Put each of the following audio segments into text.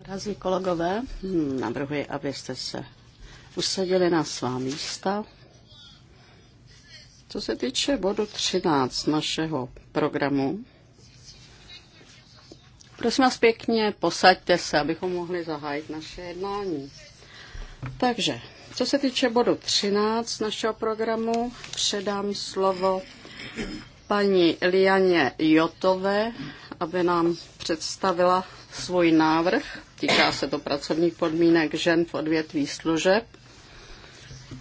Drazí kolegové, hm, navrhuji, abyste se usadili na svá místa. Co se týče bodu 13 našeho programu, prosím vás pěkně, posaďte se, abychom mohli zahájit naše jednání. Takže, co se týče bodu 13 našeho programu, předám slovo paní Lianě Jotové, aby nám představila svůj návrh. Týká se to pracovních podmínek žen v odvětví služeb.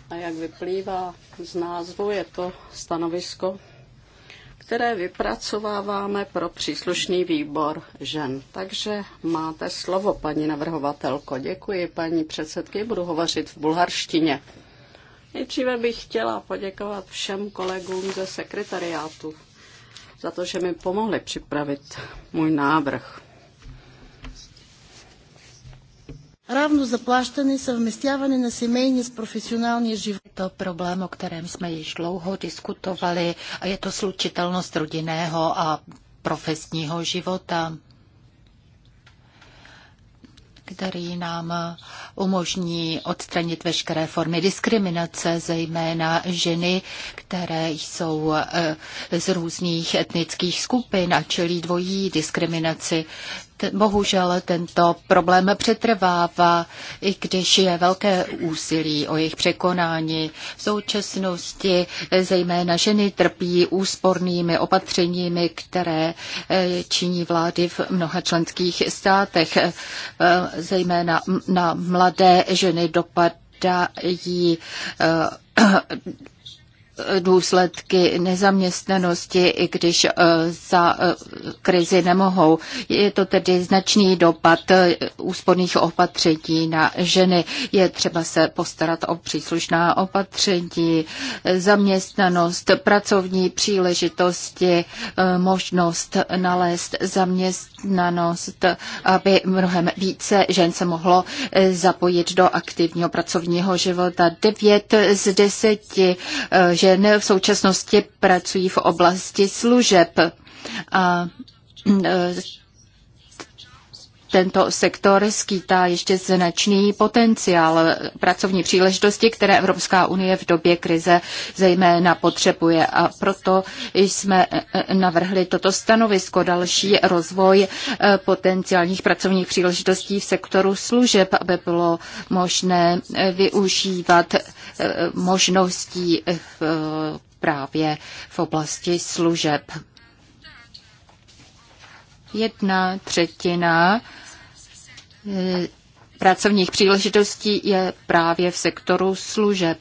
A jak vyplývá z názvu, je to stanovisko, které vypracováváme pro příslušný výbor žen. Takže máte slovo, paní navrhovatelko. Děkuji, paní předsedky, budu hovořit v bulharštině. Nejdříve bych chtěla poděkovat všem kolegům ze sekretariátu za to, že mi pomohli připravit můj návrh. Равно заплащане, съвместяване na семейния с професионалния život. To problém, o kterém jsme již dlouho diskutovali, a je to slučitelnost rodinného a profesního života který nám umožní odstranit veškeré formy diskriminace, zejména ženy, které jsou eh, z různých etnických skupin a čelí dvojí diskriminaci bohužel tento problém přetrvává, i když je velké úsilí o jejich překonání. V současnosti zejména ženy trpí úspornými opatřeními, které eh, činí vlády v mnoha členských státech. Eh, zejména na mladé ženy dopadají eh, důsledky nezaměstnanosti, i když e, za e, krizi nemohou. Je to tedy značný dopad e, úsporných opatření na ženy. Je třeba se postarat o příslušná opatření, zaměstnanost, pracovní příležitosti, možnost nalézt zaměstnanost, aby mnohem více žen se mohlo zapojit do aktivního pracovního života. Devět z deseti že žen v současnosti pracují v oblasti služeb. A e, tento sektor skýtá ještě značný potenciál pracovní příležitosti, které Evropská unie v době krize zejména potřebuje. A proto jsme eh, eh, navrhli toto stanovisko další rozvoj eh, potenciálních pracovních příležitostí v sektoru služeb, aby bylo možné využívat možností právě v oblasti služeb jedna třetina eh, pracovních příležitostí je právě v sektoru služeb.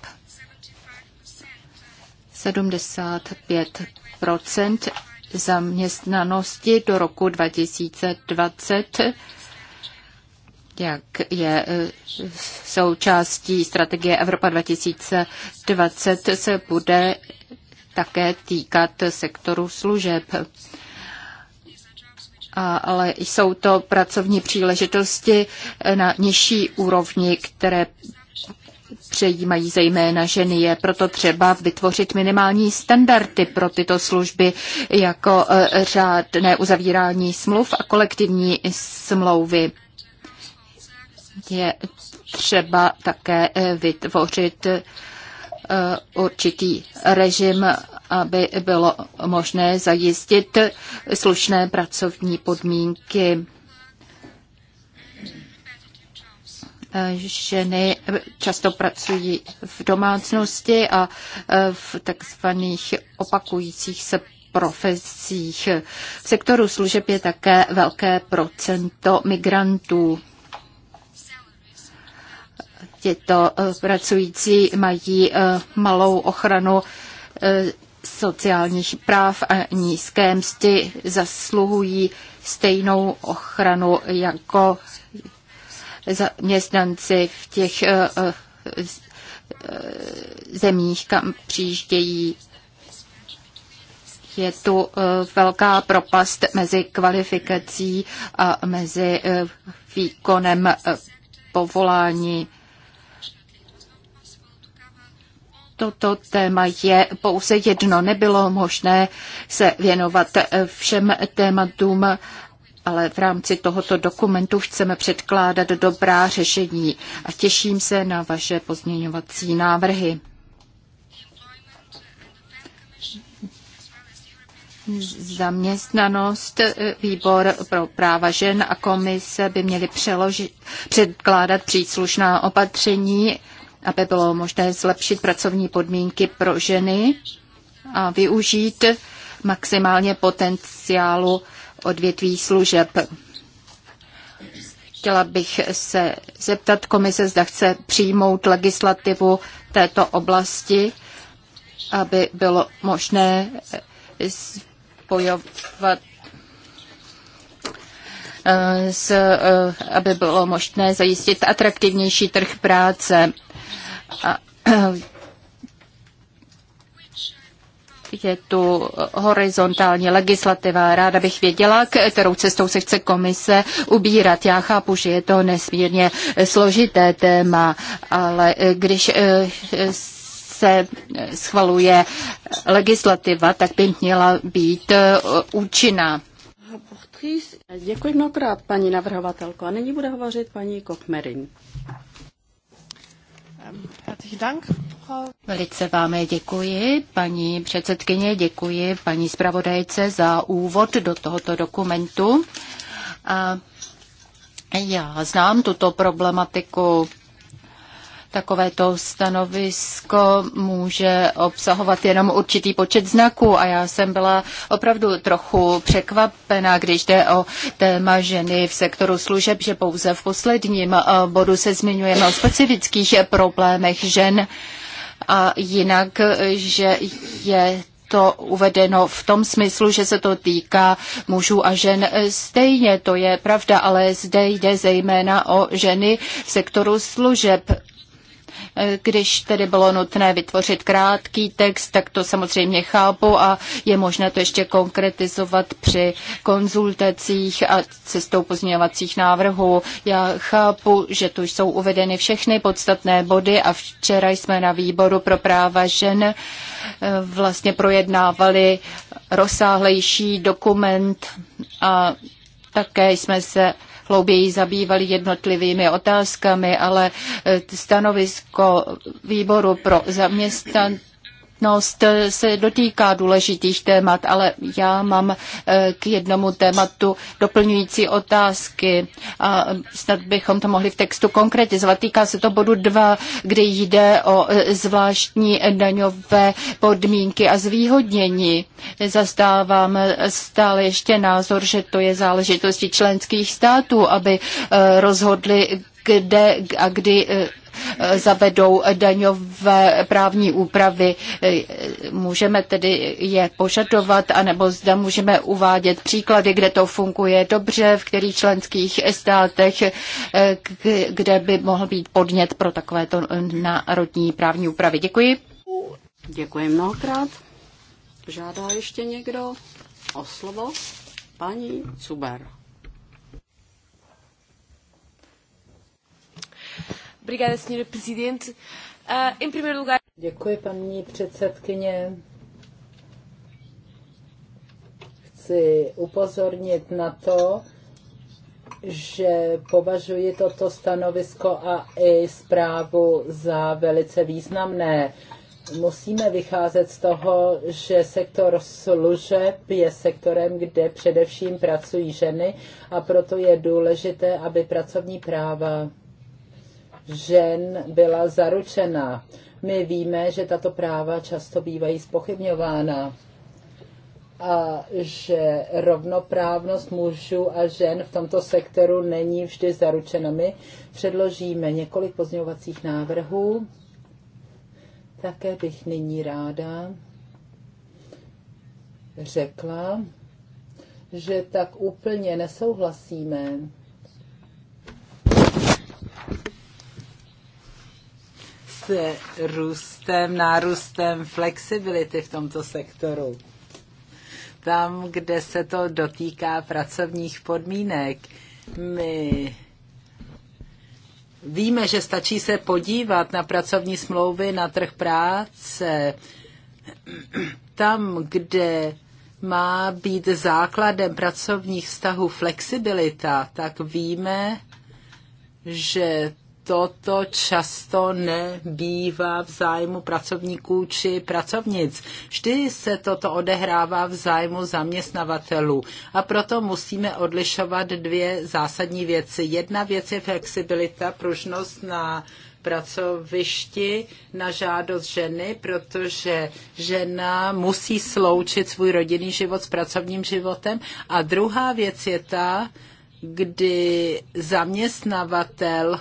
75 zaměstnanosti do roku 2020, jak je eh, součástí strategie Evropa 2020, se bude také týkat sektoru služeb ale jsou to pracovní příležitosti eh, na nižší úrovni, které přejímají zejména ženy. Je proto třeba vytvořit minimální standardy pro tyto služby jako eh, řádné uzavírání smluv a kolektivní smlouvy. Je třeba také eh, vytvořit určitý režim aby bylo možné zajistit slušné pracovní podmínky. ženy často pracují v domácnosti a v takzvaných opakujících se profesích. V sektoru služeb je také velké procento migrantů. Těto pracující mají eh, malou ochranu eh, sociálních práv a nízké mzdy zasluhují stejnou ochranu jako zaměstnanci v těch eh, eh, zemích, kam přijíždějí. Je tu eh, velká propast mezi kvalifikací a mezi výkonem povolání. toto téma je pouze jedno. Nebylo možné se věnovat všem tématům, ale v rámci tohoto dokumentu chceme předkládat dobrá řešení a těším se na vaše pozměňovací návrhy. zaměstnanost, výbor pro práva žen a komise by měly předkládat příslušná opatření aby bylo možné zlepšit pracovní podmínky pro ženy a využít maximálně potenciálu odvětví služeb. Chtěla bych se zeptat komise, zda chce přijmout legislativu této oblasti, aby bylo možné spojovat eh, eh, aby bylo možné zajistit atraktivnější trh práce a je tu horizontální legislativa. Ráda bych věděla, kterou cestou se chce komise ubírat. Já chápu, že je to nesmírně složité téma, ale když eh, se schvaluje legislativa, tak by měla být eh, účinná. Děkuji mnohokrát, paní navrhovatelko. A nyní bude hovořit paní Kochmerin. Velice vám děkuji, paní předsedkyně, děkuji paní zpravodajce za úvod do tohoto dokumentu. já znám tuto problematiku Takovéto stanovisko může obsahovat jenom určitý počet znaků a já jsem byla opravdu trochu překvapená, když jde o téma ženy v sektoru služeb, že pouze v posledním eh, bodu se zmiňujeme o specifických problémech žen a jinak, že je to uvedeno v tom smyslu, že se to týká mužů a žen stejně. To je pravda, ale zde jde zejména o ženy v sektoru služeb. Když tedy bylo nutné vytvořit krátký text, tak to samozřejmě chápu a je možné to ještě konkretizovat při konzultacích a cestou pozměňovacích návrhů. Já chápu, že tu jsou uvedeny všechny podstatné body a včera jsme na výboru pro práva žen eh, vlastně projednávali rozsáhlejší dokument a také jsme se hlouběji zabývali jednotlivými otázkami, ale eh, stanovisko výboru pro zaměstnanost transparentnost eh, se dotýká důležitých témat, ale já mám eh, k jednomu tématu doplňující otázky a eh, snad bychom to mohli v textu konkretizovat. Týká se to bodu 2, kdy jde o zvláštní daňové podmínky a zvýhodnění. Zastávám stále ještě názor, že to je záležitosti členských států, aby rozhodli, kde a kdy Eh, zavedou daňové právní úpravy. Eh, můžeme tedy je požadovat, anebo zda můžeme uvádět příklady, kde to funguje dobře, v kterých členských státech, eh, kde by mohl být podnět pro takovéto národní právní úpravy. Děkuji. Děkuji mnohokrát. Žádá ještě někdo o slovo? Paní Cuber. Obrigada, senhora presidente. Ah, em primeiro lugar... Děkuji, paní předsedkyně. Chci upozornit na to, že považuji toto stanovisko a i zprávu za velice významné. Musíme vycházet z toho, že sektor služeb je sektorem, kde především pracují ženy a proto je důležité, aby pracovní práva žen byla zaručena. My víme, že tato práva často bývají spochybňována a že rovnoprávnost mužů a žen v tomto sektoru není vždy zaručena. My předložíme několik pozměňovacích návrhů. Také bych nyní ráda řekla, že tak úplně nesouhlasíme se růstem, nárůstem flexibility v tomto sektoru. Tam, kde se to dotýká pracovních podmínek, my víme, že stačí se podívat na pracovní smlouvy, na trh práce. Tam, kde má být základem pracovních vztahů flexibilita, tak víme, že toto často nebývá v zájmu pracovníků či pracovnic. Vždy se toto odehrává v zájmu zaměstnavatelů. A proto musíme odlišovat dvě zásadní věci. Jedna věc je flexibilita, pružnost na pracovišti na žádost ženy, protože žena musí sloučit svůj rodinný život s pracovním životem. A druhá věc je ta, kdy zaměstnavatel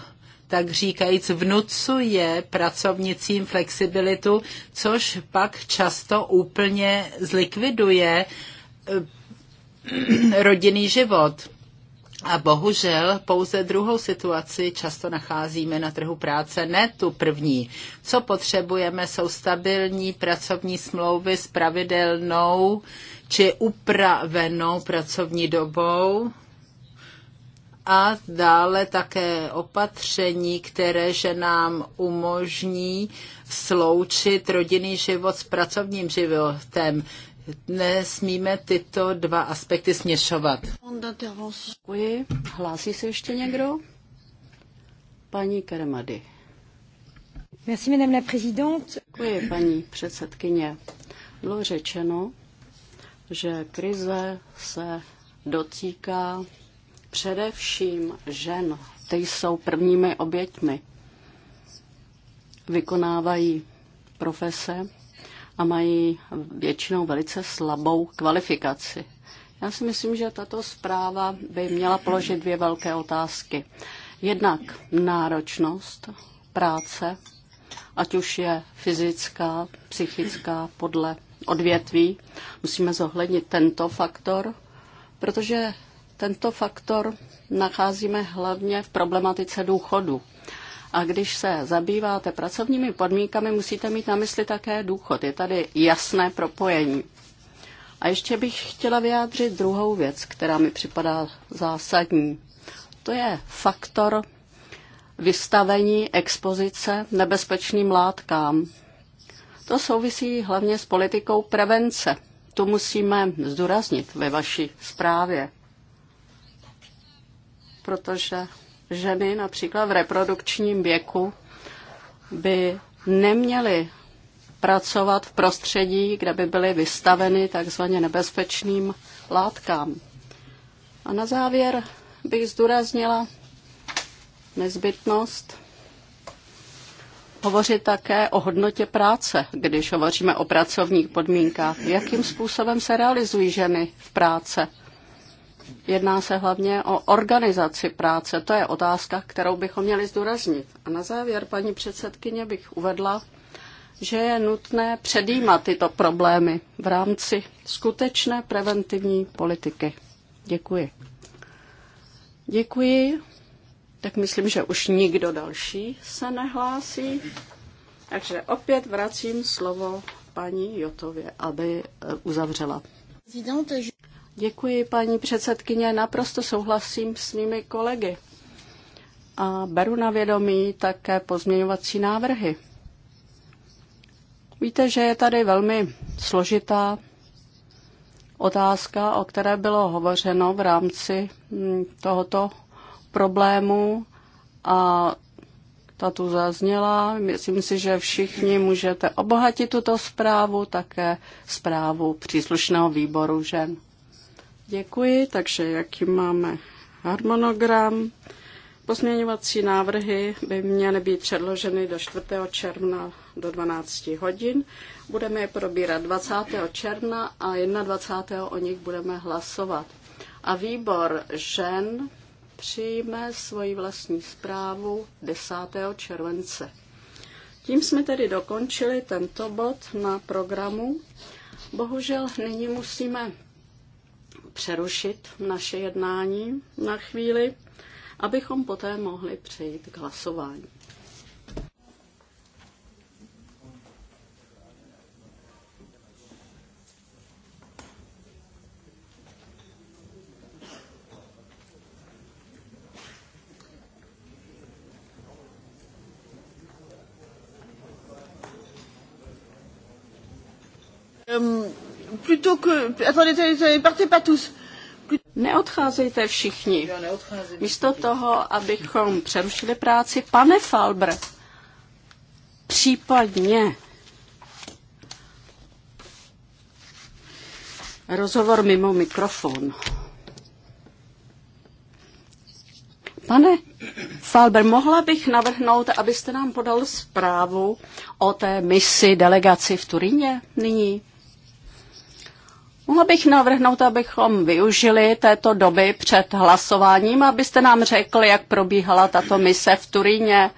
tak říkajíc vnucuje pracovnicím flexibilitu, což pak často úplně zlikviduje eh, rodinný život. A bohužel pouze druhou situaci často nacházíme na trhu práce, ne tu první. Co potřebujeme, jsou stabilní pracovní smlouvy s pravidelnou či upravenou pracovní dobou, a dále také opatření, které že nám umožní sloučit rodinný život s pracovním životem. Nesmíme tyto dva aspekty směšovat. Hlásí se ještě někdo? Paní Karamady. Merci, madame la présidente. Děkuji, paní předsedkyně. Bylo řečeno, že krize se dotýká především žen, ty jsou prvními oběťmi. Vykonávají profese a mají většinou velice slabou kvalifikaci. Já si myslím, že tato zpráva by měla položit dvě velké otázky. Jednak náročnost práce, ať už je fyzická, psychická, podle odvětví. Musíme zohlednit tento faktor, protože tento faktor nacházíme hlavně v problematice důchodu. A když se zabýváte pracovními podmínkami, musíte mít na mysli také důchod. Je tady jasné propojení. A ještě bych chtěla vyjádřit druhou věc, která mi připadá zásadní. To je faktor vystavení expozice nebezpečným látkám. To souvisí hlavně s politikou prevence. To musíme zdůraznit ve vaší zprávě protože ženy například v reprodukčním věku by neměly pracovat v prostředí, kde by byly vystaveny takzvaně nebezpečným látkám. A na závěr bych zdůraznila nezbytnost hovořit také o hodnotě práce, když hovoříme o pracovních podmínkách. Jakým způsobem se realizují ženy v práce? Jedná se hlavně o organizaci práce. To je otázka, kterou bychom měli zdůraznit. A na závěr, paní předsedkyně, bych uvedla, že je nutné předjímat tyto problémy v rámci skutečné preventivní politiky. Děkuji. Děkuji. Tak myslím, že už nikdo další se nehlásí. Takže opět vracím slovo paní Jotově, aby eh, uzavřela. Děkuji, paní předsedkyně. Naprosto souhlasím s mými kolegy. A beru na vědomí také pozměňovací návrhy. Víte, že je tady velmi složitá otázka, o které bylo hovořeno v rámci mm, tohoto problému a ta tu zazněla. Myslím si, že všichni můžete obohatit tuto zprávu, také zprávu příslušného výboru žen. Děkuji, takže jaký máme harmonogram? Pozměňovací návrhy by měly být předloženy do 4. června do 12 hodin. Budeme je probírat 20. června a 21. o nich budeme hlasovat. A výbor žen přijme svoji vlastní zprávu 10. července. Tím jsme tedy dokončili tento bod na programu. Bohužel nyní musíme přerušit naše jednání na chvíli, abychom poté mohli přejít k hlasování. Um, plutôt que... Attendez, partez pas tous. Neodcházejte všichni. Místo toho, abychom přerušili práci, pane Falbr, případně rozhovor mimo mikrofon. Pane Falber, mohla bych navrhnout, abyste nám podal zprávu o té misi delegaci v Turíně nyní? Mohla bych navrhnout, abychom využili této doby před hlasováním, abyste nám řekli, jak probíhala tato mise v Turíně,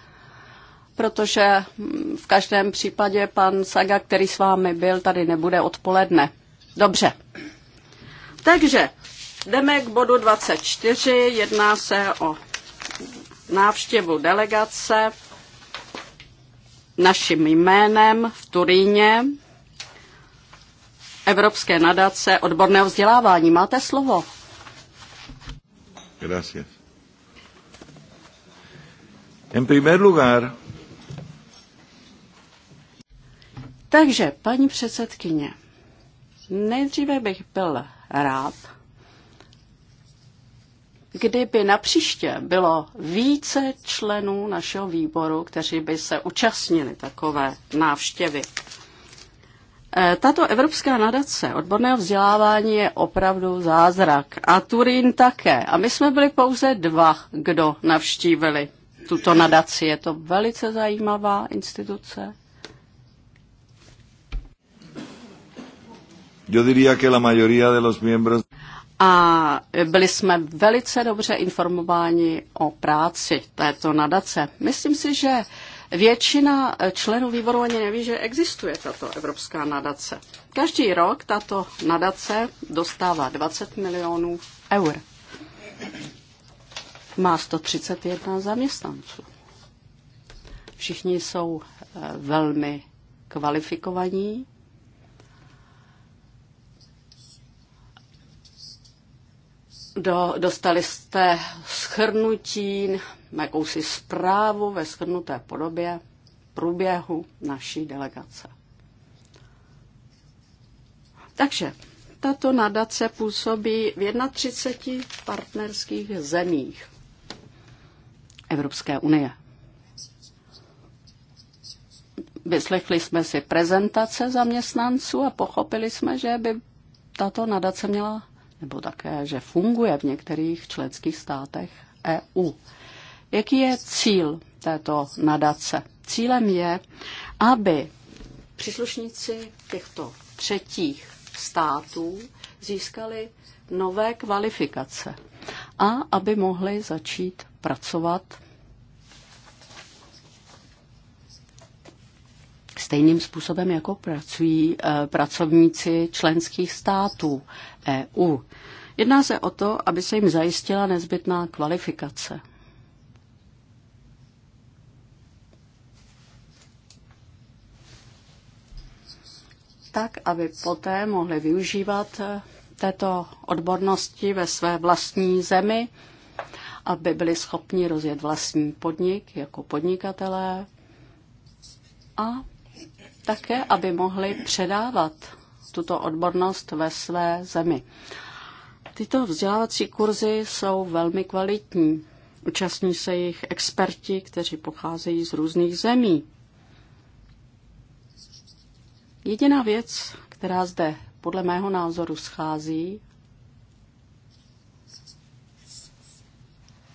protože v každém případě pan Saga, který s vámi byl, tady nebude odpoledne. Dobře. Takže jdeme k bodu 24. Jedná se o návštěvu delegace naším jménem v Turíně Evropské nadace odborného vzdělávání. Máte slovo. Gracias. En primer lugar... Takže, paní předsedkyně, nejdříve bych byl rád, kdyby na příště bylo více členů našeho výboru, kteří by se účastnili takové návštěvy. Eh, tato evropská nadace odborného vzdělávání je opravdu zázrak a Turín také. A my jsme byli pouze dva, kdo navštívili tuto nadaci. Je to velice zajímavá instituce. Yo diría que la mayoría de los miembros... A byli jsme velice dobře informováni o práci této nadace. Myslím si, že Většina členů výboru ani neví, že existuje tato evropská nadace. Každý rok tato nadace dostává 20 milionů eur. Má 131 zaměstnanců. Všichni jsou eh, velmi kvalifikovaní Do, dostali jste schrnutí, jakousi zprávu ve schrnuté podobě průběhu naší delegace. Takže tato nadace působí v 31 partnerských zemích Evropské unie. Vyslechli jsme si prezentace zaměstnanců a pochopili jsme, že by tato nadace měla nebo také, že funguje v některých členských státech EU. Jaký je cíl této nadace? Cílem je, aby příslušníci těchto třetích států získali nové kvalifikace a aby mohli začít pracovat stejným způsobem, jako pracují eh, pracovníci členských států EU. Jedná se o to, aby se jim zajistila nezbytná kvalifikace. Tak, aby poté mohli využívat eh, této odbornosti ve své vlastní zemi, aby byli schopni rozjet vlastní podnik jako podnikatelé a také, aby mohli předávat tuto odbornost ve své zemi. Tyto vzdělávací kurzy jsou velmi kvalitní. Účastní se jich experti, kteří pocházejí z různých zemí. Jediná věc, která zde podle mého názoru schází,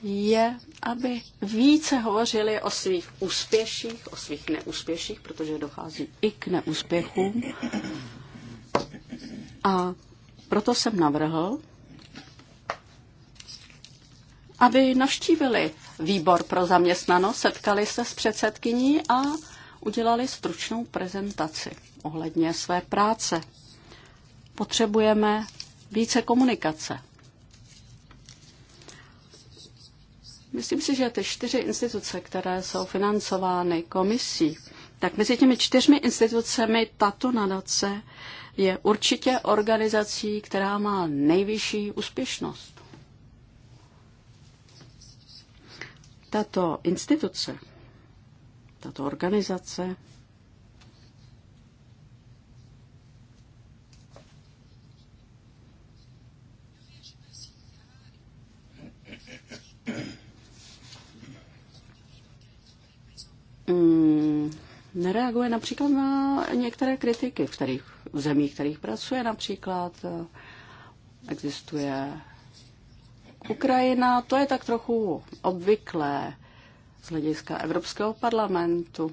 je, aby více hovořili o svých úspěších, o svých neúspěších, protože dochází i k neúspěchům. A proto jsem navrhl, aby navštívili výbor pro zaměstnanost, setkali se s předsedkyní a udělali stručnou prezentaci ohledně své práce. Potřebujeme více komunikace Myslím si, že ty čtyři instituce, které jsou financovány komisí, tak mezi těmi čtyřmi institucemi tato nadace je určitě organizací, která má nejvyšší úspěšnost. Tato instituce, tato organizace nereaguje například na některé kritiky, v, kterých, v zemích, kterých pracuje například. Eh, existuje Ukrajina, to je tak trochu obvyklé z hlediska Evropského parlamentu.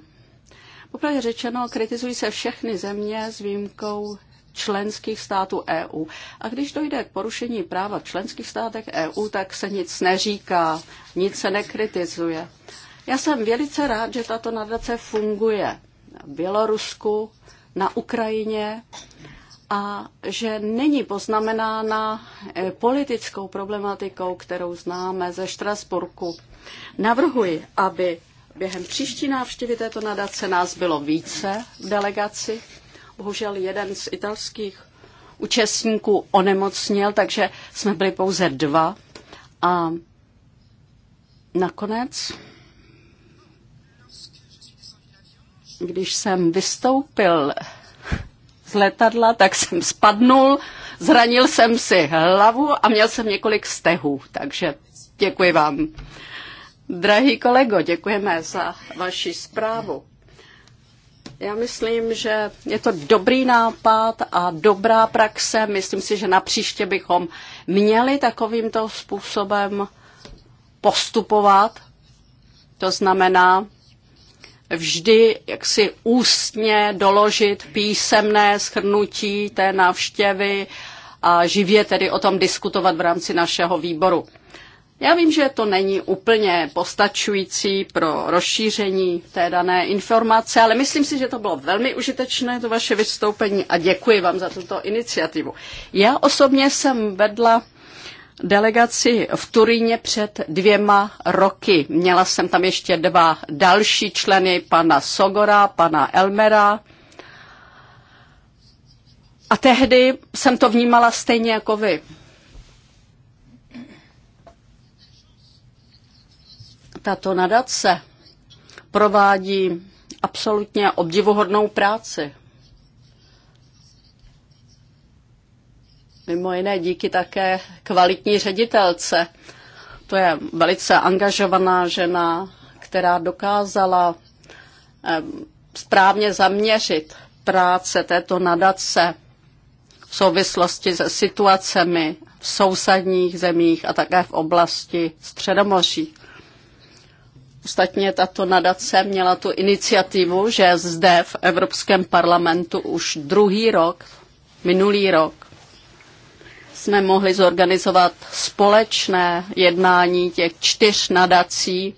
Popravdě řečeno, kritizují se všechny země s výjimkou členských států EU. A když dojde k porušení práva v členských státech EU, tak se nic neříká, nic se nekritizuje. Já jsem velice rád, že tato nadace funguje v Bělorusku, na Ukrajině a že není poznamenána eh, politickou problematikou, kterou známe ze Štrasburku. Navrhuji, aby během příští návštěvy této nadace nás bylo více v delegaci. Bohužel jeden z italských účastníků onemocněl, takže jsme byli pouze dva. A nakonec Když jsem vystoupil z letadla, tak jsem spadnul, zranil jsem si hlavu a měl jsem několik stehů, takže děkuji vám. Drahý kolego, děkujeme za vaši zprávu. Já myslím, že je to dobrý nápad a dobrá praxe. Myslím si, že na příště bychom měli takovýmto způsobem postupovat. To znamená, vždy jaksi ústně doložit písemné schrnutí, té návštěvy a živě tedy o tom diskutovat v rámci našeho výboru. Já vím, že to není úplně postačující pro rozšíření té dané informace, ale myslím si, že to bylo velmi užitečné, to vaše vystoupení, a děkuji vám za tuto iniciativu. Já osobně jsem vedla delegaci v Turíně před dvěma roky. Měla jsem tam ještě dva další členy, pana Sogora, pana Elmera. A tehdy jsem to vnímala stejně jako vy. Tato nadace provádí absolutně obdivuhodnou práci. mimo jiné díky také kvalitní ředitelce. To je velice angažovaná žena, která dokázala správně zaměřit práce této nadace v souvislosti se situacemi v sousedních zemích a také v oblasti Středomoří. Ostatně tato nadace měla tu iniciativu, že zde v Evropském parlamentu už druhý rok, minulý rok, jsme mohli zorganizovat společné jednání těch čtyř nadací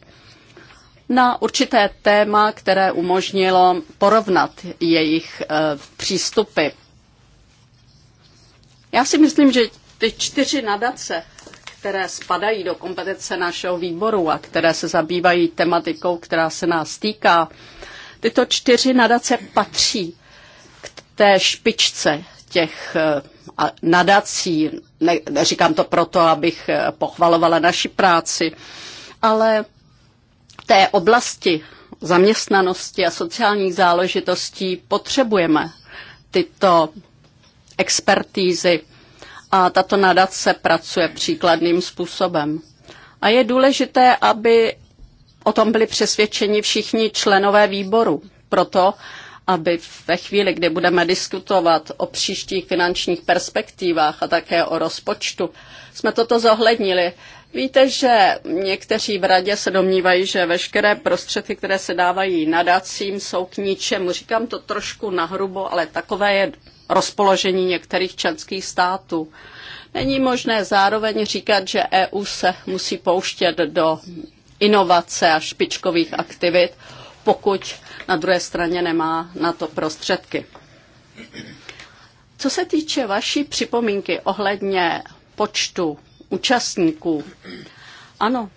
na určité téma, které umožnilo porovnat jejich eh, přístupy. Já si myslím, že ty čtyři nadace, které spadají do kompetence našeho výboru a které se zabývají tematikou, která se nás týká, tyto čtyři nadace patří k té špičce těch eh, a nadací. Ne, neříkám to proto, abych eh, pochvalovala naši práci, ale té oblasti zaměstnanosti a sociálních záležitostí potřebujeme tyto expertízy a tato nadace pracuje příkladným způsobem. A je důležité, aby o tom byli přesvědčeni všichni členové výboru, proto aby ve chvíli, kdy budeme diskutovat o příštích finančních perspektivách a také o rozpočtu, jsme toto zohlednili. Víte, že někteří v radě se domnívají, že veškeré prostředky, které se dávají nadacím, jsou k ničemu. Říkám to trošku nahrubo, ale takové je rozpoložení některých členských států. Není možné zároveň říkat, že EU se musí pouštět do inovace a špičkových aktivit, pokud na druhé straně nemá na to prostředky. Co se týče vaší připomínky ohledně počtu účastníků, ano,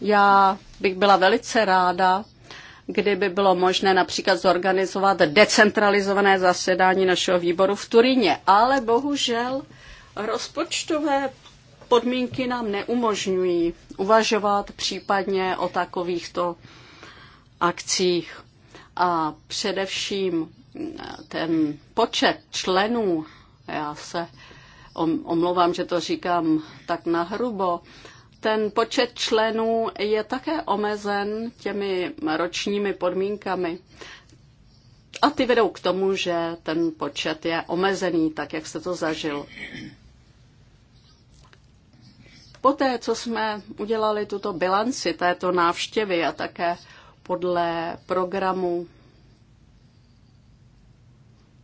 já bych byla velice ráda, kdyby bylo možné například zorganizovat decentralizované zasedání našeho výboru v Turíně, ale bohužel rozpočtové podmínky nám neumožňují uvažovat případně o takovýchto akcích a především eh, ten počet členů, já se omlouvám, že to říkám tak nahrubo, ten počet členů je také omezen těmi ročními podmínkami. A ty vedou k tomu, že ten počet je omezený, tak jak se to zažil. Poté, co jsme udělali tuto bilanci této návštěvy a také podle programu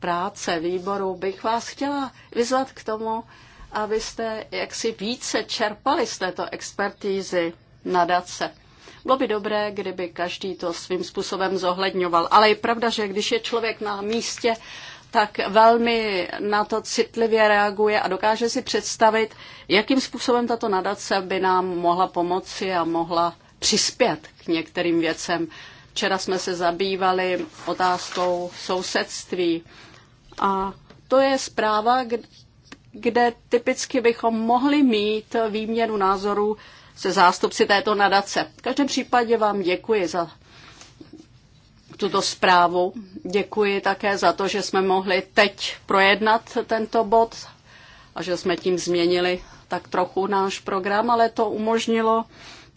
práce výboru bych vás chtěla vyzvat k tomu, abyste jaksi více čerpali z této expertízy nadace. Bylo by dobré, kdyby každý to svým způsobem zohledňoval. Ale je pravda, že když je člověk na místě, tak velmi na to citlivě reaguje a dokáže si představit, jakým způsobem tato nadace by nám mohla pomoci a mohla přispět k některým věcem. Včera jsme se zabývali otázkou sousedství a to je zpráva, kde typicky bychom mohli mít výměnu názorů se zástupci této nadace. V každém případě vám děkuji za tuto zprávu. Děkuji také za to, že jsme mohli teď projednat tento bod a že jsme tím změnili tak trochu náš program, ale to umožnilo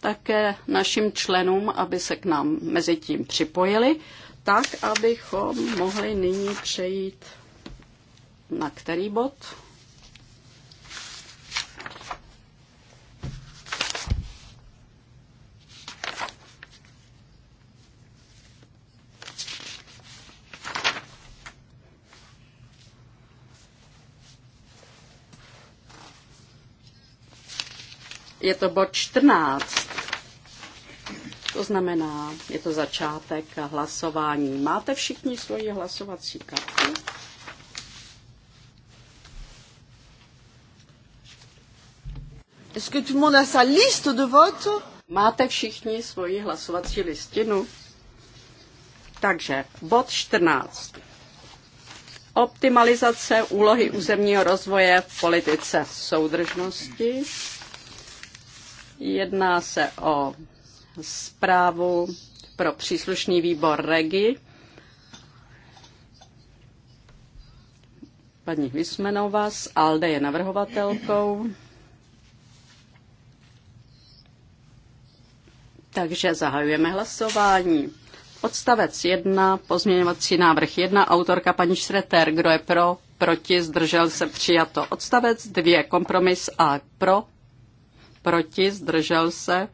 také našim členům, aby se k nám mezi tím připojili, tak abychom mohli nyní přejít na který bod? je to bod 14. To znamená, je to začátek hlasování. Máte všichni svoji hlasovací kartu? Est-ce que tout le monde a sa liste de vote? Máte všichni svoji hlasovací listinu? Takže bod 14. Optimalizace úlohy územního rozvoje v politice soudržnosti. Jedná se o zprávu pro příslušný výbor REGI. Paní Vysmenová z ALDE je navrhovatelkou. Takže zahajujeme hlasování. Odstavec 1, pozměňovací návrh 1, autorka paní Šreter, kdo je pro, proti, zdržel se, přijato. Odstavec 2, kompromis A, pro, proti, zdržel se,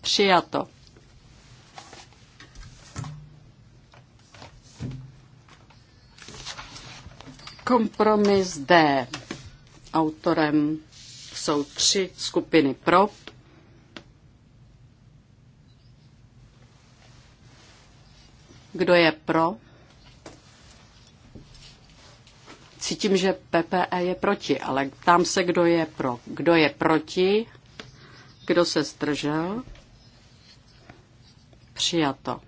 Přijato. Kompromis D. Autorem jsou tři skupiny pro. Kdo je pro? Cítím, že PPE je proti, ale ptám se, kdo je pro. Kdo je proti? Kdo se zdržel? Přijato.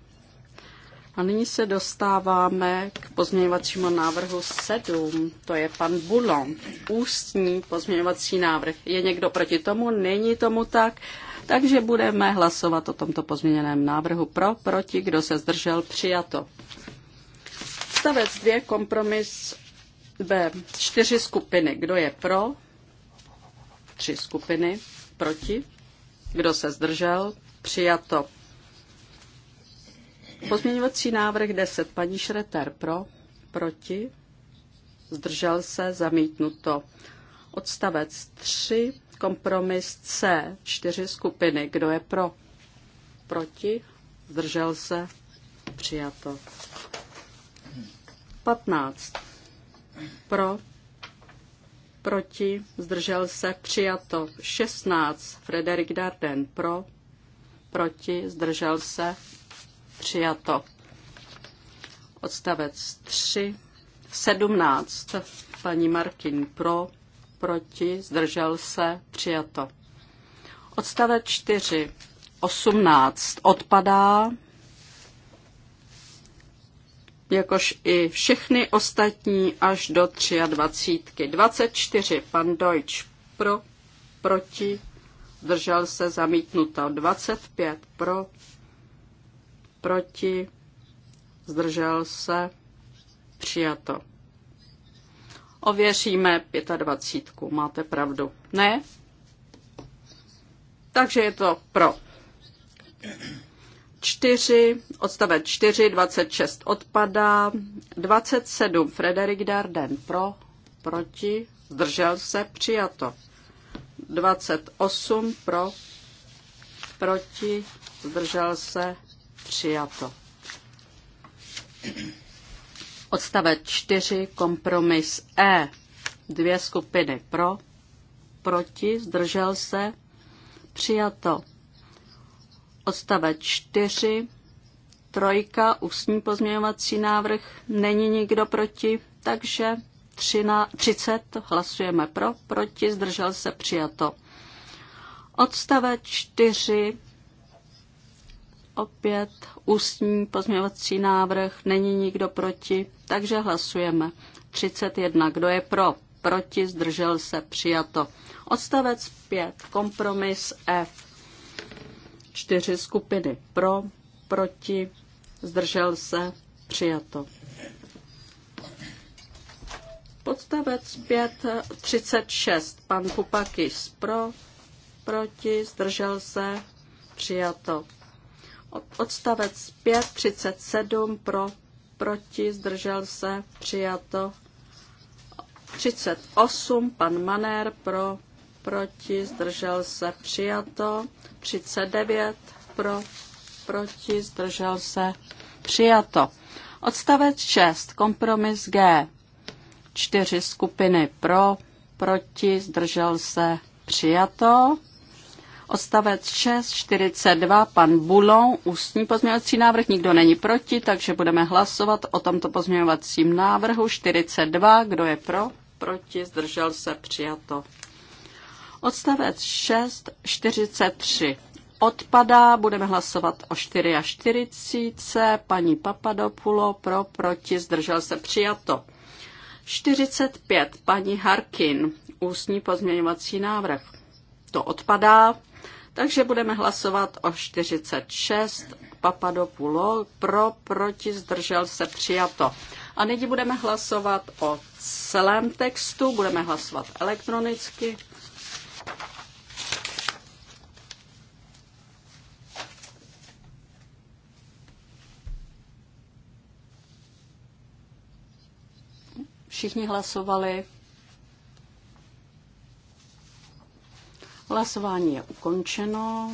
A nyní se dostáváme k pozměňovacímu návrhu 7. To je pan Bulon. Ústní pozměňovací návrh. Je někdo proti tomu? Není tomu tak. Takže budeme hlasovat o tomto pozměněném návrhu pro, proti, kdo se zdržel, přijato. Stavec 2, kompromis B. Čtyři skupiny. Kdo je pro? Tři skupiny. Proti? Kdo se zdržel? Přijato. Pozměňovací návrh 10. Paní Šreter pro, proti, zdržel se, zamítnuto. Odstavec 3, kompromis C, čtyři skupiny. Kdo je pro? Proti, zdržel se, přijato. 15. Pro, proti, zdržel se, přijato. 16. Frederik Darden pro, proti, zdržel se, Přijato. Odstavec 3. 17. Paní Markin pro, proti, zdržel se, přijato. Odstavec 4. 18. Odpadá, jakož i všechny ostatní až do 23. 24. Pan Deutsch pro, proti, zdržel se, zamítnuto. 25. Pro, proti, zdržel se, přijato. Ověříme 25. Máte pravdu. Ne? Takže je to pro. 4, odstavec 4, 26 odpadá, 27 Frederik Darden pro, proti, zdržel se, přijato. 28 pro, proti, zdržel se, Přijato. Odstavec 4, kompromis E. Dvě skupiny pro, proti, zdržel se, přijato. Odstavec 4, trojka, ústní pozměňovací návrh, není nikdo proti, takže 30 hlasujeme pro, proti, zdržel se, přijato. Odstavec 4, opět ústní pozměňovací návrh, není nikdo proti, takže hlasujeme. 31. Kdo je pro? Proti, zdržel se, přijato. Odstavec 5. Kompromis F. Čtyři skupiny pro, proti, zdržel se, přijato. Podstavec 5, 36. Pan Kupakis pro, proti, zdržel se, přijato. Odstavec 5, 37 pro, proti, zdržel se, přijato. 38, pan Manér pro, proti, zdržel se, přijato. 39 pro, proti, zdržel se, přijato. Odstavec 6, kompromis G. Čtyři skupiny pro, proti, zdržel se, přijato. Odstavec 6, 42, pan Bulon, ústní pozměňovací návrh, nikdo není proti, takže budeme hlasovat o tomto pozměňovacím návrhu 42, kdo je pro, proti, zdržel se, přijato. Odstavec 6, 43 odpadá, budeme hlasovat o 4 a 40, paní Papadopulo pro, proti, zdržel se, přijato. 45, paní Harkin, ústní pozměňovací návrh. To odpadá, takže budeme hlasovat o 46 Papadopulo pro, proti, zdržel se, přijato. A nyní budeme hlasovat o celém textu, budeme hlasovat elektronicky. Všichni hlasovali. Hlasování je ukončeno.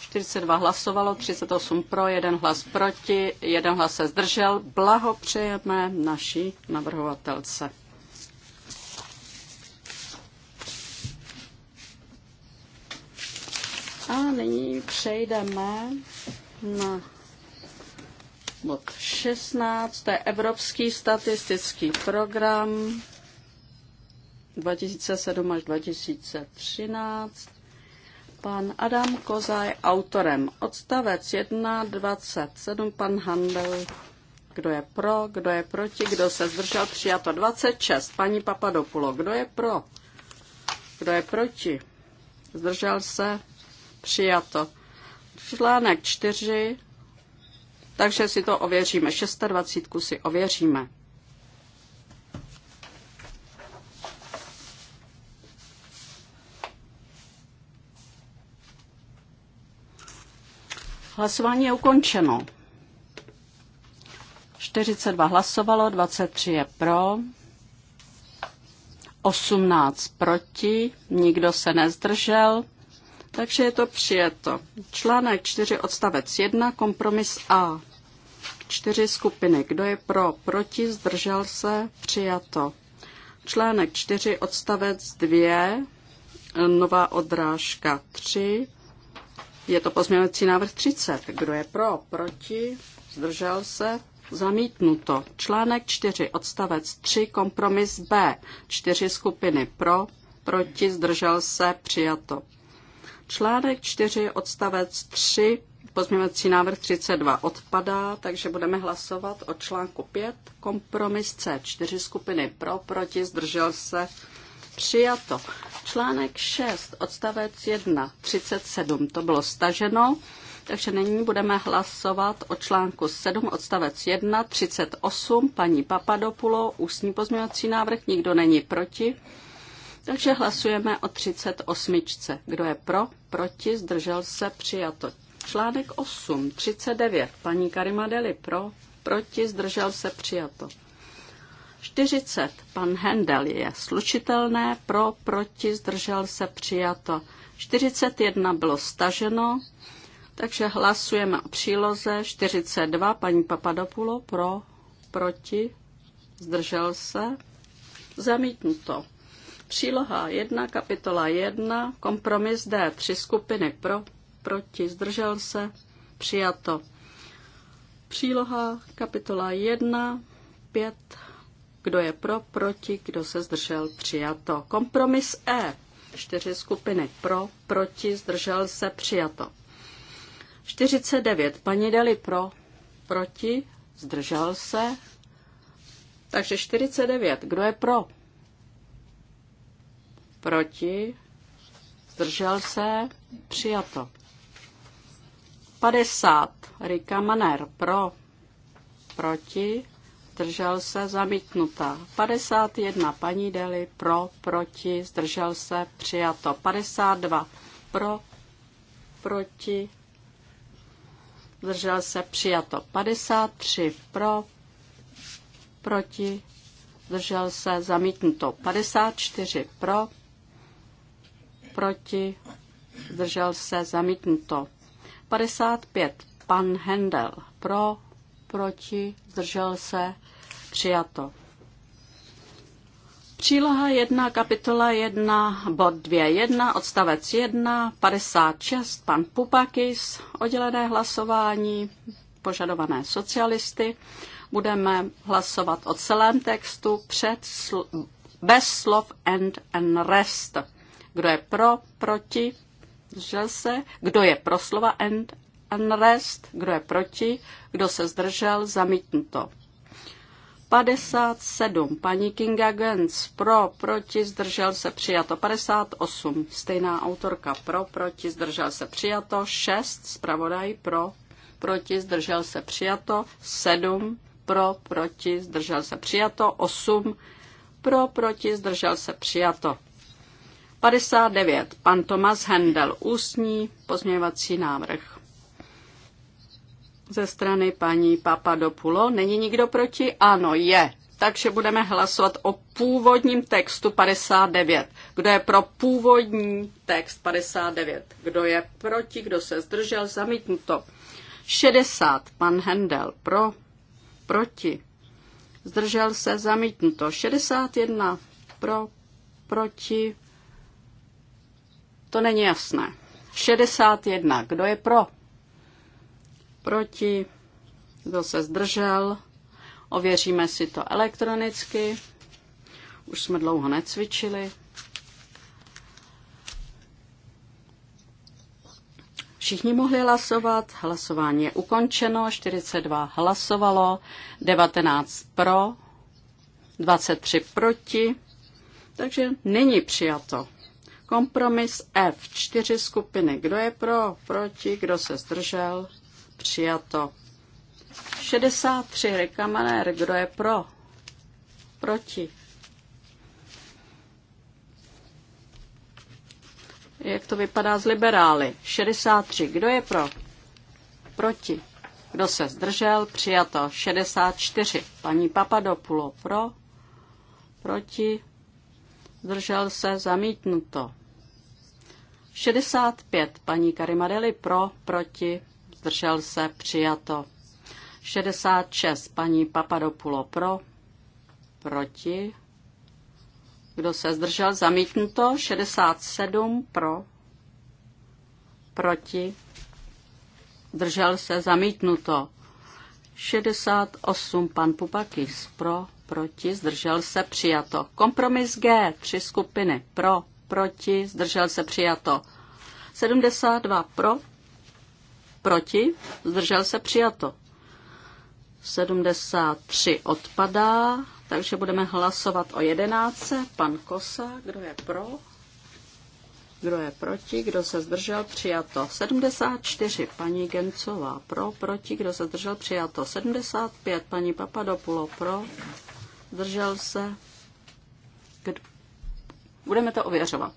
42 hlasovalo, 38 pro, jeden hlas proti, jeden hlas se zdržel. Blahopřejeme naší navrhovatelce. A nyní přejdeme na bod 16, to je Evropský statistický program. 2007 až 2013. Pan Adam Koza je autorem. Odstavec 1, 27. Pan Handel. Kdo je pro, kdo je proti, kdo se zdržel, přijato 26. Paní Papadopulo, kdo je pro, kdo je proti, zdržel se, přijato. Článek 4, takže si to ověříme. 26 si ověříme. Hlasování je ukončeno. 42 hlasovalo, 23 je pro, 18 proti, nikdo se nezdržel, takže je to přijeto. Článek 4 odstavec 1, kompromis A. Čtyři skupiny. Kdo je pro, proti, zdržel se, přijato. Článek 4 odstavec 2, nová odrážka 3, je to pozměňovací návrh 30. Kdo je pro, proti, zdržel se, zamítnuto. Článek 4, odstavec 3, kompromis B. Čtyři skupiny pro, proti, zdržel se, přijato. Článek 4, odstavec 3, pozměňovací návrh 32 odpadá, takže budeme hlasovat o článku 5, kompromis C. Čtyři skupiny pro, proti, zdržel se, Přijato. Článek 6, odstavec 1, 37, to bylo staženo, takže nyní budeme hlasovat o článku 7, odstavec 1, 38, paní Papadopulo, ústní pozměňovací návrh, nikdo není proti. Takže hlasujeme o 38. Kdo je pro, proti, zdržel se, přijato. Článek 8, 39, paní Karimadeli pro, proti, zdržel se, přijato. 40. Pan Hendel je slučitelné, pro, proti, zdržel se, přijato. 41 bylo staženo, takže hlasujeme o příloze 42, paní Papadopulo, pro, proti, zdržel se, zamítnuto. Příloha 1, kapitola 1, kompromis D, tři skupiny pro, proti, zdržel se, přijato. Příloha kapitola 1, 5, kdo je pro, proti, kdo se zdržel, přijato. Kompromis E. Čtyři skupiny pro, proti, zdržel se, přijato. 49. Paní Deli pro, proti, zdržel se. Takže 49. Kdo je pro? Proti, zdržel se, přijato. 50. Rika Maner pro, proti, zdržel se, zamítnutá 51 paní Deli, pro, proti, zdržel se, přijato. 52 pro, proti, zdržel se, přijato. 53 pro, proti, zdržel se, zamítnuto. 54 pro, proti, zdržel se, zamítnuto. 55 pan Hendel, pro, proti, zdržel se, přijato. Příloha 1, kapitola 1, bod 2, 1, odstavec 1, 56, pan Pupakis, oddělené hlasování, požadované socialisty. Budeme hlasovat o celém textu před, sl- bez slov and and rest. Kdo je pro, proti, zdržel se. Kdo je pro slova and Unrest, kdo je proti, kdo se zdržel, zamítnuto. 57. Paní Kinga Gens pro, proti, zdržel se přijato. 58. Stejná autorka pro, proti, zdržel se přijato. 6. Spravodaj pro, proti, zdržel se přijato. 7. Pro, proti, zdržel se přijato. 8. Pro, proti, zdržel se přijato. 59. Pan Tomas Hendel. Ústní pozměňovací návrh ze strany paní Papadopulo. Není nikdo proti? Ano, je. Takže budeme hlasovat o původním textu 59. Kdo je pro původní text 59? Kdo je proti? Kdo se zdržel? Zamítnuto. 60. Pan Hendel. Pro. Proti. Zdržel se? Zamítnuto. 61. Pro. Proti. To není jasné. 61. Kdo je pro? proti, kdo se zdržel. Ověříme si to elektronicky. Už jsme dlouho necvičili. Všichni mohli hlasovat, hlasování je ukončeno, 42 hlasovalo, 19 pro, 23 proti, takže není přijato. Kompromis F, čtyři skupiny. Kdo je pro, proti, kdo se zdržel, Přijato. 63 rekamanér, kdo je pro? Proti. Jak to vypadá z liberály? 63, kdo je pro? Proti. Kdo se zdržel? Přijato. 64. Paní Papadopulo pro? Proti. Zdržel se? Zamítnuto. 65. Paní Karimadeli pro? Proti zdržel se, přijato. 66, paní Papadopulo pro, proti, kdo se zdržel, zamítnuto. 67 pro, proti, zdržel se, zamítnuto. 68 pan Pupakis pro, proti, zdržel se, přijato. Kompromis G, tři skupiny pro, proti, zdržel se, přijato. 72 pro, proti, zdržel se přijato. 73 odpadá, takže budeme hlasovat o 11. Pan Kosa, kdo je pro? Kdo je proti? Kdo se zdržel? Přijato. 74. Paní Gencová pro, proti. Kdo se zdržel? Přijato. 75. Paní Papadopulo pro. Zdržel se. Kdo? Budeme to ověřovat.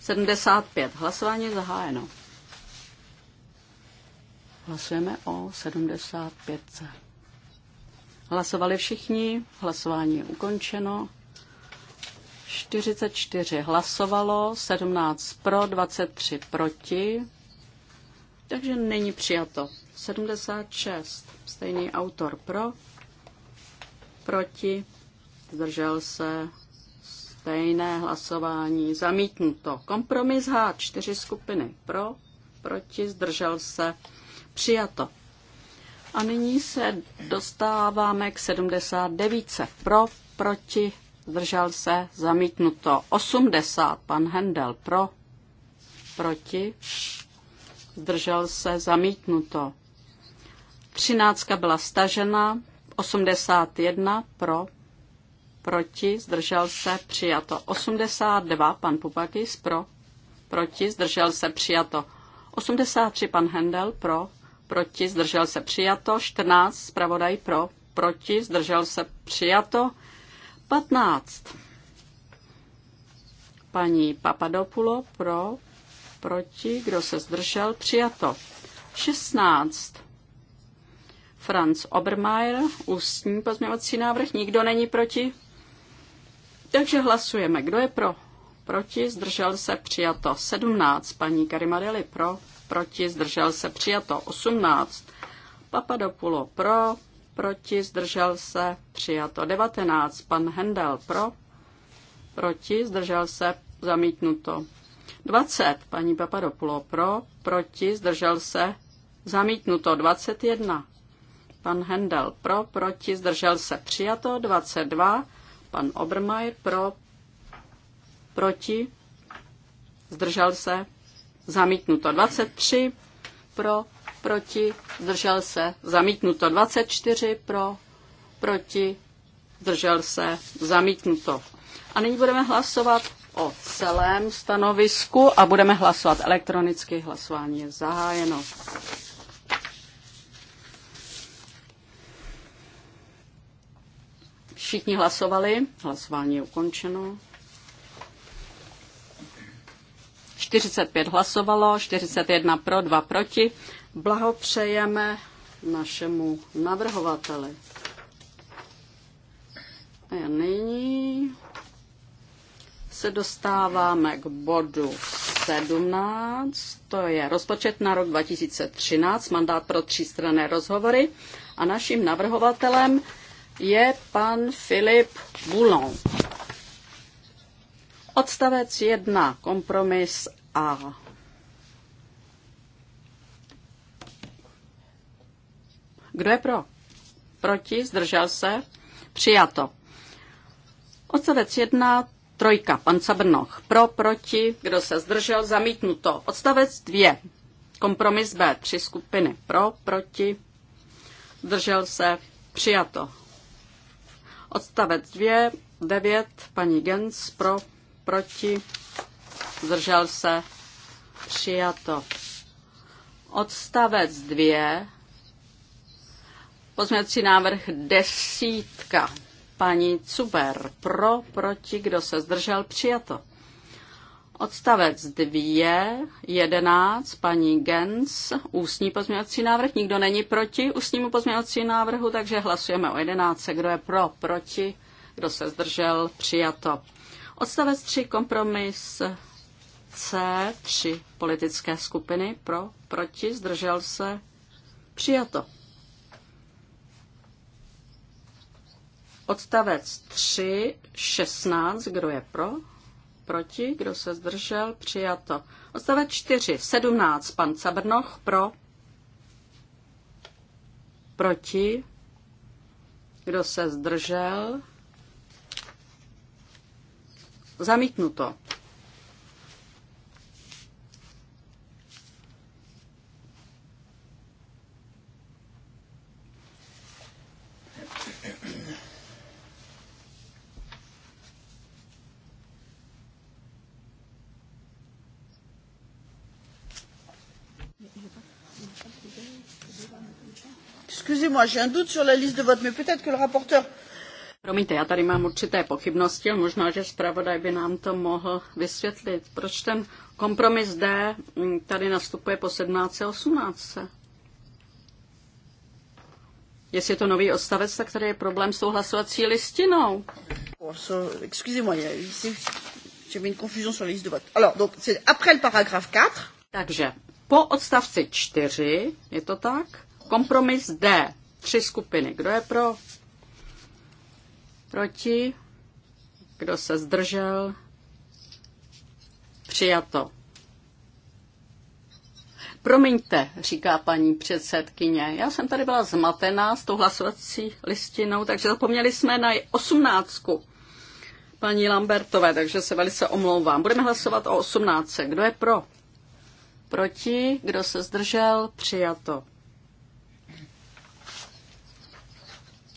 75. Hlasování zahájeno. Hlasujeme o 75. Hlasovali všichni, hlasování je ukončeno. 44 hlasovalo, 17 pro, 23 proti, takže není přijato. 76, stejný autor pro, proti, zdržel se, stejné hlasování, zamítnuto. Kompromis H, čtyři skupiny pro, proti, zdržel se, Přijato. A nyní se dostáváme k 79. Pro, proti, zdržel se, zamítnuto. 80. Pan Hendel pro, proti, zdržel se, zamítnuto. 13. byla stažena, 81 pro, proti, zdržel se, přijato. 82 pan Pupakis pro, proti, zdržel se, přijato. 83 pan Hendel pro, proti, zdržel se přijato, 14, zpravodaj pro, proti, zdržel se přijato, 15. Paní Papadopulo pro, proti, kdo se zdržel, přijato. 16. Franz Obermeier, ústní pozměvací návrh, nikdo není proti. Takže hlasujeme, kdo je pro, proti, zdržel se, přijato. 17. Paní Karimadeli pro, proti, zdržel se, přijato. 18. Papadopulo pro, proti, zdržel se, přijato. 19. Pan Hendel pro, proti, zdržel se, zamítnuto. 20. Paní Papadopulo pro, proti, zdržel se, zamítnuto. 21. Pan Hendel pro, proti, zdržel se, přijato. 22. Pan Obermeier pro, proti, zdržel se, zamítnuto 23 pro, proti, zdržel se, zamítnuto 24 pro, proti, zdržel se, zamítnuto. A nyní budeme hlasovat o celém stanovisku a budeme hlasovat elektronicky. Hlasování je zahájeno. Všichni hlasovali, hlasování je ukončeno. 45 hlasovalo, 41 pro, 2 proti. Blahopřejeme našemu navrhovateli. A nyní se dostáváme k bodu 17, to je rozpočet na rok 2013, mandát pro třístranné rozhovory. A naším navrhovatelem je pan Filip Boulon. Odstavec 1, kompromis A. Kdo je pro? Proti? Zdržel se? Přijato. Odstavec 1, trojka, pan Cabrnoch. Pro, proti, kdo se zdržel, zamítnuto. Odstavec 2, kompromis B, tři skupiny. Pro, proti, zdržel se, přijato. Odstavec 2, 9, paní Gens, pro, proti, zdržel se, přijato. Odstavec 2, pozměnací návrh desítka, paní Cuber, pro, proti, kdo se zdržel, přijato. Odstavec 2, 11, paní Gens, ústní pozměňovací návrh, nikdo není proti ústnímu pozměňovací návrhu, takže hlasujeme o 11, kdo je pro, proti, kdo se zdržel, přijato. Odstavec 3 kompromis C, tři politické skupiny pro, proti, zdržel se, přijato. Odstavec 3, 16, kdo je pro, proti, kdo se zdržel, přijato. Odstavec 4, 17, pan Cabrnoch pro, proti, kdo se zdržel, Zamítnuto. Excusez-moi, j'ai un doute sur la liste de vote, mais peut-être que le rapporteur Promiňte, já tady mám určité pochybnosti možná, že zpravodaj by nám to mohl vysvětlit. Proč ten kompromis D mm, tady nastupuje po 17. 18. Jestli je to nový odstavec, tak tady je problém s tou hlasovací listinou. Takže po odstavci 4, je to tak, kompromis D, tři skupiny. Kdo je pro? Proti? Kdo se zdržel? Přijato. Promiňte, říká paní předsedkyně, já jsem tady byla zmatená s tou hlasovací listinou, takže zapomněli jsme na osmnáctku paní Lambertové, takže se velice omlouvám. Budeme hlasovat o osmnáctce. Kdo je pro? Proti? Kdo se zdržel? Přijato.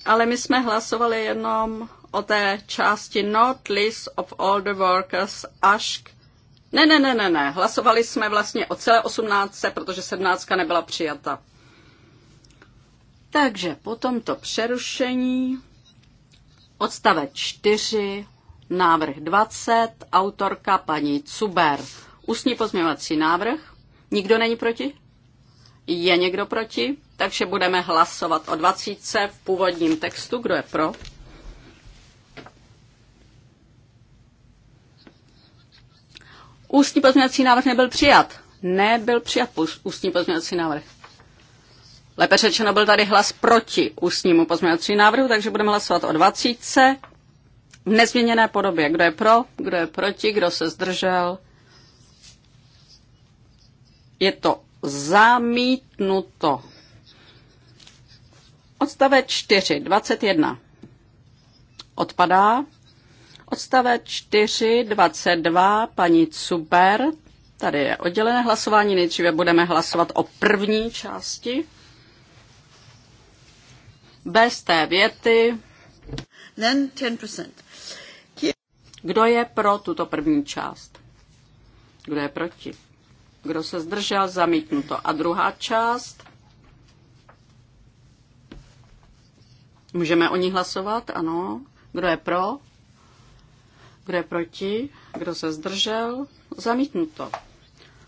ale my jsme hlasovali jenom o té části Not List of All the Workers až k... Ne, ne, ne, ne, ne. Hlasovali jsme vlastně o celé osmnáctce, protože sedmnáctka nebyla přijata. Takže po tomto přerušení odstavec 4, návrh 20, autorka paní Cuber. Ústní pozměňovací návrh. Nikdo není proti? Je někdo proti? Takže budeme hlasovat o 20 v původním textu. Kdo je pro? Ústní pozměňovací návrh nebyl přijat. Nebyl přijat ústní pozměňovací návrh. Lépe řečeno byl tady hlas proti ústnímu pozměňovacímu návrhu, takže budeme hlasovat o 20 v nezměněné podobě. Kdo je pro, kdo je proti, kdo se zdržel. Je to Zamítnuto. Odstavec 4, 21. Odpadá. Odstavec 4, 22, paní Cuber. Tady je oddělené hlasování. Nejdříve budeme hlasovat o první části. Bez té věty. Then 10%. Kdo je pro tuto první část? Kdo je proti? 10%. Kdo se zdržel? Zamítnuto. A druhá část? Můžeme o ní hlasovat? Ano. Kdo je pro? Kdo je proti? Kdo se zdržel? Zamítnuto.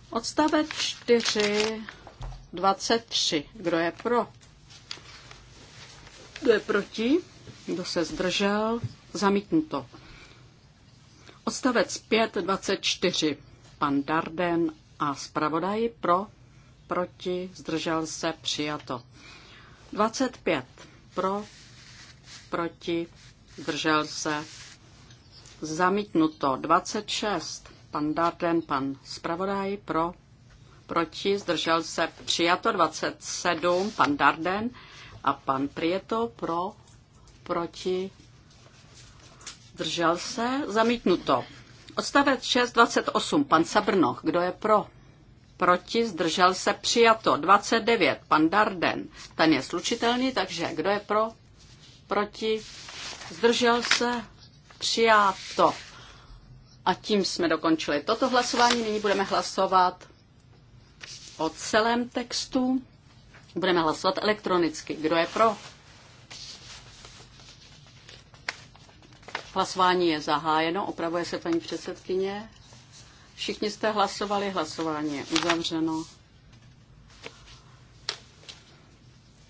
Odstavec 4, 23. Kdo je pro? Kdo je proti? Kdo se zdržel? Zamítnuto. Odstavec 5, 24. Pan Darden a zpravodaj pro, proti, zdržel se, přijato. 25 pro, proti, zdržel se, zamítnuto. 26 pan Darden, pan zpravodaj pro, proti, zdržel se, přijato. 27 pan Darden a pan Prieto pro, proti, zdržel se, zamítnuto. Odstavec 628, pan Sabrnoch, kdo je pro? Proti, zdržel se, přijato. 29, pan Darden, ten je slučitelný, takže kdo je pro? Proti, zdržel se, přijato. A tím jsme dokončili toto hlasování. Nyní budeme hlasovat o celém textu. Budeme hlasovat elektronicky. Kdo je pro? Hlasování je zahájeno, opravuje se paní předsedkyně. Všichni jste hlasovali, hlasování je uzavřeno.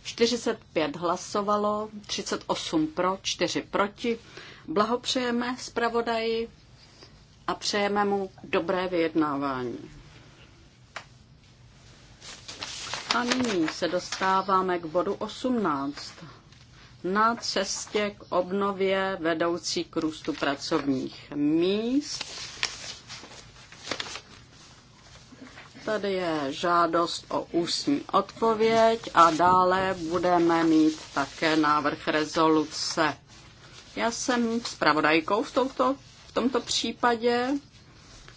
45 hlasovalo, 38 pro, 4 proti. Blahopřejeme zpravodaji a přejeme mu dobré vyjednávání. A nyní se dostáváme k bodu 18 na cestě k obnově vedoucí k růstu pracovních míst. Tady je žádost o ústní odpověď a dále budeme mít také návrh rezoluce. Já jsem zpravodajkou v, touto, v tomto případě,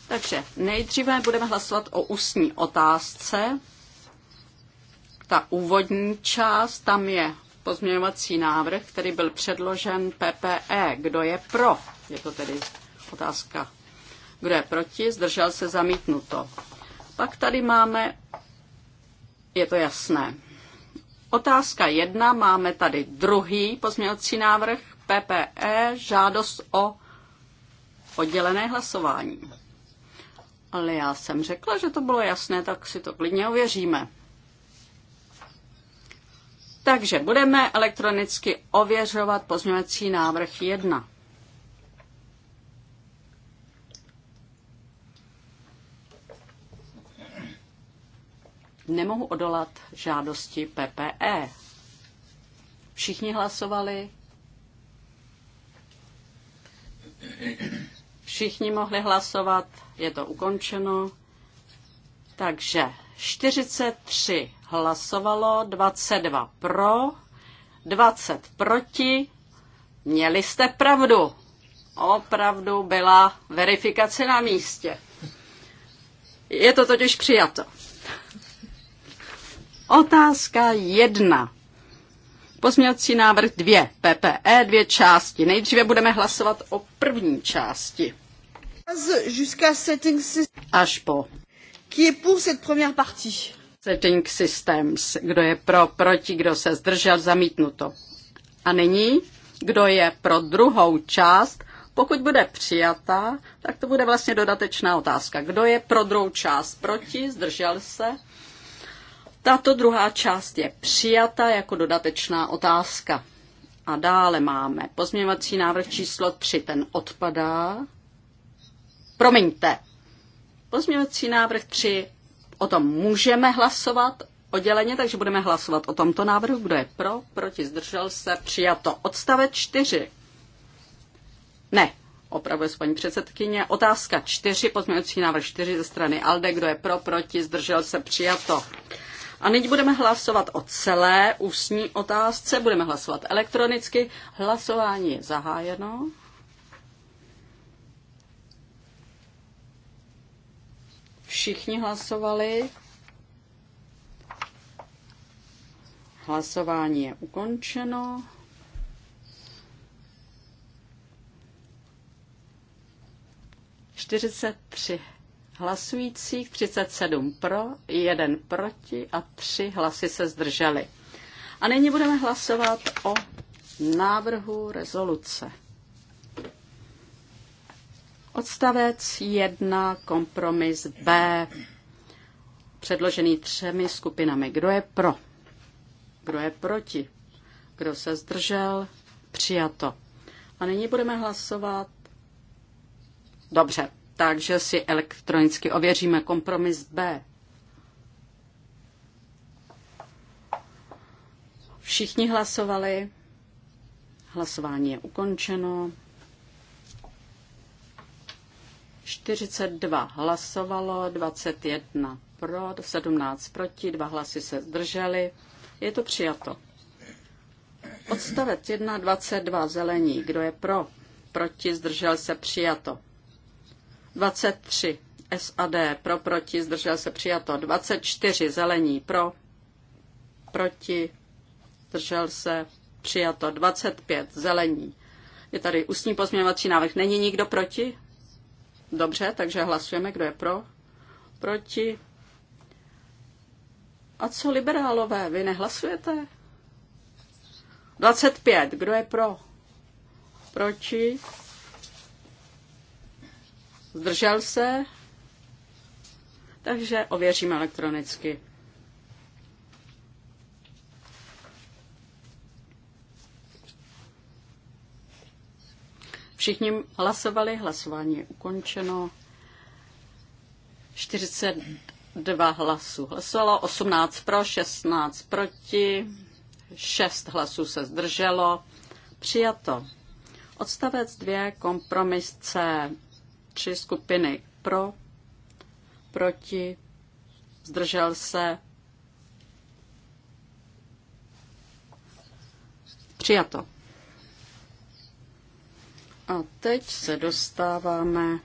takže nejdříve budeme hlasovat o ústní otázce. Ta úvodní část, tam je pozměňovací návrh, který byl předložen PPE. Kdo je pro? Je to tedy otázka. Kdo je proti? Zdržel se zamítnuto. Pak tady máme, je to jasné. Otázka jedna, máme tady druhý pozměňovací návrh PPE, žádost o oddělené hlasování. Ale já jsem řekla, že to bylo jasné, tak si to klidně ověříme. Takže budeme elektronicky ověřovat pozměňovací návrh 1. Nemohu odolat žádosti PPE. Všichni hlasovali? Všichni mohli hlasovat, je to ukončeno. Takže 43 hlasovalo, 22 pro, 20 proti. Měli jste pravdu. Opravdu byla verifikace na místě. Je to totiž přijato. Otázka jedna. Pozměňovací návrh dvě PPE, dvě části. Nejdříve budeme hlasovat o první části. Až po Qui est pour cette première partie? Setting Systems. Kdo je pro, proti, kdo se zdržel, zamítnuto. A nyní, kdo je pro druhou část, pokud bude přijata, tak to bude vlastně dodatečná otázka. Kdo je pro druhou část, proti, zdržel se? Tato druhá část je přijata jako dodatečná otázka. A dále máme pozměňovací návrh číslo 3, ten odpadá. Promiňte, Pozměňovací návrh 3, o tom můžeme hlasovat odděleně, takže budeme hlasovat o tomto návrhu. Kdo je pro, proti, zdržel se, přijato. Odstavec 4. Ne, opravuje se paní předsedkyně. Otázka 4, pozměňovací návrh 4 ze strany ALDE. Kdo je pro, proti, zdržel se, přijato. A nyní budeme hlasovat o celé ústní otázce. Budeme hlasovat elektronicky. Hlasování je zahájeno. Všichni hlasovali. Hlasování je ukončeno. Čtyřicet tři hlasujících, 37 pro, 1 proti a 3 hlasy se zdržely. A nyní budeme hlasovat o návrhu rezoluce. Odstavec 1, kompromis B, předložený třemi skupinami. Kdo je pro? Kdo je proti? Kdo se zdržel? Přijato. A nyní budeme hlasovat. Dobře, takže si elektronicky ověříme kompromis B. Všichni hlasovali. Hlasování je ukončeno. 42 hlasovalo, 21 pro, 17 proti, dva hlasy se zdrželi. Je to přijato. Odstavec 1, 22 zelení. Kdo je pro? Proti, zdržel se, přijato. 23 SAD pro, proti, zdržel se, přijato. 24 zelení pro, proti, zdržel se, přijato. 25 zelení. Je tady ústní pozměňovací návrh. Není nikdo proti? Dobře, takže hlasujeme, kdo je pro, proti. A co liberálové, vy nehlasujete? 25, kdo je pro, proti. Zdržel se? Takže ověříme elektronicky. Všichni hlasovali, hlasování je ukončeno. 42 hlasů hlasovalo, 18 pro, 16 proti, 6 hlasů se zdrželo. Přijato. Odstavec 2, kompromis C. Tři skupiny pro, proti, zdržel se. Přijato. A teď se dostáváme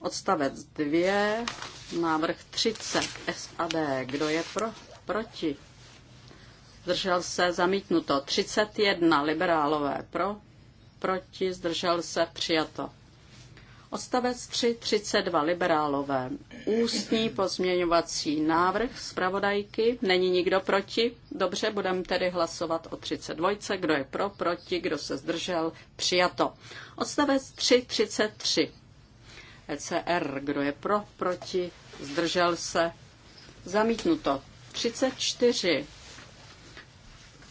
odstavec 2, návrh 30 SAD. Kdo je pro? Proti. Zdržel se zamítnuto. 31 liberálové pro. Proti. Zdržel se přijato. Odstavec 3.32 liberálové. Ústní pozměňovací návrh zpravodajky. Není nikdo proti? Dobře, budeme tedy hlasovat o 32. Kdo je pro, proti, kdo se zdržel? Přijato. Odstavec 3.33. ECR. Kdo je pro, proti, zdržel se? Zamítnuto. 34.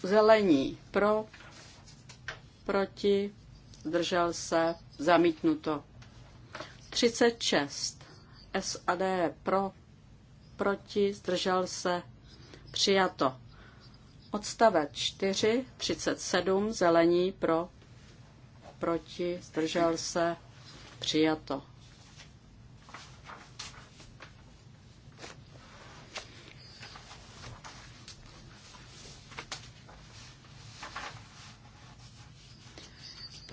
Zelení. Pro, proti, zdržel se? Zamítnuto. 36. SAD pro, proti, zdržel se, přijato. Odstavec 4, 37, zelení pro, proti, zdržel se, přijato.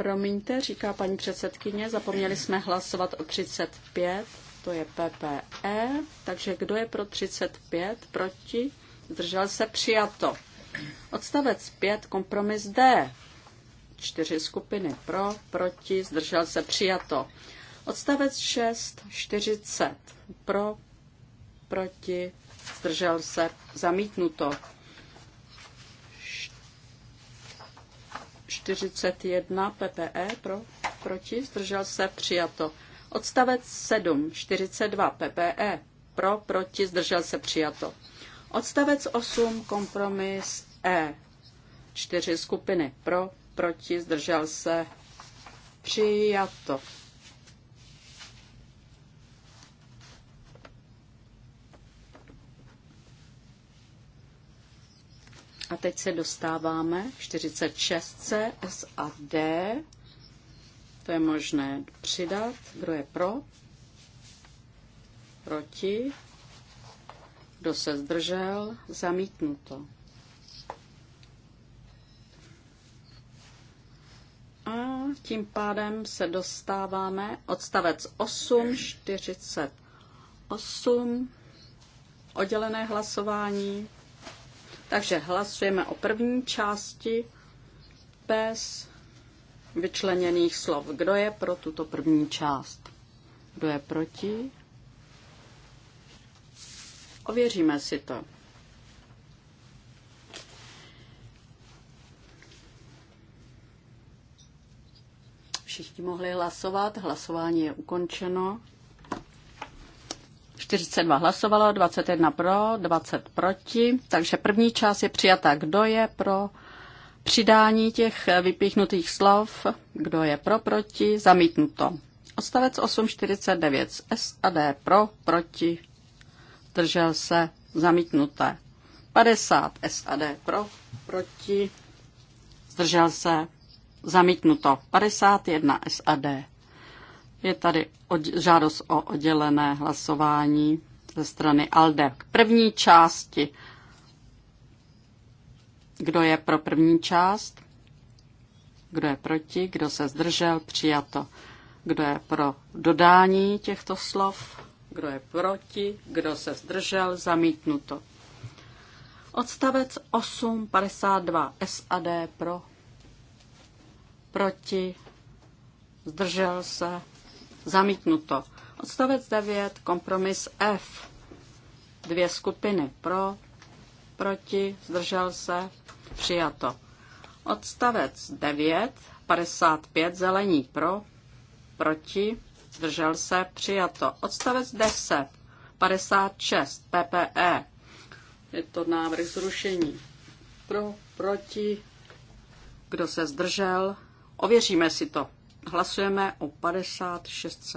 Promiňte, říká paní předsedkyně, zapomněli jsme hlasovat o 35, to je PPE, takže kdo je pro 35, proti, zdržel se, přijato. Odstavec 5, kompromis D. Čtyři skupiny pro, proti, zdržel se, přijato. Odstavec 6, 40, pro, proti, zdržel se, zamítnuto. 41 PPE pro, proti, zdržel se, přijato. Odstavec 7, 42 PPE pro, proti, zdržel se, přijato. Odstavec 8, kompromis E. Čtyři skupiny pro, proti, zdržel se, přijato. A teď se dostáváme 46 S a D. To je možné přidat. Kdo je pro? Proti? Kdo se zdržel? Zamítnuto. A tím pádem se dostáváme odstavec 8, 48, oddělené hlasování. Takže hlasujeme o první části bez vyčleněných slov. Kdo je pro tuto první část? Kdo je proti? Ověříme si to. Všichni mohli hlasovat, hlasování je ukončeno. 42 hlasovalo, 21 pro, 20 proti, takže první část je přijata. Kdo je pro přidání těch vypíchnutých slov? Kdo je pro, proti? Zamítnuto. Ostavec 849 SAD pro, proti, držel se, zamítnuté. 50 SAD pro, proti, zdržel se, zamítnuto. 51 SAD je tady žádost o oddělené hlasování ze strany ALDE. K první části. Kdo je pro první část? Kdo je proti? Kdo se zdržel? Přijato. Kdo je pro dodání těchto slov? Kdo je proti? Kdo se zdržel? Zamítnuto. Odstavec 852 SAD pro, proti, zdržel se, Zamítnuto. Odstavec 9, kompromis F. Dvě skupiny pro, proti, zdržel se, přijato. Odstavec 9, 55, zelení pro, proti, zdržel se, přijato. Odstavec 10, 56, PPE. Je to návrh zrušení. Pro, proti, kdo se zdržel, ověříme si to. Hlasujeme o 56.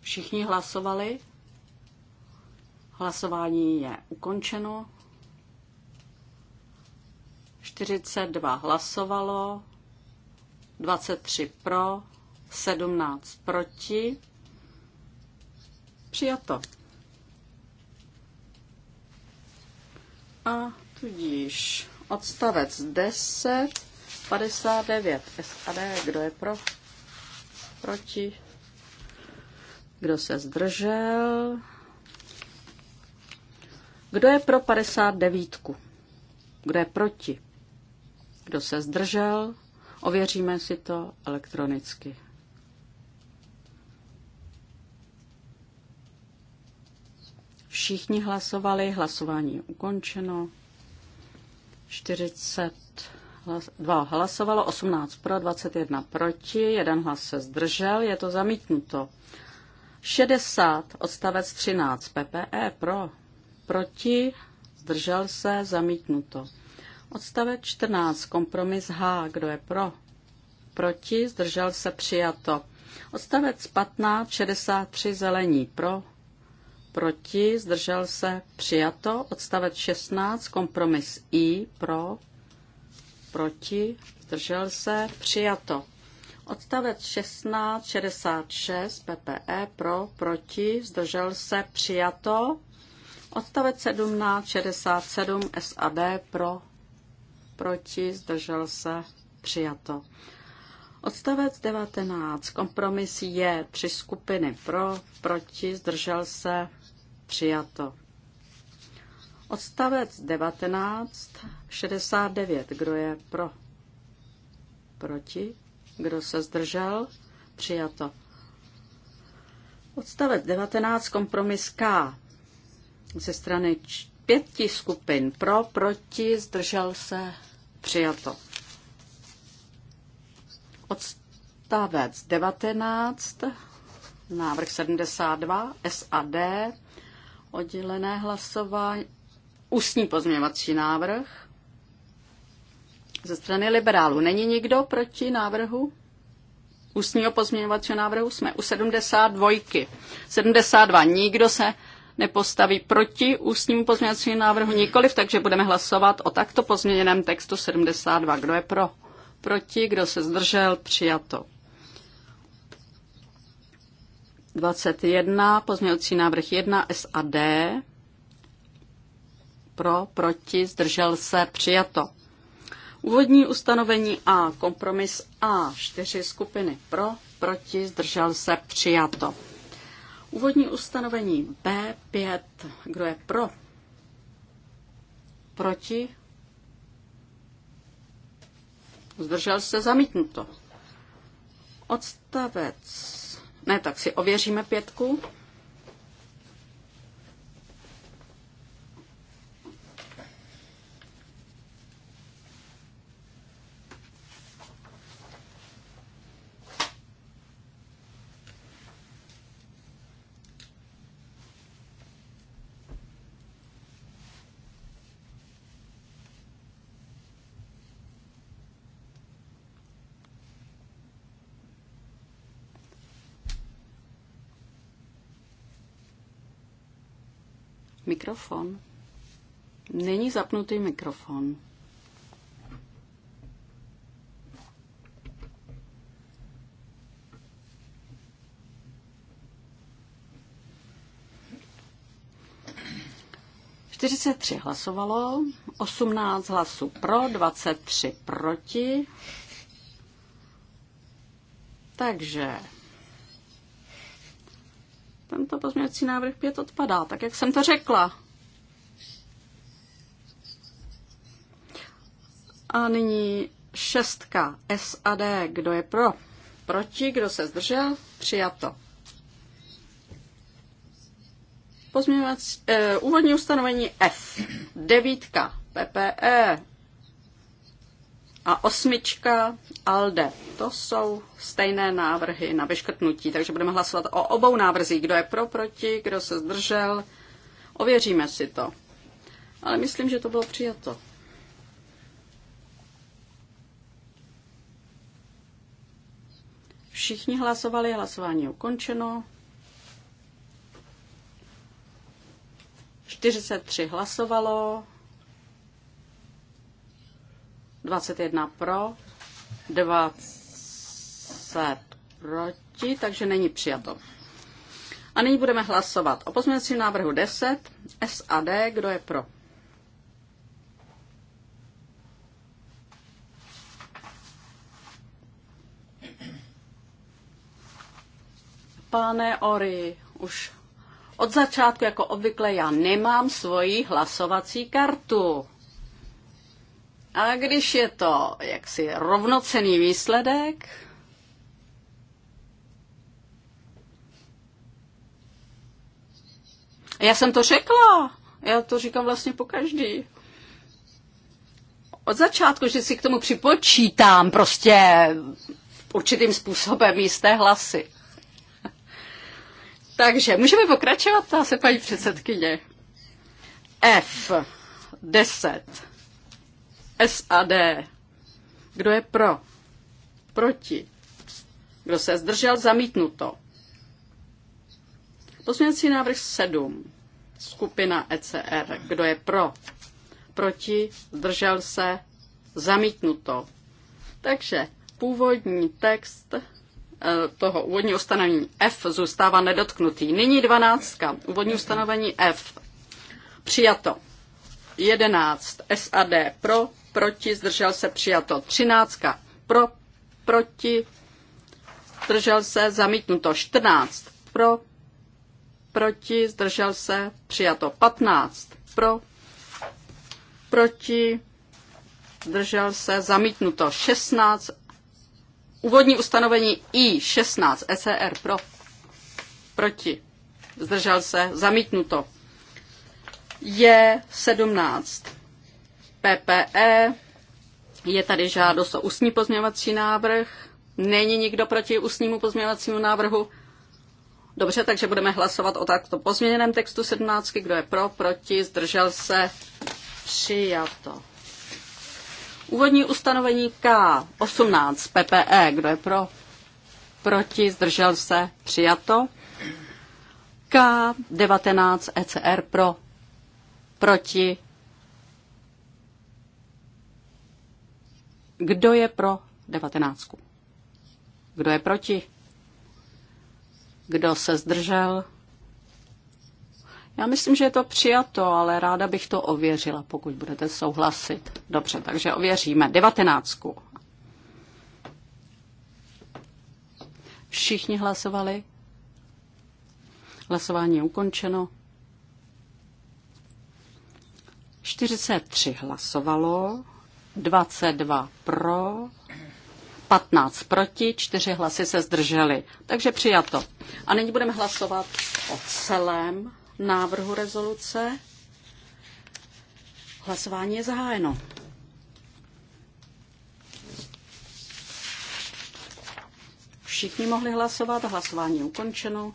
Všichni hlasovali. Hlasování je ukončeno. 42 hlasovalo, 23 pro, 17 proti. Přijato. A tudíž Odstavec 10, 59 SAD, kdo je pro? Proti? Kdo se zdržel? Kdo je pro 59? Kdo je proti? Kdo se zdržel? Ověříme si to elektronicky. Všichni hlasovali, hlasování je ukončeno. 42 hlasovalo, 18 pro, 21 proti, jeden hlas se zdržel, je to zamítnuto. 60 odstavec 13 PPE pro, proti, zdržel se, zamítnuto. Odstavec 14 kompromis H, kdo je pro, proti, zdržel se, přijato. Odstavec 15 63 zelení pro, proti, zdržel se, přijato. Odstavec 16, kompromis I, pro, proti, zdržel se, přijato. Odstavec 16, 66, PPE, pro, proti, zdržel se, přijato. Odstavec 17, 67, SAD, pro, proti, zdržel se, přijato. Odstavec 19. Kompromis je tři skupiny pro, proti, zdržel se, Přijato. Odstavec 19, 69. Kdo je pro? Proti? Kdo se zdržel? Přijato. Odstavec 19, kompromis K. Ze strany pěti skupin pro, proti, zdržel se, přijato. Odstavec 19, návrh 72, SAD, Oddělené hlasování. Ústní pozměvací návrh ze strany liberálů. Není nikdo proti návrhu? Ústního pozměňovacího návrhu jsme u 72. 72. Nikdo se nepostaví proti ústnímu pozměňovacímu návrhu nikoliv, takže budeme hlasovat o takto pozměněném textu 72. Kdo je pro? Proti, kdo se zdržel, přijato. 21, pozměňovací návrh 1 SAD. Pro, proti, zdržel se, přijato. Úvodní ustanovení A, kompromis A, čtyři skupiny pro, proti, zdržel se, přijato. Úvodní ustanovení B5, kdo je pro, proti, zdržel se, zamítnuto. Odstavec ne, tak si ověříme pětku. Mikrofon. Není zapnutý mikrofon. Čtyřicet tři hlasovalo, osmnáct hlasů pro, dvacet tři proti. Takže tento pozměňovací návrh 5 odpadá, tak jak jsem to řekla. A nyní šestka SAD. Kdo je pro? Proti? Kdo se zdržel? Přijato. Pozměňovací, eh, úvodní ustanovení F. Devítka. PPE a osmička ALDE. To jsou stejné návrhy na vyškrtnutí, takže budeme hlasovat o obou návrzích. Kdo je pro, proti, kdo se zdržel. Ověříme si to. Ale myslím, že to bylo přijato. Všichni hlasovali, hlasování je ukončeno. 43 hlasovalo, 21 pro, 20 proti, takže není přijato. A nyní budeme hlasovat o pozměňovacím návrhu 10, SAD, kdo je pro. Pane Ori, už od začátku, jako obvykle, já nemám svoji hlasovací kartu. A když je to jaksi rovnocený výsledek, já jsem to řekla, já to říkám vlastně po každý. Od začátku, že si k tomu připočítám prostě určitým způsobem jisté hlasy. Takže můžeme pokračovat, ptá se paní předsedkyně. F10. SAD. Kdo je pro? Proti. Kdo se zdržel? Zamítnuto. Pozměňovací návrh 7. Skupina ECR. Kdo je pro? Proti. Zdržel se? Zamítnuto. Takže původní text eh, toho úvodní ustanovení F zůstává nedotknutý. Nyní dvanáctka. Úvodní ustanovení F. Přijato. 11 SAD pro, proti, zdržel se přijato. 13 pro, proti, zdržel se zamítnuto. 14 pro, proti, zdržel se přijato. 15 pro, proti, zdržel se zamítnuto. 16 Úvodní ustanovení I16 ECR pro, proti, zdržel se, zamítnuto. J17 PPE. Je tady žádost o ústní pozměňovací návrh. Není nikdo proti ústnímu pozměňovacímu návrhu? Dobře, takže budeme hlasovat o takto pozměněném textu 17. Kdo je pro, proti, zdržel se, přijato. Úvodní ustanovení K18 PPE. Kdo je pro, proti, zdržel se, přijato. K19 ECR pro, Proti? Kdo je pro devatenáctku? Kdo je proti? Kdo se zdržel? Já myslím, že je to přijato, ale ráda bych to ověřila, pokud budete souhlasit. Dobře, takže ověříme. Devatenáctku. Všichni hlasovali. Hlasování je ukončeno. 43 hlasovalo, 22 pro, 15 proti, 4 hlasy se zdrželi. Takže přijato. A nyní budeme hlasovat o celém návrhu rezoluce. Hlasování je zahájeno. Všichni mohli hlasovat, hlasování je ukončeno.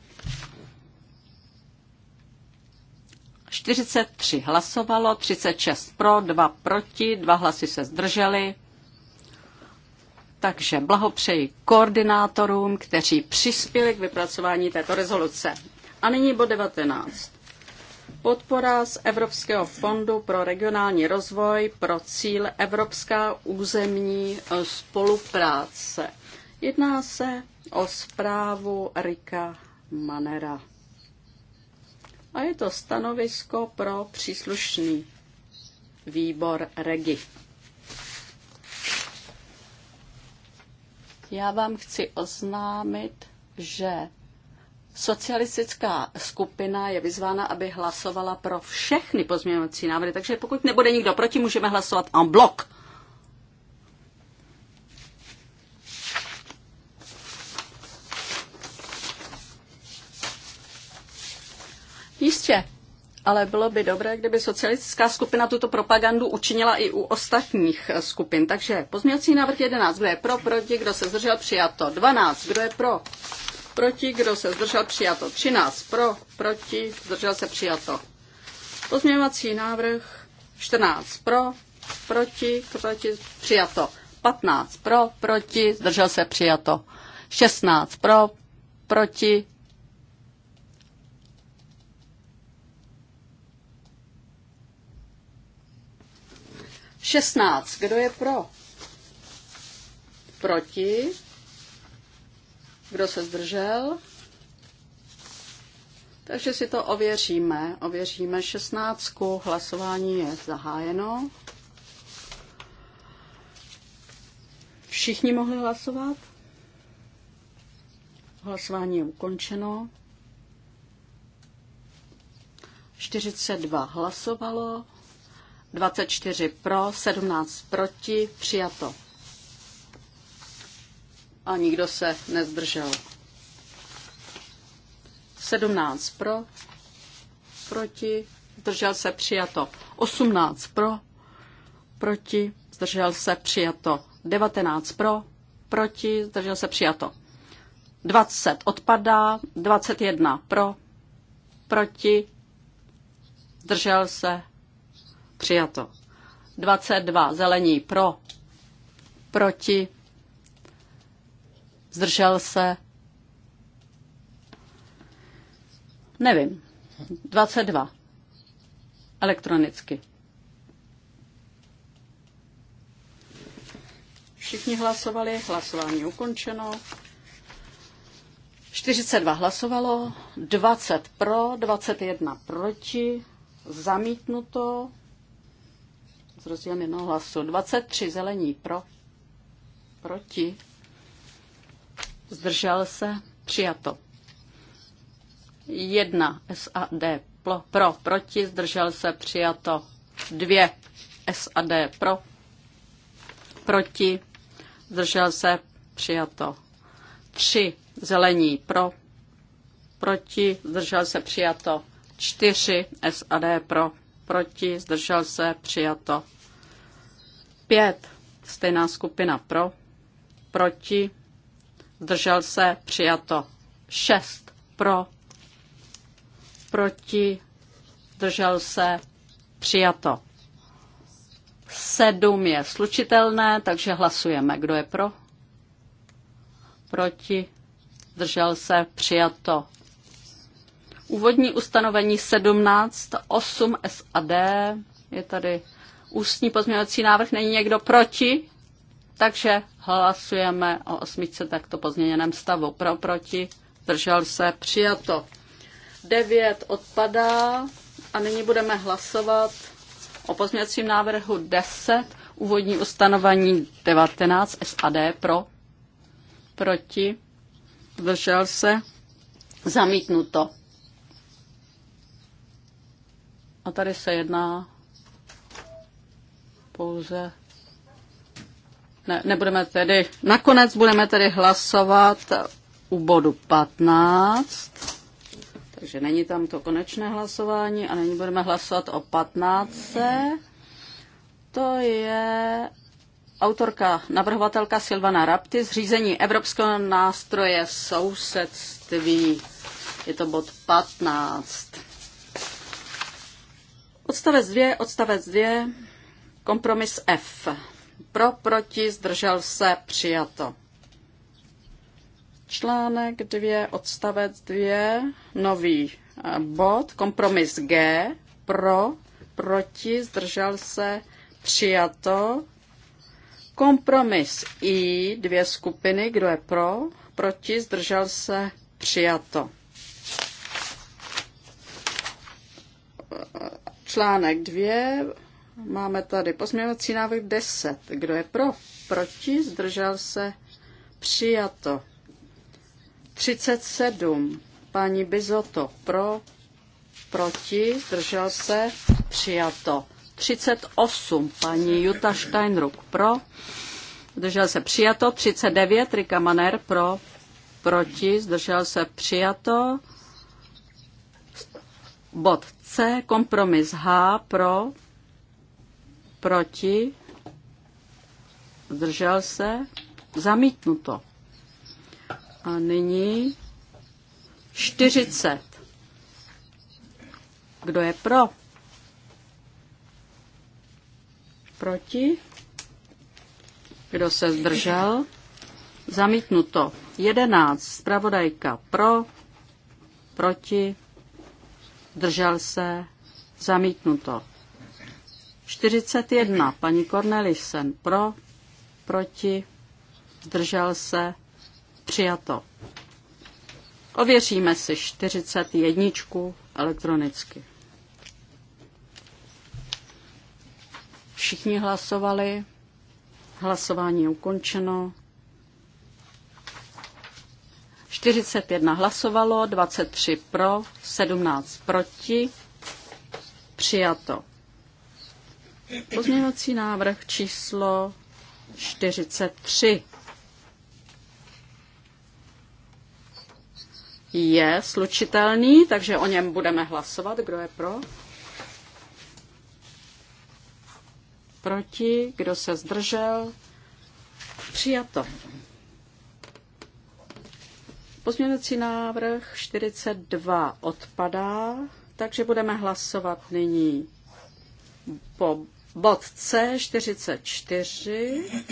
43 hlasovalo, 36 pro, 2 proti, 2 hlasy se zdrželi. Takže blahopřeji koordinátorům, kteří přispěli k vypracování této rezoluce. A nyní bod 19. Podpora z Evropského fondu pro regionální rozvoj pro cíl Evropská územní e, spolupráce. Jedná se o zprávu Rika Manera a je to stanovisko pro příslušný výbor REGI. Já vám chci oznámit, že socialistická skupina je vyzvána, aby hlasovala pro všechny pozměňovací návrhy, takže pokud nebude nikdo proti, můžeme hlasovat en bloc. Jistě, ale bylo by dobré, kdyby socialistická skupina tuto propagandu učinila i u ostatních eh, skupin. Takže pozměňovací návrh 11. Kdo je pro, proti, kdo se zdržel, přijato. 12. Kdo je pro, proti, kdo se zdržel, přijato. 13. Pro, proti, zdržel se, přijato. Pozměňovací návrh 14. Pro, proti, proti, přijato. 15. Pro, proti, zdržel se, přijato. 16. Pro, proti, 16. Kdo je pro? Proti? Kdo se zdržel? Takže si to ověříme. Ověříme 16. Hlasování je zahájeno. Všichni mohli hlasovat? Hlasování je ukončeno. 42 hlasovalo, 24 pro, 17 proti, přijato. A nikdo se nezdržel. 17 pro, proti, zdržel se přijato. 18 pro, proti, zdržel se přijato. 19 pro, proti, zdržel se přijato. 20 odpadá, 21 pro, proti, zdržel se Přijato. 22 zelení pro, proti, zdržel se, nevím, 22 elektronicky. Všichni hlasovali, hlasování ukončeno. 42 hlasovalo, 20 pro, 21 proti, zamítnuto, s rozdílem jednoho hlasu. 23 zelení pro, proti, zdržel se, přijato. 1 SAD pro, pro, proti, zdržel se, přijato. 2 SAD pro, proti, zdržel se, přijato. 3 zelení pro, proti, zdržel se, přijato. 4 SAD pro, proti, zdržel se, přijato. Pět, stejná skupina pro, proti, zdržel se, přijato. Šest, pro, proti, zdržel se, přijato. Sedm je slučitelné, takže hlasujeme. Kdo je pro? Proti, zdržel se, přijato. Úvodní ustanovení 17, 8 SAD, je tady ústní pozměňovací návrh, není někdo proti, takže hlasujeme o osmičce takto pozměněném stavu. Pro, proti, držel se, přijato. 9 odpadá a nyní budeme hlasovat o pozměňovacím návrhu 10, úvodní ustanovení 19 SAD pro, proti, držel se, zamítnuto. tady se jedná pouze. Ne, nebudeme tedy, nakonec budeme tedy hlasovat u bodu 15. Takže není tam to konečné hlasování a není budeme hlasovat o 15. To je autorka, navrhovatelka Silvana Rapti, zřízení Evropského nástroje sousedství. Je to bod 15. Odstavec 2, odstavec 2, kompromis F. Pro, proti, zdržel se, přijato. Článek 2, odstavec 2, nový eh, bod, kompromis G, pro, proti, zdržel se, přijato. Kompromis I, dvě skupiny, kdo je pro, proti, zdržel se, přijato. Článek 2. Máme tady pozměňovací návrh 10. Kdo je pro? Proti? Zdržel se? Přijato. 37. Paní Bizoto pro, proti, zdržel se, přijato. 38. Paní Jutta Steinruck pro, zdržel se, přijato. 39. Rika Maner pro, proti, zdržel se, přijato. Bod C, kompromis H pro, proti, zdržel se, zamítnuto. A nyní 40. Kdo je pro? Proti? Kdo se zdržel? Zamítnuto. 11. Spravodajka pro, proti, zdržel se, zamítnuto. 41, paní Cornelissen, pro, proti, zdržel se, přijato. Ověříme si 41 elektronicky. Všichni hlasovali, hlasování je ukončeno 41 hlasovalo, 23 pro, 17 proti. Přijato. Pozměňovací návrh číslo 43 je slučitelný, takže o něm budeme hlasovat. Kdo je pro? Proti? Kdo se zdržel? Přijato. Pozměňovací návrh 42 odpadá, takže budeme hlasovat nyní po bod C 44.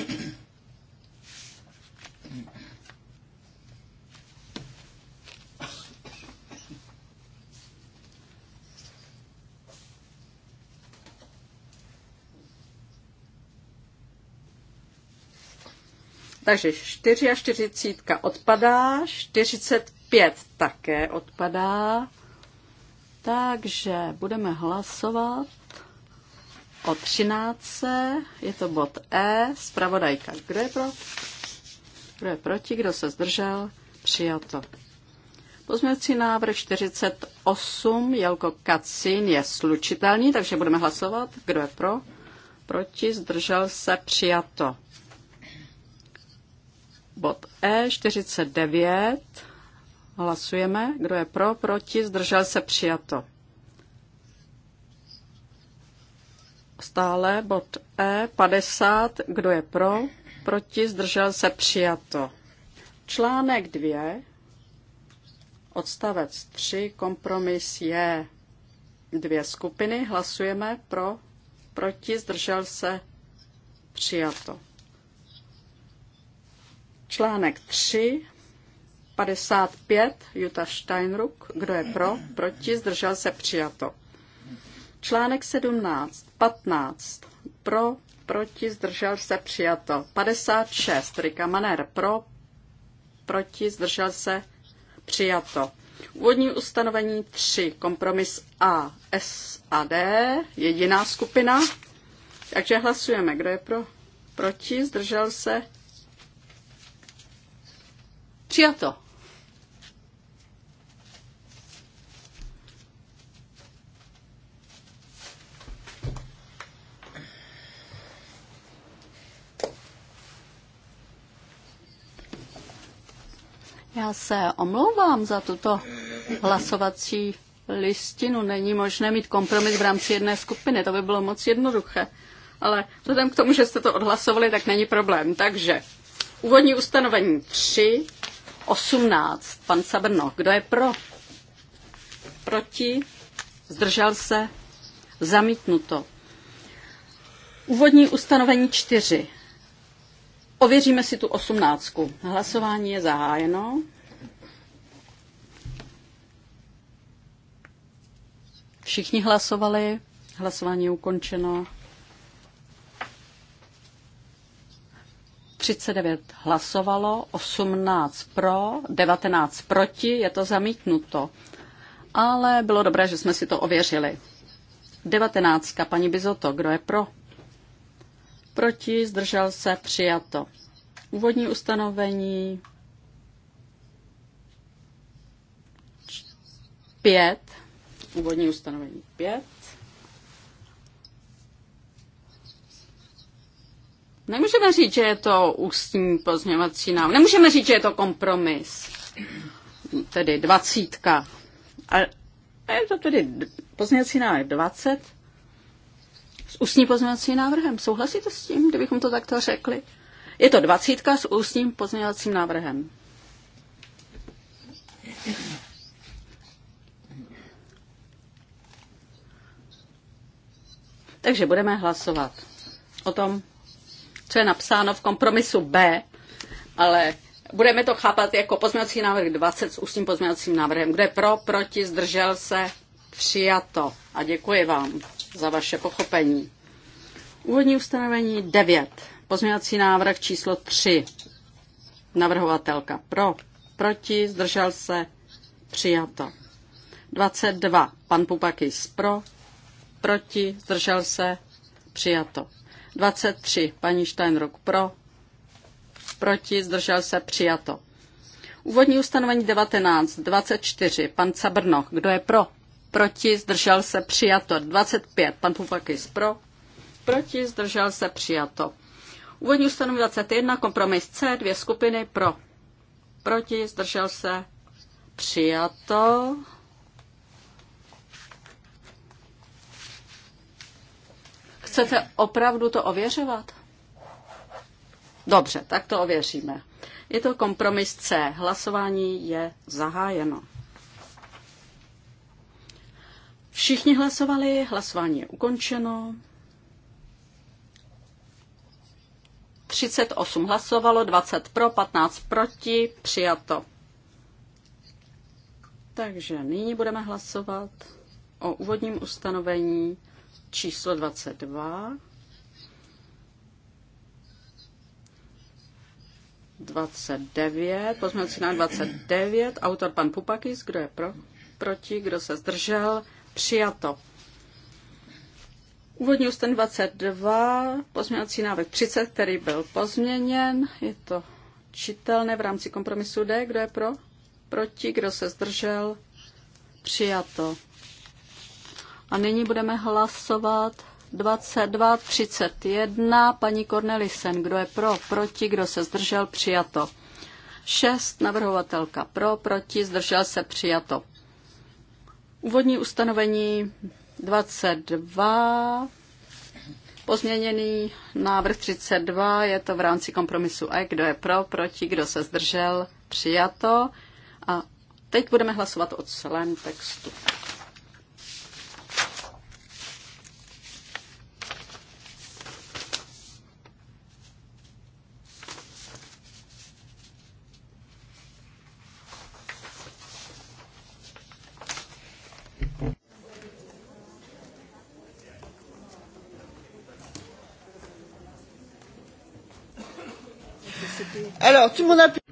Takže 44 odpadá, 45 také odpadá. Takže budeme hlasovat o 13. Je to bod E, zpravodajka. Kdo je pro? Kdo je proti? Kdo se zdržel? Přijato. Pozměcí návrh 48, Jelko Kacin je slučitelný, takže budeme hlasovat. Kdo je pro? Proti? Zdržel se? Přijato. Bod E49. Hlasujeme. Kdo je pro, proti, zdržel se, přijato. Stále bod E50. Kdo je pro, proti, zdržel se, přijato. Článek 2, odstavec 3, kompromis je dvě skupiny. Hlasujeme pro, proti, zdržel se, přijato. Článek 3, 55, Jutta Steinruck, kdo je pro, proti, zdržel se přijato. Článek 17, 15, pro, proti, zdržel se přijato. 56, Rika Maner, pro, proti, zdržel se přijato. Úvodní ustanovení 3, kompromis A, S a D, jediná skupina. Takže hlasujeme, kdo je pro, proti, zdržel se Přijato. Já se omlouvám za tuto hlasovací listinu. Není možné mít kompromis v rámci jedné skupiny, to by bylo moc jednoduché. Ale vzhledem k tomu, že jste to odhlasovali, tak není problém. Takže úvodní ustanovení 3, 18, pan Sabrno, kdo je pro? Proti? Zdržel se? Zamítnuto. Úvodní ustanovení 4. Ověříme si tu osmnáctku. Hlasování je zahájeno. Všichni hlasovali. Hlasování je ukončeno. 39 hlasovalo, 18 pro, 19 proti, je to zamítnuto. Ale bylo dobré, že jsme si to ověřili. 19. Paní Bizoto, kdo je pro? Proti, zdržel se, přijato. Úvodní ustanovení 5. Úvodní ustanovení 5. Nemůžeme říct, že je to ústní pozměňovací návrh. Nemůžeme říct, že je to kompromis. Tedy dvacítka. A, a je to tedy pozměňovací návrh 20 s ústním pozměňovacím návrhem. Souhlasíte s tím, kdybychom to takto řekli? Je to dvacítka s ústním pozměňovacím návrhem. Takže budeme hlasovat o tom co je napsáno v kompromisu B, ale budeme to chápat jako pozměňovací návrh 20 s ústním pozměňovacím návrhem. Kde pro, proti, zdržel se, přijato. A děkuji vám za vaše pochopení. Úvodní ustanovení 9. Pozměňovací návrh číslo 3. Navrhovatelka pro, proti, zdržel se, přijato. 22. Pan Pupakis pro, proti, zdržel se, přijato. 23. Paní Steinrock pro. Proti. Zdržel se. Přijato. Úvodní ustanovení 19. 24. Pan Cabrnoch. Kdo je pro? Proti. Zdržel se. Přijato. 25. Pan Pupakis pro. Proti. Zdržel se. Přijato. Úvodní ustanovení 21. Kompromis C. Dvě skupiny pro. Proti. Zdržel se. Přijato. Chcete opravdu to ověřovat? Dobře, tak to ověříme. Je to kompromis C. Hlasování je zahájeno. Všichni hlasovali, hlasování je ukončeno. 38 hlasovalo, 20 pro, 15 proti, přijato. Takže nyní budeme hlasovat o úvodním ustanovení číslo 22. 29, si na 29, autor pan Pupakis, kdo je pro, proti, kdo se zdržel, přijato. Úvodní ústen 22, pozměnací návrh 30, který byl pozměněn, je to čitelné v rámci kompromisu D, kdo je pro, proti, kdo se zdržel, přijato. A nyní budeme hlasovat 22, 31, paní Cornelisen, kdo je pro, proti, kdo se zdržel, přijato. 6, navrhovatelka pro, proti, zdržel se, přijato. Úvodní ustanovení 22, pozměněný návrh 32, je to v rámci kompromisu E, kdo je pro, proti, kdo se zdržel, přijato. A teď budeme hlasovat o celém textu.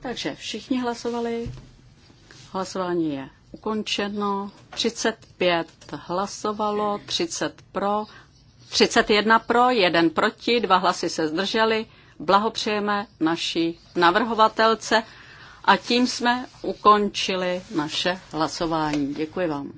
Takže všichni hlasovali. Hlasování je ukončeno. 35 hlasovalo, 30 pro, 31 pro, 1 proti, 2 hlasy se zdrželi. Blahopřejeme naší navrhovatelce a tím jsme ukončili naše hlasování. Děkuji vám.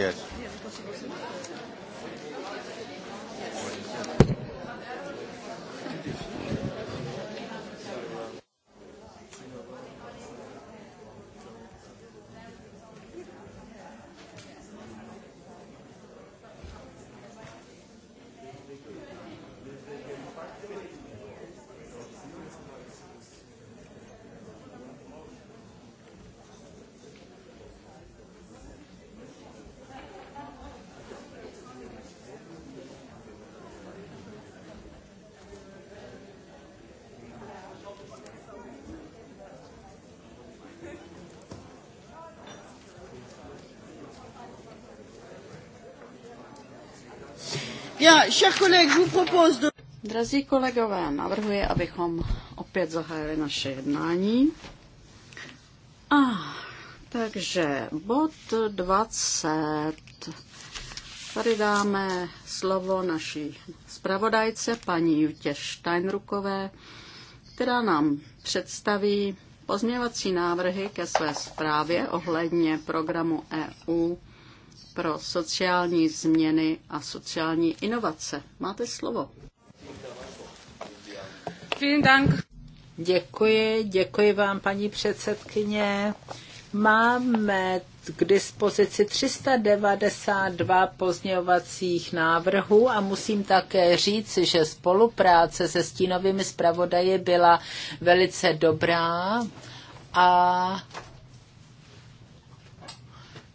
Yes. Já, chers collègues, je propose Drazí kolegové, navrhuji, abychom opět zahájili naše jednání. A ah, takže bod 20. Tady dáme slovo naší zpravodajce, paní Jutě Steinrukové, která nám představí pozměvací návrhy ke své zprávě ohledně programu EU pro sociální změny a sociální inovace. Máte slovo. Děkuji, děkuji vám, paní předsedkyně. Máme k dispozici 392 pozměňovacích návrhů a musím také říci, že spolupráce se stínovými zpravodaji byla velice dobrá a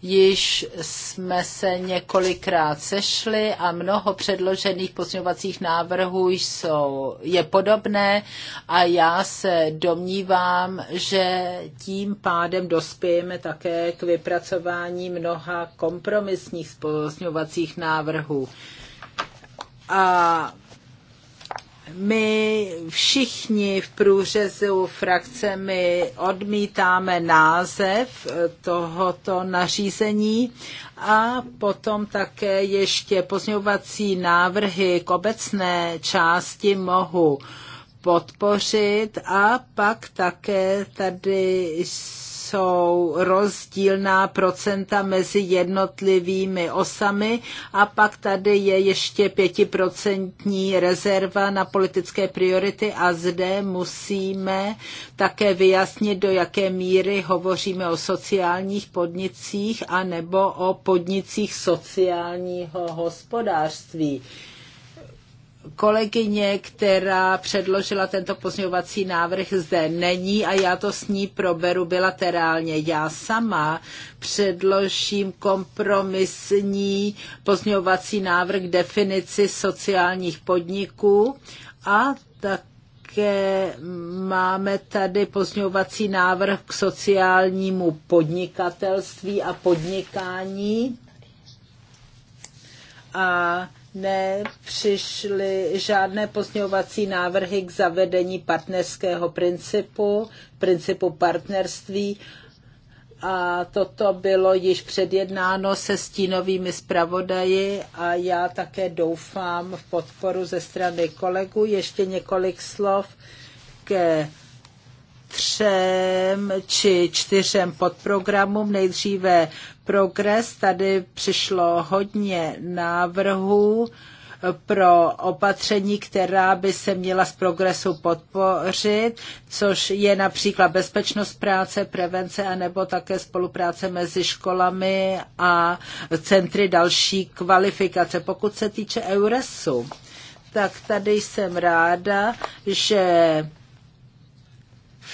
již jsme se několikrát sešli a mnoho předložených pozměňovacích návrhů jsou, je podobné a já se domnívám, že tím pádem dospějeme také k vypracování mnoha kompromisních pozměňovacích návrhů. A my všichni v průřezu my odmítáme název eh, tohoto nařízení a potom také ještě pozňovací návrhy k obecné části mohu podpořit a pak také tady jsou jsou rozdílná procenta mezi jednotlivými osami a pak tady je ještě pětiprocentní rezerva na politické priority a zde musíme také vyjasnit, do jaké míry hovoříme o sociálních podnicích a nebo o podnicích sociálního hospodářství kolegyně, která předložila tento pozměňovací návrh, zde není a já to s ní proberu bilaterálně. Já sama předložím kompromisní pozměňovací návrh k definici sociálních podniků a tak také máme tady pozňovací návrh k sociálnímu podnikatelství a podnikání. A nepřišly žádné pozměňovací návrhy k zavedení partnerského principu, principu partnerství a toto bylo již předjednáno se stínovými zpravodaji a já také doufám v podporu ze strany kolegů. Ještě několik slov ke třem či čtyřem podprogramům. Nejdříve progres, tady přišlo hodně návrhů pro opatření, která by se měla z progresu podpořit, což je například bezpečnost práce, prevence a nebo také spolupráce mezi školami a centry další kvalifikace. Pokud se týče EURESu, tak tady jsem ráda, že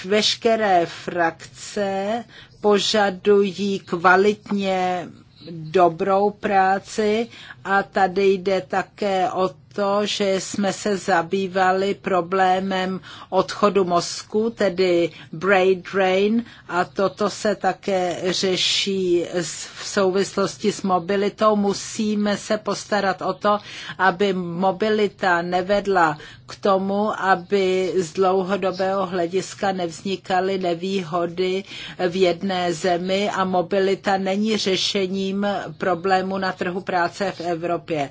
Veškeré frakce požadují kvalitně dobrou práci a tady jde také o to, že jsme se zabývali problémem odchodu mozku, tedy brain drain, a toto se také řeší v souvislosti s mobilitou. Musíme se postarat o to, aby mobilita nevedla k tomu, aby z dlouhodobého hlediska nevznikaly nevýhody v jedné zemi a mobilita není řešením problému na trhu práce v Evropě. Evropě.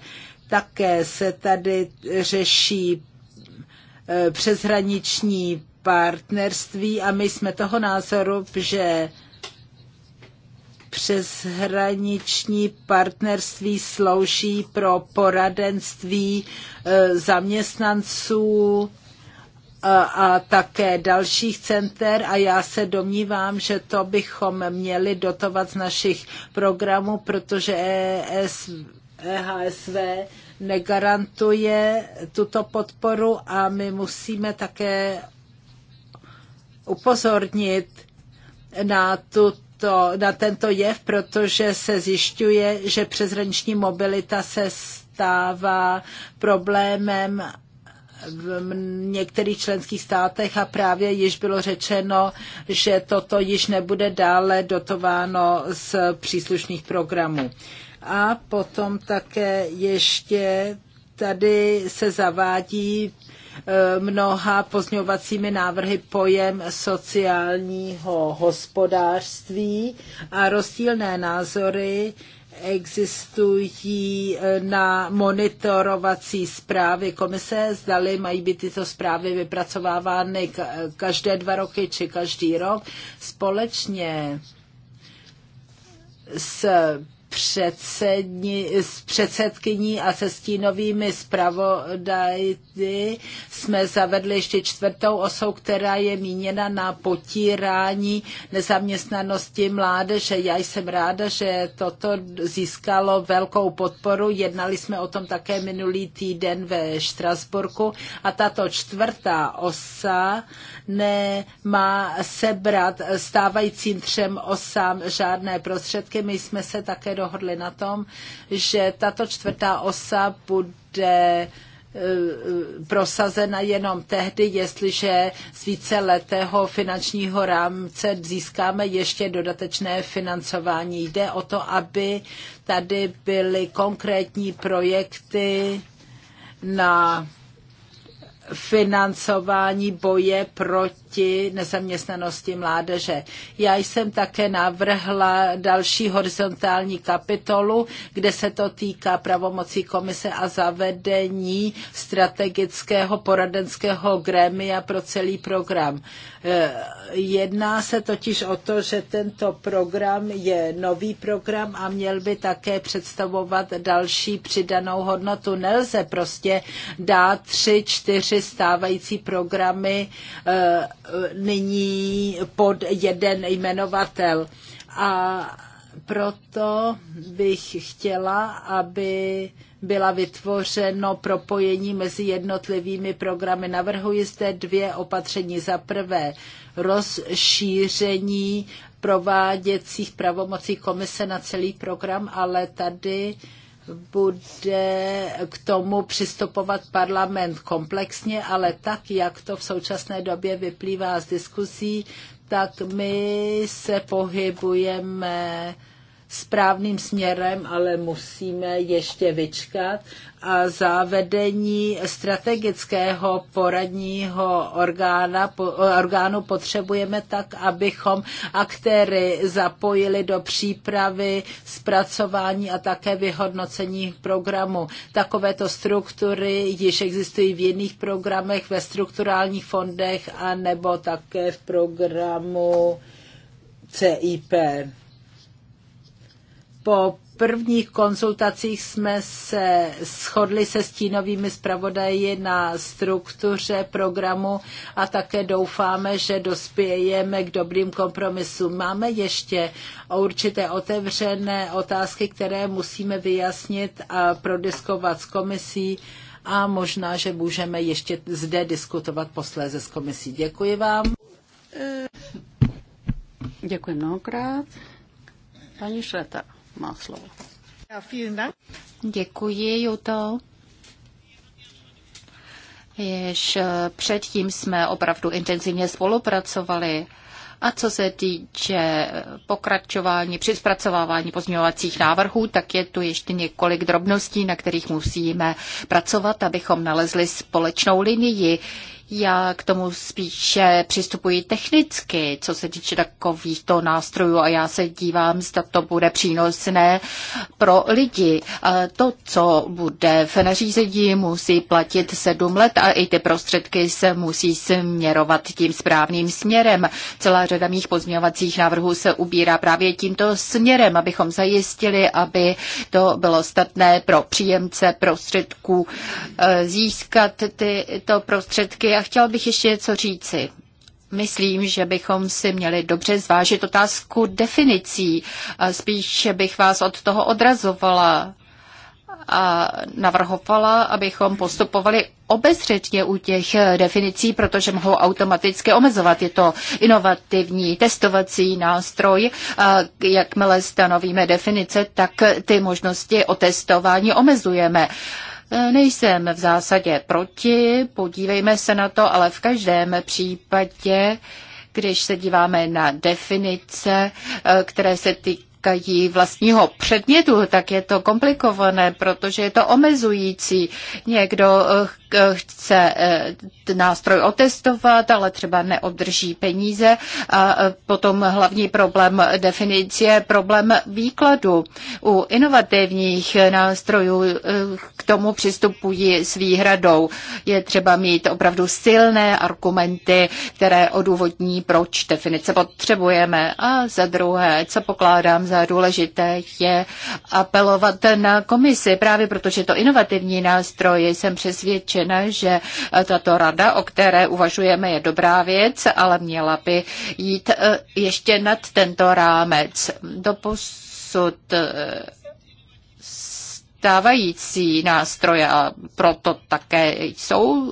Také se tady řeší e, přeshraniční partnerství a my jsme toho názoru, že přeshraniční partnerství slouží pro poradenství e, zaměstnanců e, a také dalších center a já se domnívám, že to bychom měli dotovat z našich programů, protože ES EHSV negarantuje tuto podporu a my musíme také upozornit na tuto na tento jev, protože se zjišťuje, že přeshraniční mobilita se stává problémem v některých členských státech a právě již bylo řečeno, že toto již nebude dále dotováno z příslušných programů. A potom také ještě tady se zavádí e, mnoha pozňovacími návrhy pojem sociálního hospodářství a rozdílné názory existují e, na monitorovací zprávy komise, zdali mají být tyto zprávy vypracovávány každé dva roky či každý rok. Společně s předsedni, s předsedkyní a se stínovými zpravodajty jsme zavedli ještě čtvrtou osou, která je míněna na potírání nezaměstnanosti mládeže. Já jsem ráda, že toto získalo velkou podporu. Jednali jsme o tom také minulý týden ve Štrasburku a tato čtvrtá osa nemá sebrat stávajícím třem osám žádné prostředky. My jsme se také dohodli na tom, že tato čtvrtá osa bude eh, prosazena jenom tehdy, jestliže z více letého finančního rámce získáme ještě dodatečné financování. Jde o to, aby tady byly konkrétní projekty na financování boje proti děti, nezaměstnanosti mládeže. Já jsem také navrhla další horizontální kapitolu, kde se to týká pravomocí komise a zavedení strategického poradenského grémia pro celý program. E, jedná se totiž o to, že tento program je nový program a měl by také představovat další přidanou hodnotu. Nelze prostě dát tři, čtyři stávající programy e, není pod jeden jmenovatel. A proto bych chtěla, aby byla vytvořeno propojení mezi jednotlivými programy. Navrhuji zde dvě opatření. Za prvé rozšíření prováděcích pravomocí komise na celý program, ale tady uh, bude k tomu přistupovat parlament komplexně, ale tak, jak to v současné době vyplývá z diskusí, tak my se pohybujeme správným směrem, ale musíme ještě vyčkat a závedení strategického poradního orgána, po, orgánu potřebujeme tak, abychom aktéry zapojili do přípravy, zpracování a také vyhodnocení programu. Takovéto struktury již existují v jiných programech, ve strukturálních fondech a nebo také v programu CIP. Po prvních konzultacích jsme se shodli se stínovými zpravodaji na struktuře programu a také doufáme, že dospějeme k dobrým kompromisům. Máme ještě určité otevřené otázky, které musíme vyjasnit a prodiskovat s komisí a možná, že můžeme ještě zde diskutovat posléze s komisí. Děkuji vám. Děkuji mnohokrát. Paní Šleta má slovo. Děkuji, Juto. Jež eh, předtím jsme opravdu intenzivně spolupracovali. A co se týče eh, pokračování při zpracovávání pozměňovacích návrhů, tak je tu ještě několik drobností, na kterých musíme pracovat, abychom nalezli společnou linii. Já k tomu spíše přistupuji technicky, co se týče takovýchto nástrojů a já se dívám, zda to bude přínosné pro lidi. A to, co bude v nařízení, musí platit sedm let a i ty prostředky se musí směrovat tím správným směrem. Celá řada mých pozměňovacích návrhů se ubírá právě tímto směrem, abychom zajistili, aby to bylo statné pro příjemce prostředků eh, získat tyto prostředky Chtěl bych ještě něco říci. Myslím, že bychom si měli dobře zvážit otázku definicí. Spíše bych vás od toho odrazovala a navrhovala, abychom postupovali obezřetně u těch definicí, protože mohou automaticky omezovat. Je to inovativní testovací nástroj. A jakmile stanovíme definice, tak ty možnosti o testování omezujeme. Nejsem v zásadě proti, podívejme se na to, ale v každém případě, když se díváme na definice, eh, které se týkají vlastního předmětu, tak je to komplikované, protože je to omezující. Někdo eh, Eh, chce eh, nástroj otestovat, ale třeba neobdrží peníze. A eh, potom hlavní problém definice je problém výkladu. U inovativních nástrojů k tomu přistupují s výhradou. Je třeba mít opravdu silné argumenty, které odůvodní, proč definice potřebujeme. A za druhé, co pokládám za důležité, je apelovat na komisi, právě protože to inovativní nástroje. jsem přesvědčen, přesvědčena, že tato rada, o které uvažujeme, je dobrá věc, ale měla by jít eh, ještě nad tento rámec. Doposud eh, stávající nástroje a proto také jsou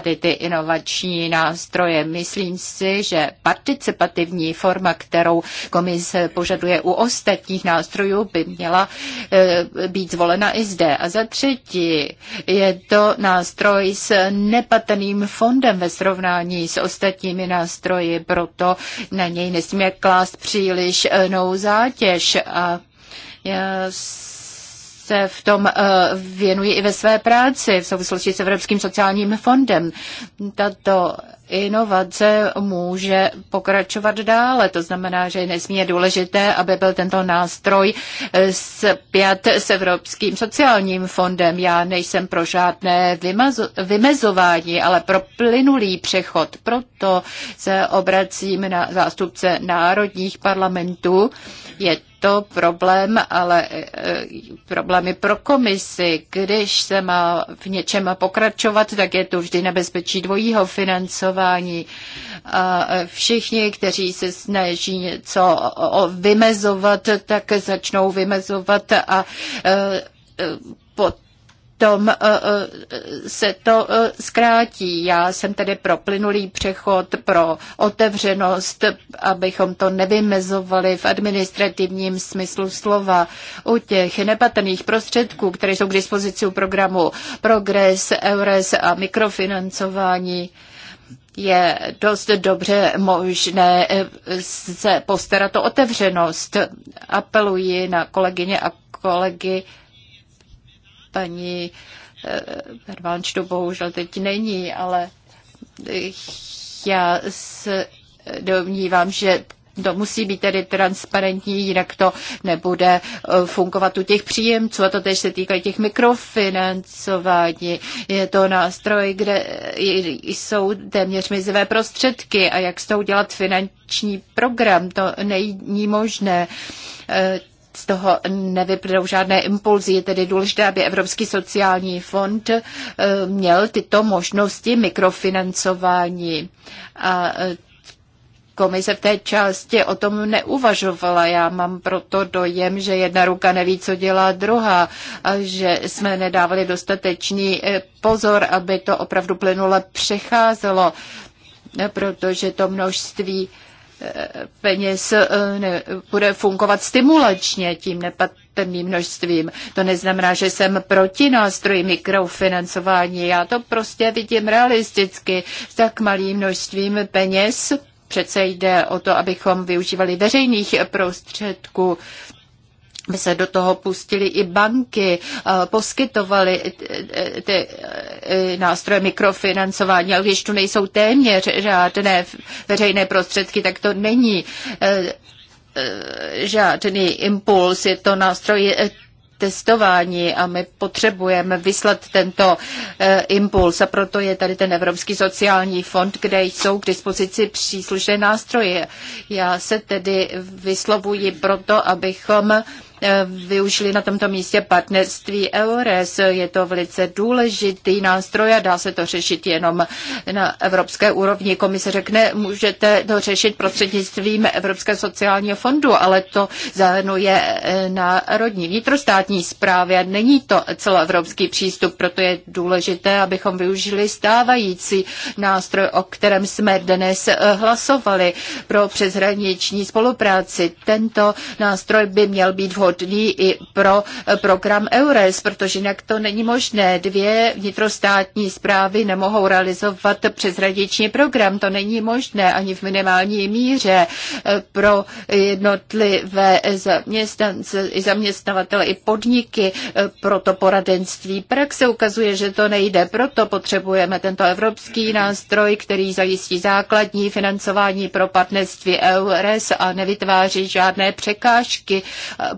tady ty inovační nástroje. Myslím si, že participativní forma, kterou komise požaduje u ostatních nástrojů, by měla eh, být zvolena i zde. A za třetí je to nástroj s nepatrným fondem ve srovnání s ostatními nástroji, proto na něj nesmíme klást příliš eh, nou zátěž. A já se v tom eh, věnuji i ve své práci v souvislosti s Evropským sociálním fondem. Tato inovace může pokračovat dále. To znamená, že je nesmírně důležité, aby byl tento nástroj zpět eh, s Evropským sociálním fondem. Já nejsem pro žádné vymezování, ale pro plynulý přechod. Proto se obracím na zástupce národních parlamentů. Je to problém, ale e, problémy pro komisi. Když se má v něčem pokračovat, tak je tu vždy nebezpečí dvojího financování. A e, všichni, kteří se snaží něco vymezovat, tak začnou vymezovat a e, pot potom eh, eh, se to eh, zkrátí. Já jsem tedy pro plynulý přechod, pro otevřenost, abychom to nevymezovali v administrativním smyslu slova. U těch nepatrných prostředků, které jsou k dispozici u programu Progress, EURES a mikrofinancování, je dost dobře možné se postarat o otevřenost. Apeluji na kolegyně a kolegy, Paní eh, Pervanč tu bohužel teď není, ale já se domnívám, že to musí být tedy transparentní, jinak to nebude eh, fungovat u těch příjemců. A to tež se týká těch mikrofinancování. Je to nástroj, kde jsou téměř mizivé prostředky a jak s tou dělat finanční program, to není možné eh, z toho nevyprdou žádné impulzy. Je tedy důležité, aby Evropský sociální fond eh, měl tyto možnosti mikrofinancování. A eh, Komise v té části o tom neuvažovala. Já mám proto dojem, že jedna ruka neví, co dělá druhá a že jsme nedávali dostatečný eh, pozor, aby to opravdu plynule přecházelo, protože to množství peněz eh, ne, bude fungovat stimulačně tím nepatrným množstvím. To neznamená, že jsem proti nástroji mikrofinancování. Já to prostě vidím realisticky. S tak malým množstvím peněz přece jde o to, abychom využívali veřejných prostředků by se do toho pustili i banky, eh, poskytovali ty eh, nástroje mikrofinancování, ale když tu nejsou téměř žádné veřejné prostředky, tak to není eh, žádný impuls, je to nástroj testování a my potřebujeme vyslat tento impuls a proto je tady ten Evropský sociální fond, kde jsou k dispozici příslušné nástroje. Já se tedy vyslovuji proto, abychom Eh, využili na tomto místě partnerství EURES. Je to velice důležitý nástroj a dá se to řešit jenom na evropské úrovni. Komise řekne, můžete to řešit prostřednictvím Evropského sociálního fondu, ale to zahrnuje eh, národní vnitrostátní zprávy a není to celoevropský přístup, proto je důležité, abychom využili stávající nástroj, o kterém jsme dnes eh, hlasovali pro přeshraniční spolupráci. Tento nástroj by měl být vhodný vhodný i pro eh, program EURES, protože jinak to není možné. Dvě vnitrostátní zprávy nemohou realizovat přezradiční program. To není možné ani v minimální míře eh, pro jednotlivé zaměstnance, zaměstnavatele i podniky. Eh, Proto poradenství praxe ukazuje, že to nejde. Proto potřebujeme tento evropský nástroj, který zajistí základní financování pro partnerství EURES a nevytváří žádné překážky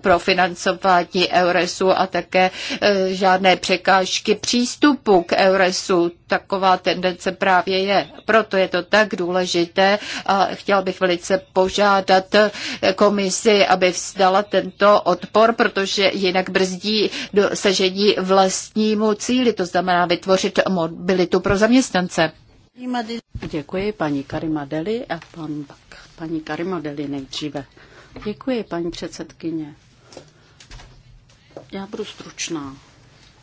pro financování Euresu a také e, žádné překážky přístupu k Euresu. Taková tendence právě je. Proto je to tak důležité a chtěl bych velice požádat e, komisi, aby vzdala tento odpor, protože jinak brzdí dosažení vlastnímu cíli, to znamená vytvořit mobilitu pro zaměstnance. Děkuji paní Karimadeli a pan Bak. Paní Karimadeli nejdříve. Děkuji, paní předsedkyně. Já budu stručná,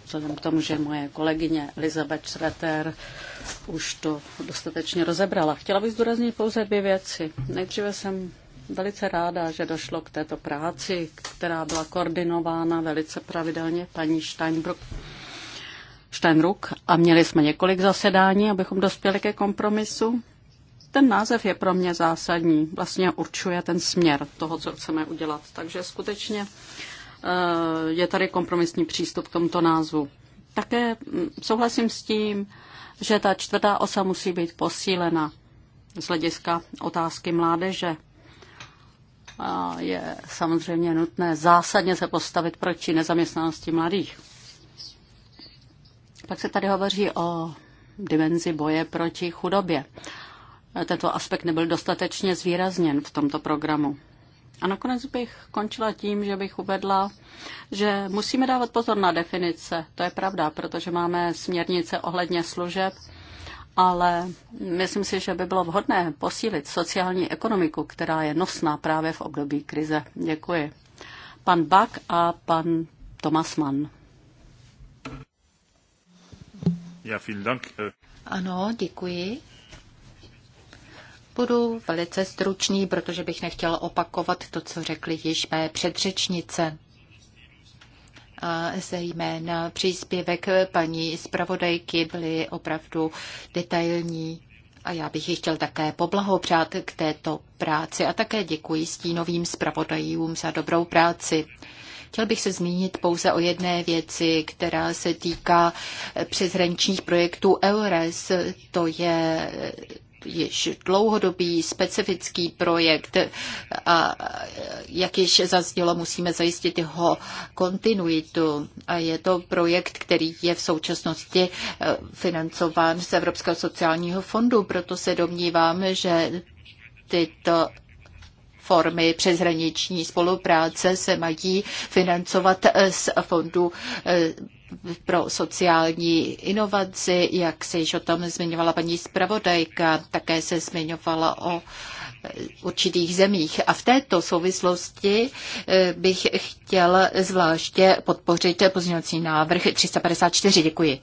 vzhledem k tomu, že moje kolegyně Elizabeth Schreter už to dostatečně rozebrala. Chtěla bych zdůraznit pouze dvě věci. Nejdříve jsem velice ráda, že došlo k této práci, která byla koordinována velice pravidelně paní Steinbrook. Steinruck a měli jsme několik zasedání, abychom dospěli ke kompromisu. Ten název je pro mě zásadní, vlastně určuje ten směr toho, co chceme udělat. Takže skutečně Eh, je tady kompromisní přístup k tomuto názvu. Také mm, souhlasím s tím, že ta čtvrtá osa musí být posílena z hlediska otázky mládeže. A je samozřejmě nutné zásadně se postavit proti nezaměstnanosti mladých. Pak se tady hovoří o dimenzi boje proti chudobě. Tento aspekt nebyl dostatečně zvýrazněn v tomto programu. A nakonec bych končila tím, že bych uvedla, že musíme dávat pozor na definice. To je pravda, protože máme směrnice ohledně služeb, ale myslím si, že by bylo vhodné posílit sociální ekonomiku, která je nosná právě v období krize. Děkuji. Pan Bak a pan Tomas Mann. Ja, vielen Dank. Ano, děkuji. Budu velice stručný, protože bych nechtěla opakovat to, co řekli již mé předřečnice. A zejména příspěvek paní zpravodajky byly opravdu detailní. A já bych ji chtěl také poblahopřát k této práci a také děkuji stínovým zpravodajům za dobrou práci. Chtěl bych se zmínit pouze o jedné věci, která se týká přeshraničních projektů EURES. To je již dlouhodobý specifický projekt a jak již zaznělo, musíme zajistit jeho kontinuitu. A je to projekt, který je v současnosti e, financován z Evropského sociálního fondu, proto se domnívám, že tyto formy přeshraniční spolupráce se mají financovat e, z fondu e, pro sociální inovaci, jak se již o tom zmiňovala paní zpravodajka, také se zmiňovala o e, určitých zemích. A v této souvislosti e, bych chtěl zvláště podpořit pozměňovací návrh 354. Děkuji.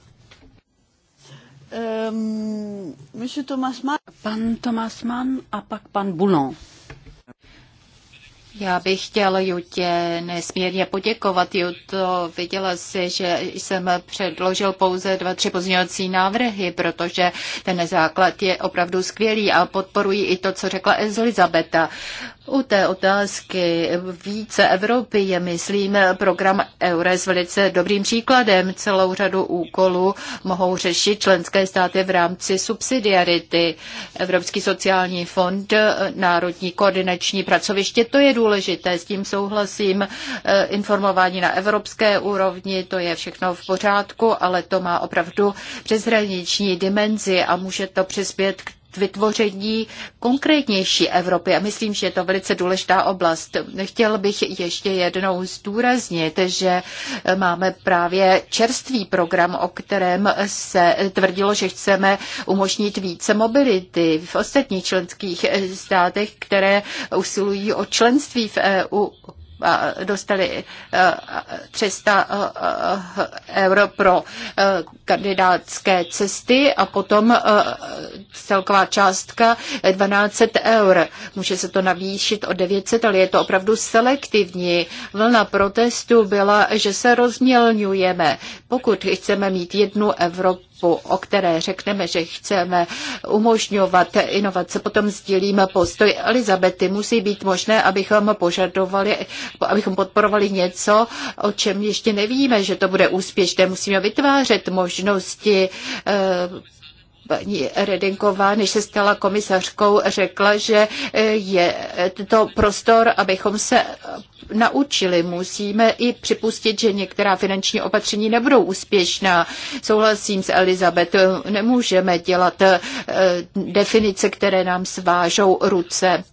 Um, Thomas Mann. Pan Thomas Mann a pak pan Boulon. Já bych chtěl Jutě nesmírně poděkovat. Juto, viděla si, že jsem předložil pouze dva, tři pozměňovací návrhy, protože ten základ je opravdu skvělý a podporuji i to, co řekla Elizabeta. U té otázky více Evropy je, myslím, program EURES velice dobrým příkladem. Celou řadu úkolů mohou řešit členské státy v rámci subsidiarity. Evropský sociální fond, Národní koordinační pracoviště, to je důležité, s tím souhlasím. Eh, informování na evropské úrovni, to je všechno v pořádku, ale to má opravdu přeshraniční dimenzi a může to přispět k vytvoření konkrétnější Evropy. A myslím, že je to velice důležitá oblast. Chtěl bych ještě jednou zdůraznit, že máme právě čerstvý program, o kterém se tvrdilo, že chceme umožnit více mobility v ostatních členských státech, které usilují o členství v EU dostali 300 eh, eh, euro pro eh, kandidátské cesty a potom celková částka 12 eur. Může se to navýšit o 900, ale je to opravdu selektivní. Vlna protestu byla, že se rozmělňujeme. Pokud chceme mít jednu Evropu, Evropu, o které řekneme, že chceme umožňovat inovace, potom sdílíme postoj Elizabety. Musí být možné, abychom požadovali, abychom podporovali něco, o čem ještě nevíme, že to bude úspěšné. Musíme vytvářet možnosti eh, paní Redinková, než se stala komisařkou, řekla, že eh, je to prostor, abychom se naučili. Musíme i připustit, že některá finanční opatření nebudou úspěšná. Souhlasím s Elizabeth, nemůžeme dělat eh, definice, které nám svážou ruce.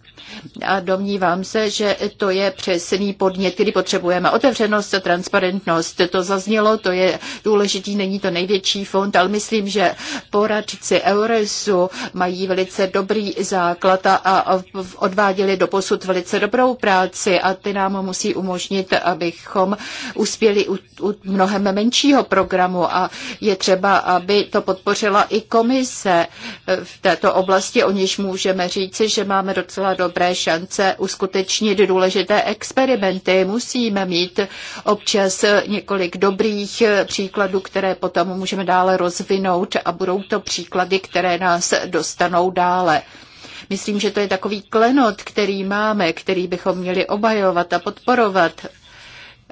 A domnívám se, že to je přesný podnět, který potřebujeme. Otevřenost a transparentnost, to zaznělo, to je důležitý, není to největší fond, ale myslím, že poradci Euresu mají velice dobrý základ a odváděli do posud velice dobrou práci a ty nám musí umožnit, abychom uspěli u, u mnohem menšího programu a je třeba, aby to podpořila i komise v této oblasti, o níž můžeme říci, že máme docela dobré dobré šance uskutečnit důležité experimenty. Musíme mít občas několik dobrých příkladů, které potom můžeme dále rozvinout a budou to příklady, které nás dostanou dále. Myslím, že to je takový klenot, který máme, který bychom měli obhajovat a podporovat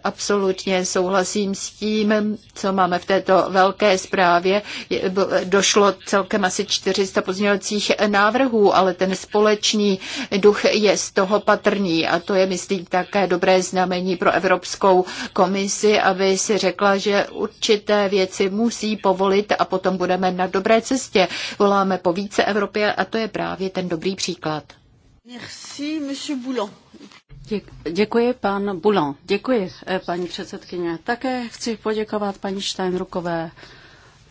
absolutně souhlasím s tím, co máme v této velké zprávě. Došlo celkem asi 400 pozměňovacích návrhů, ale ten společný duch je z toho patrný a to je, myslím, také dobré znamení pro Evropskou komisi, aby si řekla, že určité věci musí povolit a potom budeme na dobré cestě. Voláme po více Evropě a to je právě ten dobrý příklad. Merci, monsieur Boulon. Děkuji, pan Bulon. Děkuji, eh, paní předsedkyně. Také chci poděkovat paní Steinrukové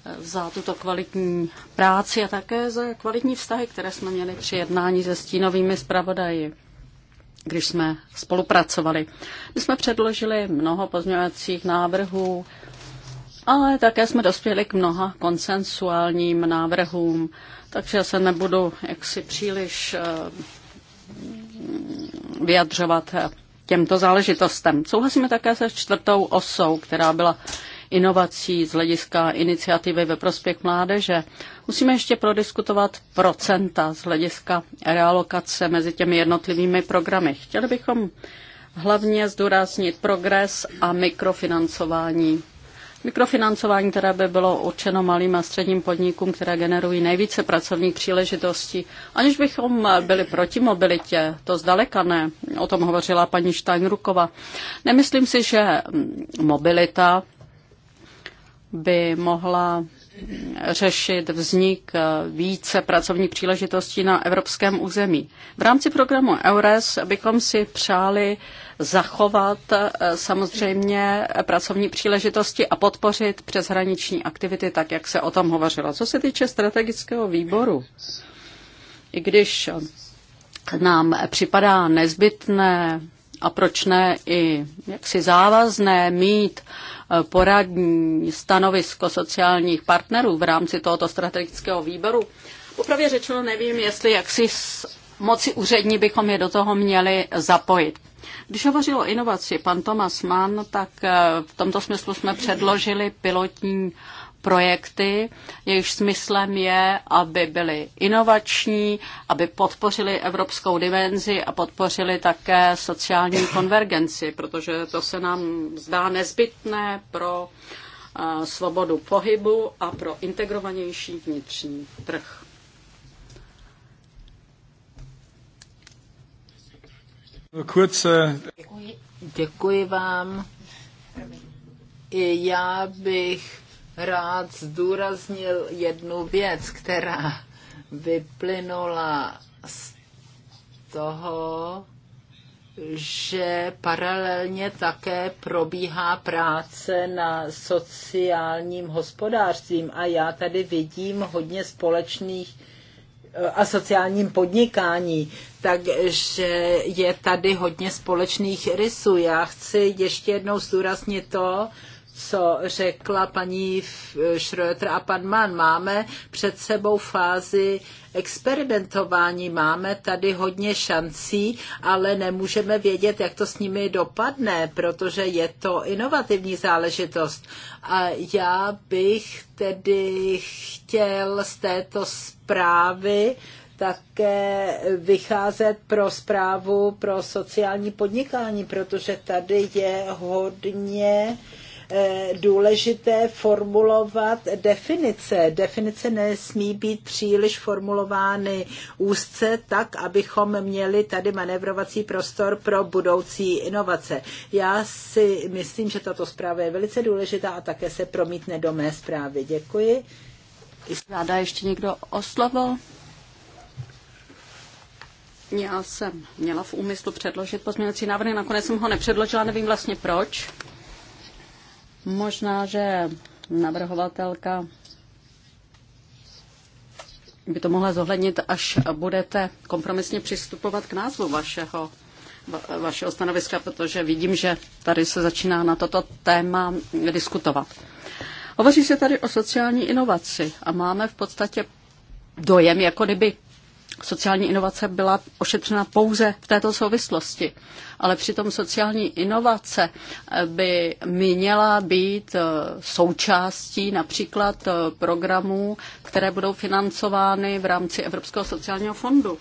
eh, za tuto kvalitní práci a také za kvalitní vztahy, které jsme měli při jednání se stínovými zpravodaji, když jsme spolupracovali. My jsme předložili mnoho pozměňovacích návrhů, ale také jsme dospěli k mnoha konsensuálním návrhům, takže se nebudu jaksi příliš eh, vyjadřovat těmto záležitostem. Souhlasíme také se čtvrtou osou, která byla inovací z hlediska iniciativy ve prospěch mládeže. Musíme ještě prodiskutovat procenta z hlediska realokace mezi těmi jednotlivými programy. Chtěli bychom hlavně zdůraznit progres a mikrofinancování Mikrofinancování, které by bylo určeno malým a středním podnikům, které generují nejvíce pracovních příležitostí. Aniž bychom byli proti mobilitě, to zdaleka ne, o tom hovořila paní Steinrukova. Nemyslím si, že mobilita by mohla řešit vznik více pracovních příležitostí na evropském území. V rámci programu EURES bychom si přáli zachovat eh, samozřejmě pracovní příležitosti a podpořit přeshraniční aktivity, tak jak se o tom hovořilo. Co se týče strategického výboru, i když nám připadá nezbytné a proč ne i jaksi závazné mít poradní stanovisko sociálních partnerů v rámci tohoto strategického výboru. Upravě řečeno nevím, jestli jak si moci úřední bychom je do toho měli zapojit. Když hovořil o inovaci pan Thomas Mann, tak eh, v tomto smyslu jsme předložili pilotní uh, projekty, jejichž smyslem je, aby byly inovační, aby podpořili evropskou dimenzi a podpořili také sociální konvergenci, protože to se nám zdá nezbytné pro eh, svobodu pohybu a pro integrovanější vnitřní trh. Kurze. Děkuji vám. Já bych rád zdůraznil jednu věc, která vyplynula z toho, že paralelně také probíhá práce na sociálním hospodářstvím a já tady vidím hodně společných eh, a sociálním podnikání, takže je tady hodně společných rysů. Já chci ještě jednou zdůraznit to, co řekla paní Schröter a pan Mann. Máme před sebou fázi experimentování, máme tady hodně šancí, ale nemůžeme vědět, jak to s nimi dopadne, protože je to inovativní záležitost. A já bych tedy chtěl z této zprávy také vycházet pro zprávu pro sociální podnikání, protože tady je hodně uh, Eh, důležité formulovat definice. Definice nesmí být příliš formulovány úzce tak, abychom měli tady manevrovací prostor pro budoucí inovace. Já si myslím, že tato zpráva je velice důležitá a také se promítne do mé zprávy. Děkuji. Ráda ještě někdo o slovo? Já jsem měla v úmyslu předložit pozměňovací návrhy, nakonec jsem ho nepředložila, nevím vlastně proč. Možná, že navrhovatelka by to mohla zohlednit, až budete kompromisně přistupovat k názvu vašeho, vašeho stanoviska, protože vidím, že tady se začíná na toto téma diskutovat. Hovoří se tady o sociální inovaci a máme v podstatě dojem, jako kdyby Sociální inovace byla ošetřena pouze v této souvislosti, ale přitom sociální inovace eh, by měla být eh, součástí například eh, programů, které budou financovány v rámci Evropského sociálního fondu.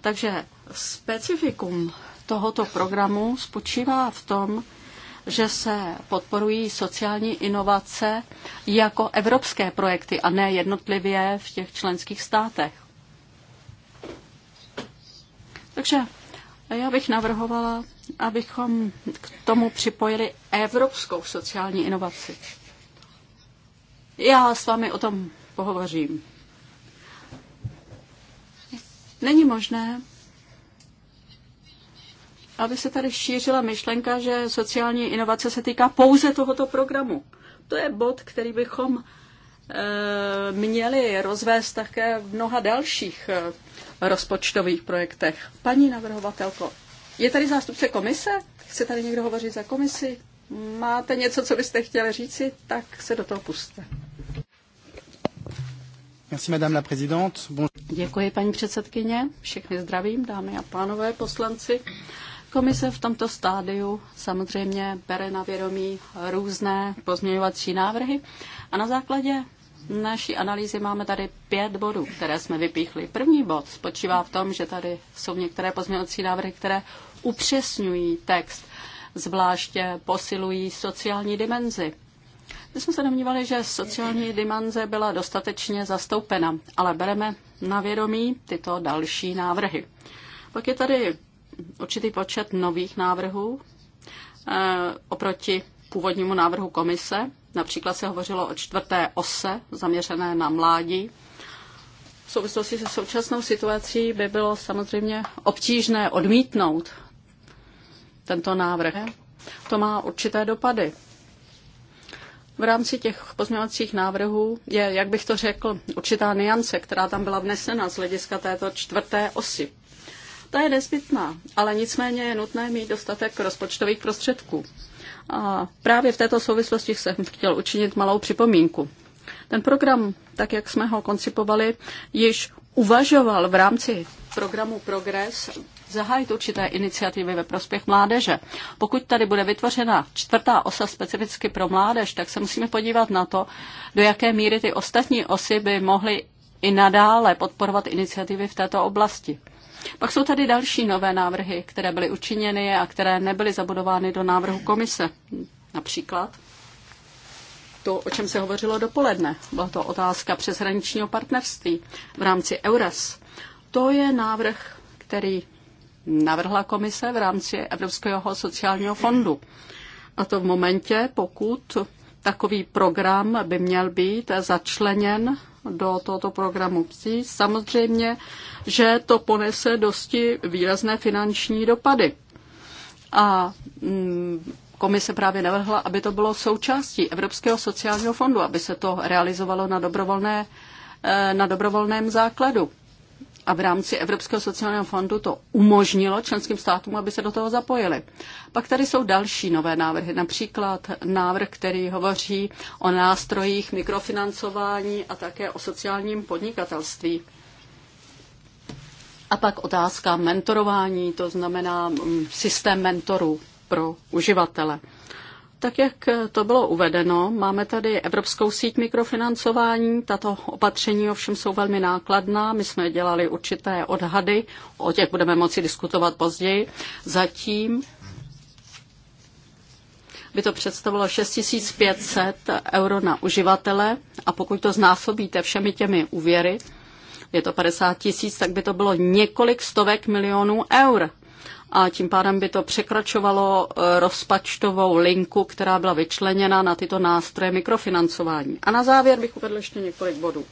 Takže specifikum tohoto programu spočívá v tom, že se podporují sociální inovace jako evropské projekty a ne jednotlivě v těch členských státech. Takže já bych navrhovala, abychom k tomu připojili evropskou sociální inovaci. Já s vámi o tom pohovořím. Není možné, aby se tady šířila myšlenka, že sociální inovace se týká pouze tohoto programu. To je bod, který bychom e, měli rozvést také v mnoha dalších eh, rozpočtových projektech. Paní navrhovatelko, je tady zástupce komise? Chce tady někdo hovořit za komisi? Máte něco, co byste chtěli říci? Tak se do toho puste. Merci, madame la présidente. Bon... Děkuji, paní předsedkyně. Všechny zdravím, dámy a pánové, poslanci. Komise v tomto stádiu samozřejmě bere na vědomí různé pozměňovací návrhy a na základě naší analýzy máme tady pět bodů, které jsme vypíchli. První bod spočívá v tom, že tady jsou některé pozměňovací návrhy, které upřesňují text, zvláště posilují sociální dimenzi. My jsme se domnívali, že sociální dimenze byla dostatečně zastoupena, ale bereme na vědomí tyto další návrhy. Pak je tady určitý počet nových návrhů e, oproti původnímu návrhu komise Například se hovořilo o čtvrté ose zaměřené na mládí. V souvislosti se současnou situací by bylo samozřejmě obtížné odmítnout tento návrh. To má určité dopady. V rámci těch pozměňovacích návrhů je, jak bych to řekl, určitá niance, která tam byla vnesena z hlediska této čtvrté osy. Ta je nezbytná, ale nicméně je nutné mít dostatek rozpočtových prostředků. A právě v této souvislosti jsem chtěl učinit malou připomínku. Ten program, tak jak jsme ho koncipovali, již uvažoval v rámci programu Progress zahájit určité iniciativy ve prospěch mládeže. Pokud tady bude vytvořena čtvrtá osa specificky pro mládež, tak se musíme podívat na to, do jaké míry ty ostatní osy by mohly i nadále podporovat iniciativy v této oblasti. Pak jsou tady další nové návrhy, které byly učiněny a které nebyly zabudovány do návrhu komise. Například to, o čem se hovořilo dopoledne. Byla to otázka přeshraničního partnerství v rámci EURES. To je návrh, který navrhla komise v rámci Evropského sociálního fondu. A to v momentě, pokud takový program by měl být začleněn do tohoto programu PSI, samozřejmě, že to ponese dosti výrazné finanční dopady. A mm, komise právě navrhla, aby to bylo součástí Evropského sociálního fondu, aby se to realizovalo na dobrovolné eh, na dobrovolném základu a v rámci Evropského sociálního fondu to umožnilo členským státům, aby se do toho zapojili. Pak tady jsou další nové návrhy, například návrh, který hovoří o nástrojích mikrofinancování a také o sociálním podnikatelství. A pak otázka mentorování, to znamená mm, systém mentorů pro uživatele. Tak jak to bylo uvedeno, máme tady Evropskou síť mikrofinancování. Tato opatření ovšem jsou velmi nákladná. My jsme dělali určité odhady, o těch budeme moci diskutovat později. Zatím by to představilo 6500 euro na uživatele a pokud to znásobíte všemi těmi úvěry, je to 50 tisíc, tak by to bylo několik stovek milionů eur a tím pádem by to překračovalo eh, rozpačtovou linku, která byla vyčleněna na tyto nástroje mikrofinancování. A na závěr bych uvedl ještě několik bodů.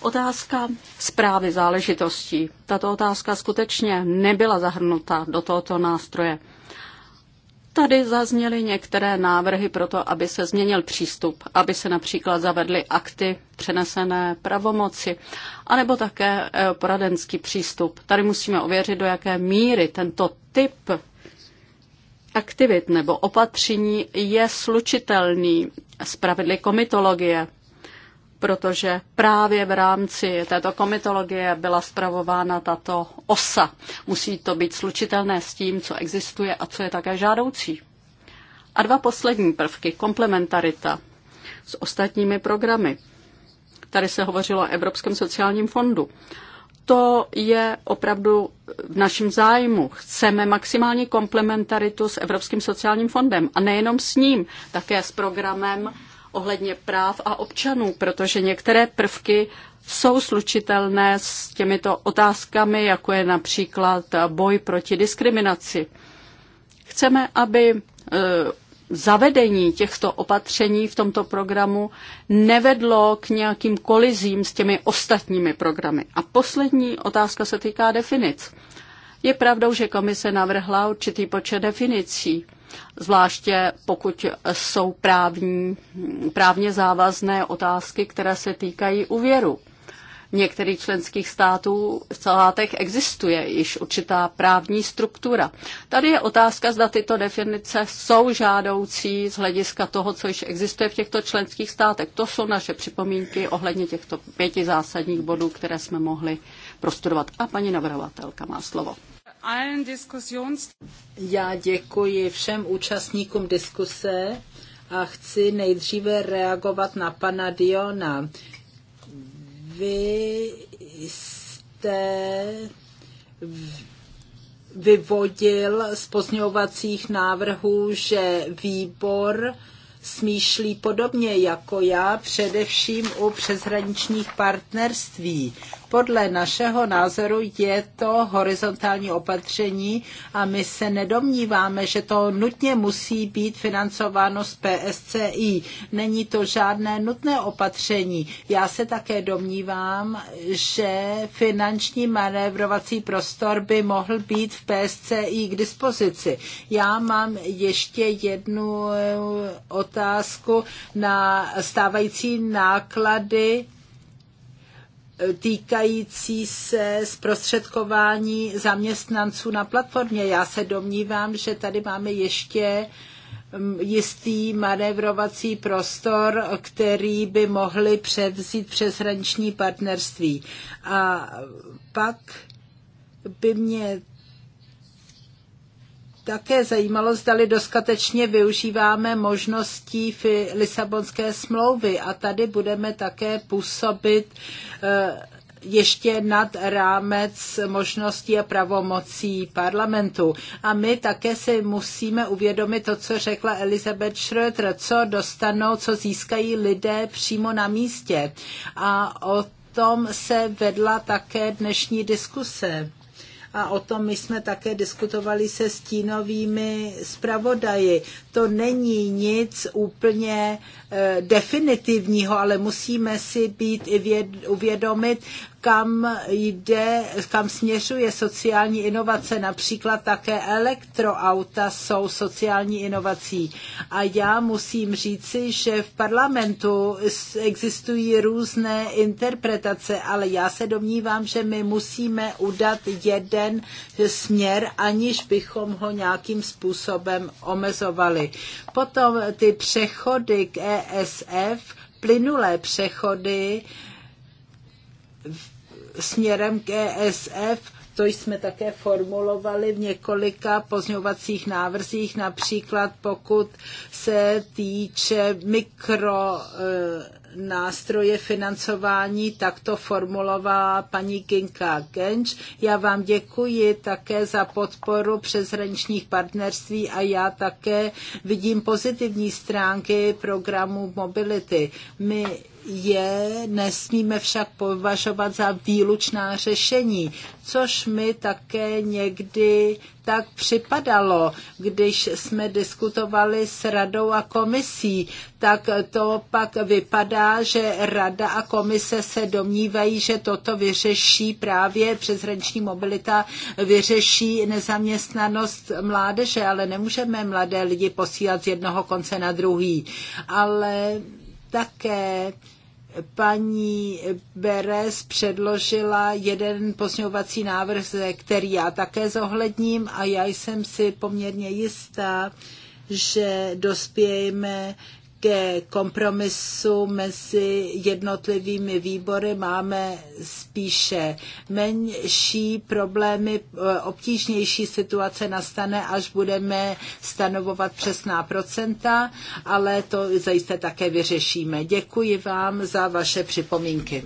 Otázka zprávy záležitostí. Tato otázka skutečně nebyla zahrnuta do tohoto nástroje. Tady zazněly některé návrhy pro to, aby se změnil přístup, aby se například zavedly akty přenesené pravomoci, anebo také eh, poradenský přístup. Tady musíme ověřit, do jaké míry tento typ aktivit nebo opatření je slučitelný s pravidly komitologie protože právě v rámci této komitologie byla spravována tato osa. Musí to být slučitelné s tím, co existuje a co je také žádoucí. A dva poslední prvky, komplementarita s ostatními programy. Tady se hovořilo o Evropském sociálním fondu. To je opravdu v našem zájmu. Chceme maximální komplementaritu s Evropským sociálním fondem a nejenom s ním, také s programem ohledně práv a občanů, protože některé prvky jsou slučitelné s těmito otázkami, jako je například boj proti diskriminaci. Chceme, aby e, zavedení těchto opatření v tomto programu nevedlo k nějakým kolizím s těmi ostatními programy. A poslední otázka se týká definic. Je pravdou, že komise navrhla určitý počet definicí, zvláště pokud jsou právní, právně závazné otázky, které se týkají úvěru. V některých členských států v celátech existuje již určitá právní struktura. Tady je otázka, zda tyto definice jsou žádoucí z hlediska toho, co již existuje v těchto členských státech. To jsou naše připomínky ohledně těchto pěti zásadních bodů, které jsme mohli prostudovat. A paní navrhovatelka má slovo. Já děkuji všem účastníkům diskuse a chci nejdříve reagovat na pana Diona. Vy jste vyvodil z pozňovacích návrhů, že výbor smýšlí podobně jako já, především u přeshraničních partnerství. Podle našeho názoru je to horizontální opatření a my se nedomníváme, že to nutně musí být financováno z PSCI. Není to žádné nutné opatření. Já se také domnívám, že finanční manévrovací prostor by mohl být v PSCI k dispozici. Já mám ještě jednu otázku otázku na stávající náklady eh, týkající se zprostředkování zaměstnanců na platformě. Já se domnívám, že tady máme ještě mm, jistý manévrovací prostor, který by mohli převzít přeshraniční partnerství. A pak by mě také zajímalo, zdali dostatečně využíváme možností v Lisabonské smlouvy a tady budeme také působit eh, ještě nad rámec možností a pravomocí parlamentu. A my také si musíme uvědomit to, co řekla Elizabeth Schröter, co dostanou, co získají lidé přímo na místě. A o tom se vedla také dnešní diskuse a o tom my jsme také diskutovali se stínovými zpravodaji. To není nic úplně Eh, definitivního, ale musíme si být uvědomit, kam jde, kam směřuje sociální inovace. Například také elektroauta jsou sociální inovací. A já musím říci, že v parlamentu existují různé interpretace, ale já se domnívám, že my musíme udat jeden směr, aniž bychom ho nějakým způsobem omezovali. Potom ty přechody k ESF plynulé přechody směrem k ESF to jsme také formulovali v několika pozňovacích návrzích, například pokud se týče mikro eh, nástroje financování takto formulovala paní Ginka Genč. Já vám děkuji také za podporu přeshraničních partnerství a já také vidím pozitivní stránky programu Mobility. My je nesmíme však považovat za výlučná řešení, což mi také někdy tak připadalo, když jsme diskutovali s radou a komisí, tak to pak vypadá, že rada a komise se domnívají, že toto vyřeší právě přeshraniční mobilita, vyřeší nezaměstnanost mládeže, ale nemůžeme mladé lidi posílat z jednoho konce na druhý. Ale také paní Beres předložila jeden pozňovací návrh, který já také zohledním a já jsem si poměrně jistá, že dospějeme ke kompromisu mezi jednotlivými výbory máme spíše menší problémy, e, obtížnější situace nastane, až budeme stanovovat přesná procenta, ale to zajisté také vyřešíme. Děkuji vám za vaše připomínky.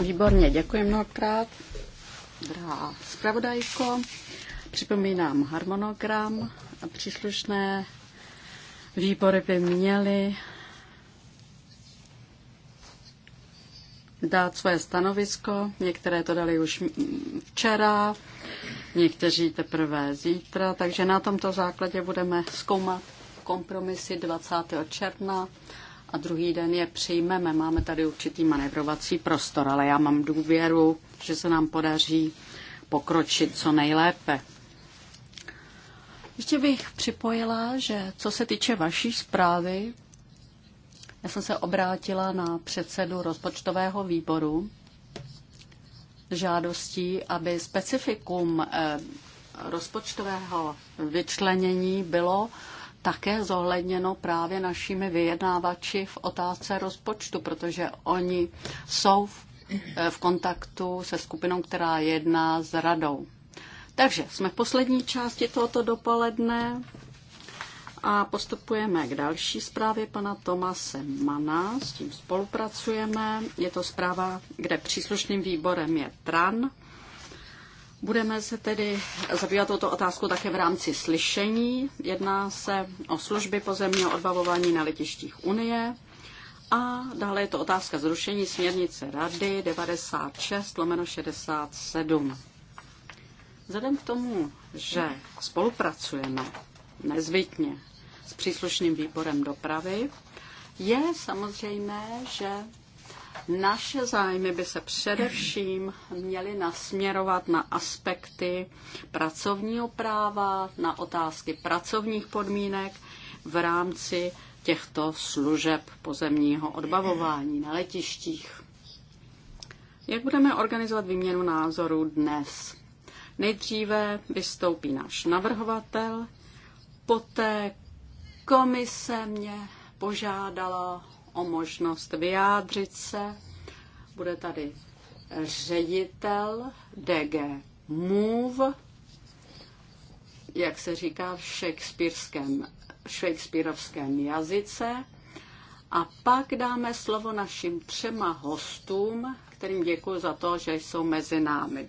Výborně, děkuji mnohokrát. Drahá zpravodajko, připomínám harmonogram a příslušné Výbory by měly dát své stanovisko. Některé to dali už včera, někteří teprve zítra, takže na tomto základě budeme zkoumat kompromisy 20. června a druhý den je přijmeme. Máme tady určitý manevrovací prostor, ale já mám důvěru, že se nám podaří pokročit co nejlépe. Ještě bych připojila, že co se týče vaší zprávy, já jsem se obrátila na předsedu rozpočtového výboru žádostí, aby specifikum eh, rozpočtového vyčlenění bylo také zohledněno právě našimi vyjednávači v otázce rozpočtu, protože oni jsou v eh, kontaktu se skupinou, která jedná s radou. Takže jsme v poslední části tohoto dopoledne a postupujeme k další zprávě pana Tomase Mana. S tím spolupracujeme. Je to zpráva, kde příslušným výborem je TRAN. Budeme se tedy zabývat touto otázku také v rámci slyšení. Jedná se o služby pozemního odbavování na letištích Unie. A dále je to otázka zrušení směrnice Rady 96 67. Vzhledem k tomu, že spolupracujeme nezvykně s příslušným výborem dopravy, je samozřejmé, že naše zájmy by se především měly nasměrovat na aspekty pracovního práva, na otázky pracovních podmínek v rámci těchto služeb pozemního odbavování na letištích. Jak budeme organizovat výměnu názorů dnes? Nejdříve vystoupí náš navrhovatel, poté komise mě požádala o možnost vyjádřit se. Bude tady ředitel DG Move, jak se říká v shakespearském, shakespearovském jazyce. A pak dáme slovo našim třema hostům, kterým děkuji za to, že jsou mezi námi.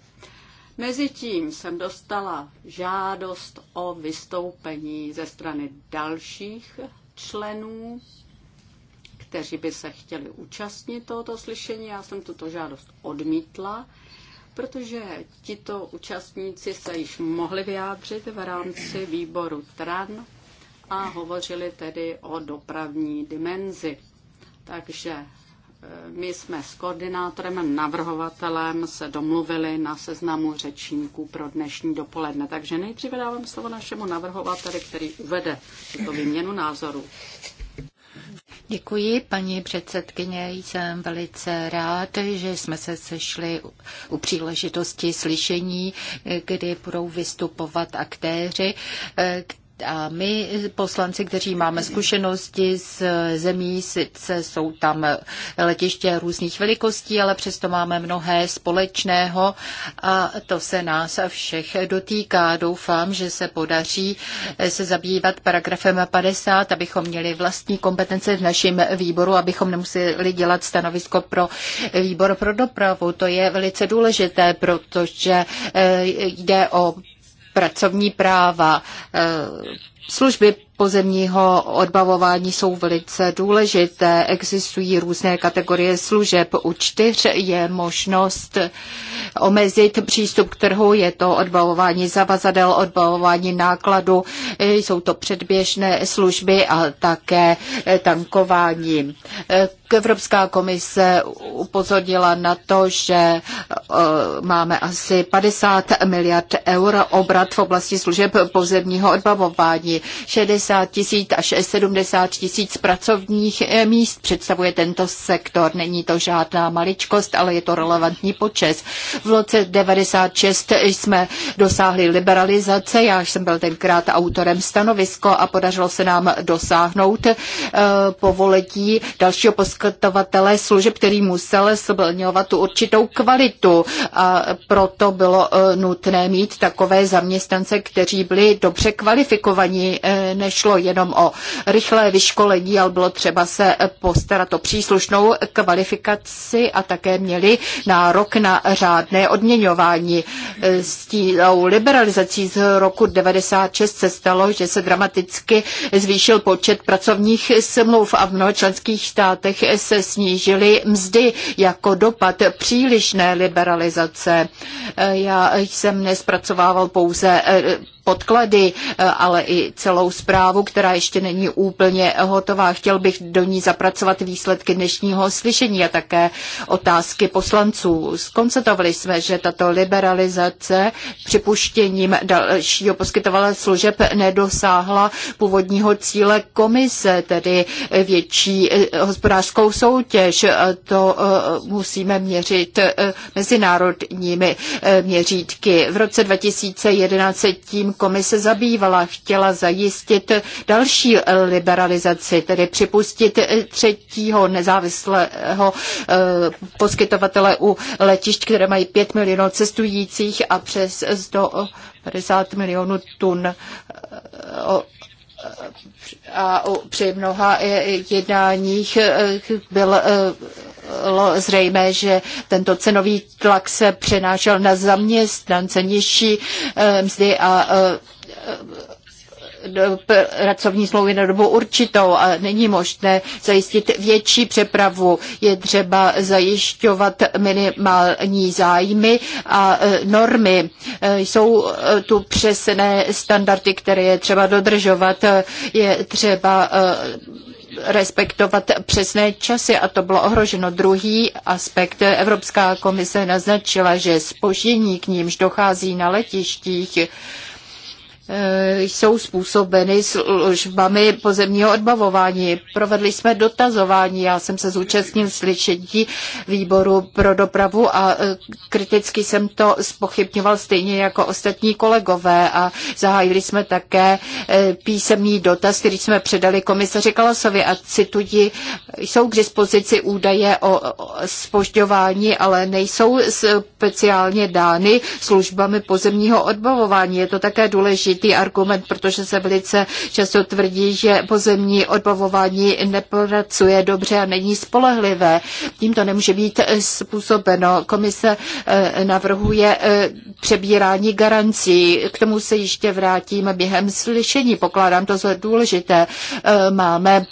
Mezitím jsem dostala žádost o vystoupení ze strany dalších členů, kteří by se chtěli účastnit tohoto slyšení. Já jsem tuto žádost odmítla, protože tito účastníci se již mohli vyjádřit v rámci výboru TRAN a hovořili tedy o dopravní dimenzi. Takže my jsme s koordinátorem, navrhovatelem se domluvili na seznamu řečníků pro dnešní dopoledne. Takže nejdříve dávám slovo našemu navrhovateli, který uvede tuto výměnu názorů. Děkuji, paní předsedkyně. Jsem velice rád, že jsme se sešli u příležitosti slyšení, kdy budou vystupovat aktéři, a my, poslanci, kteří máme zkušenosti z zemí, sice jsou tam letiště různých velikostí, ale přesto máme mnohé společného a to se nás všech dotýká. Doufám, že se podaří se zabývat paragrafem 50, abychom měli vlastní kompetence v našem výboru, abychom nemuseli dělat stanovisko pro výbor pro dopravu. To je velice důležité, protože eh, jde o pracovní práva, eh, služby pozemního odbavování jsou velice důležité. Existují různé kategorie služeb. U čtyř je možnost omezit přístup k trhu. Je to odbavování zavazadel, odbavování nákladu, jsou to předběžné služby a také tankování. Evropská komise upozornila na to, že eh, máme asi 50 miliard eur obrat v oblasti služeb pozemního odbavování. 60 50 tisíc až 70 tisíc pracovních eh, míst představuje tento sektor. Není to žádná maličkost, ale je to relevantní počes. V roce 96 jsme dosáhli liberalizace, já jsem byl tenkrát autorem stanovisko a podařilo se nám dosáhnout eh, povoletí dalšího poskytovatele služeb, který musel splňovat tu určitou kvalitu a proto bylo eh, nutné mít takové zaměstnance, kteří byli dobře kvalifikovaní než nešlo jenom o rychlé vyškolení, ale bylo třeba se postarat o příslušnou kvalifikaci a také měli nárok na řádné odměňování. S tou liberalizací z roku 96 se stalo, že se dramaticky zvýšil počet pracovních smluv a v mnoha členských státech se snížily mzdy jako dopad přílišné liberalizace. Já jsem nespracovával pouze podklady, eh, ale i celou zprávu, která ještě není úplně hotová. Chtěl bych do ní zapracovat výsledky dnešního slyšení a také otázky poslanců. Skoncentovali jsme, že tato liberalizace připuštěním dalšího poskytovala služeb nedosáhla původního cíle komise, tedy větší eh, hospodářskou soutěž. To eh, musíme měřit mezinárodními měřítky. V roce 2011 tím komise zabývala. Chtěla zajistit další liberalizaci, tedy připustit třetího nezávislého eh, poskytovatele u letišť, které mají 5 milionů cestujících a přes 150 milionů tun a při mnoha eh, jednáních eh, byl bylo zřejmé, že tento cenový tlak se přenášel na zaměstnance nižší eh, mzdy a eh, eh, pracovní smlouvy na dobu určitou a není možné zajistit větší přepravu. Je třeba zajišťovat minimální zájmy a normy. Jsou tu přesné standardy, které je třeba dodržovat. Je třeba respektovat přesné časy a to bylo ohroženo. Druhý aspekt Evropská komise naznačila, že spoždění k nímž dochází na letištích Eh, jsou způsobeny službami pozemního odbavování. Provedli jsme dotazování, já jsem se zúčastnil slyšení výboru pro dopravu a eh, kriticky jsem to spochybňoval stejně jako ostatní kolegové a zahájili jsme také eh, písemný dotaz, který jsme předali komisaři Kalasovi a cituji, jsou k dispozici údaje o spožďování, ale nejsou speciálně dány službami pozemního odbavování. Je to také důležité důležitý argument, protože se velice často tvrdí, že pozemní odbavování nepracuje dobře a není spolehlivé. Tím to nemůže být způsobeno. Komise eh, navrhuje eh, přebírání garancí. K tomu se ještě vrátíme během slyšení. Pokládám to za důležité. Eh, máme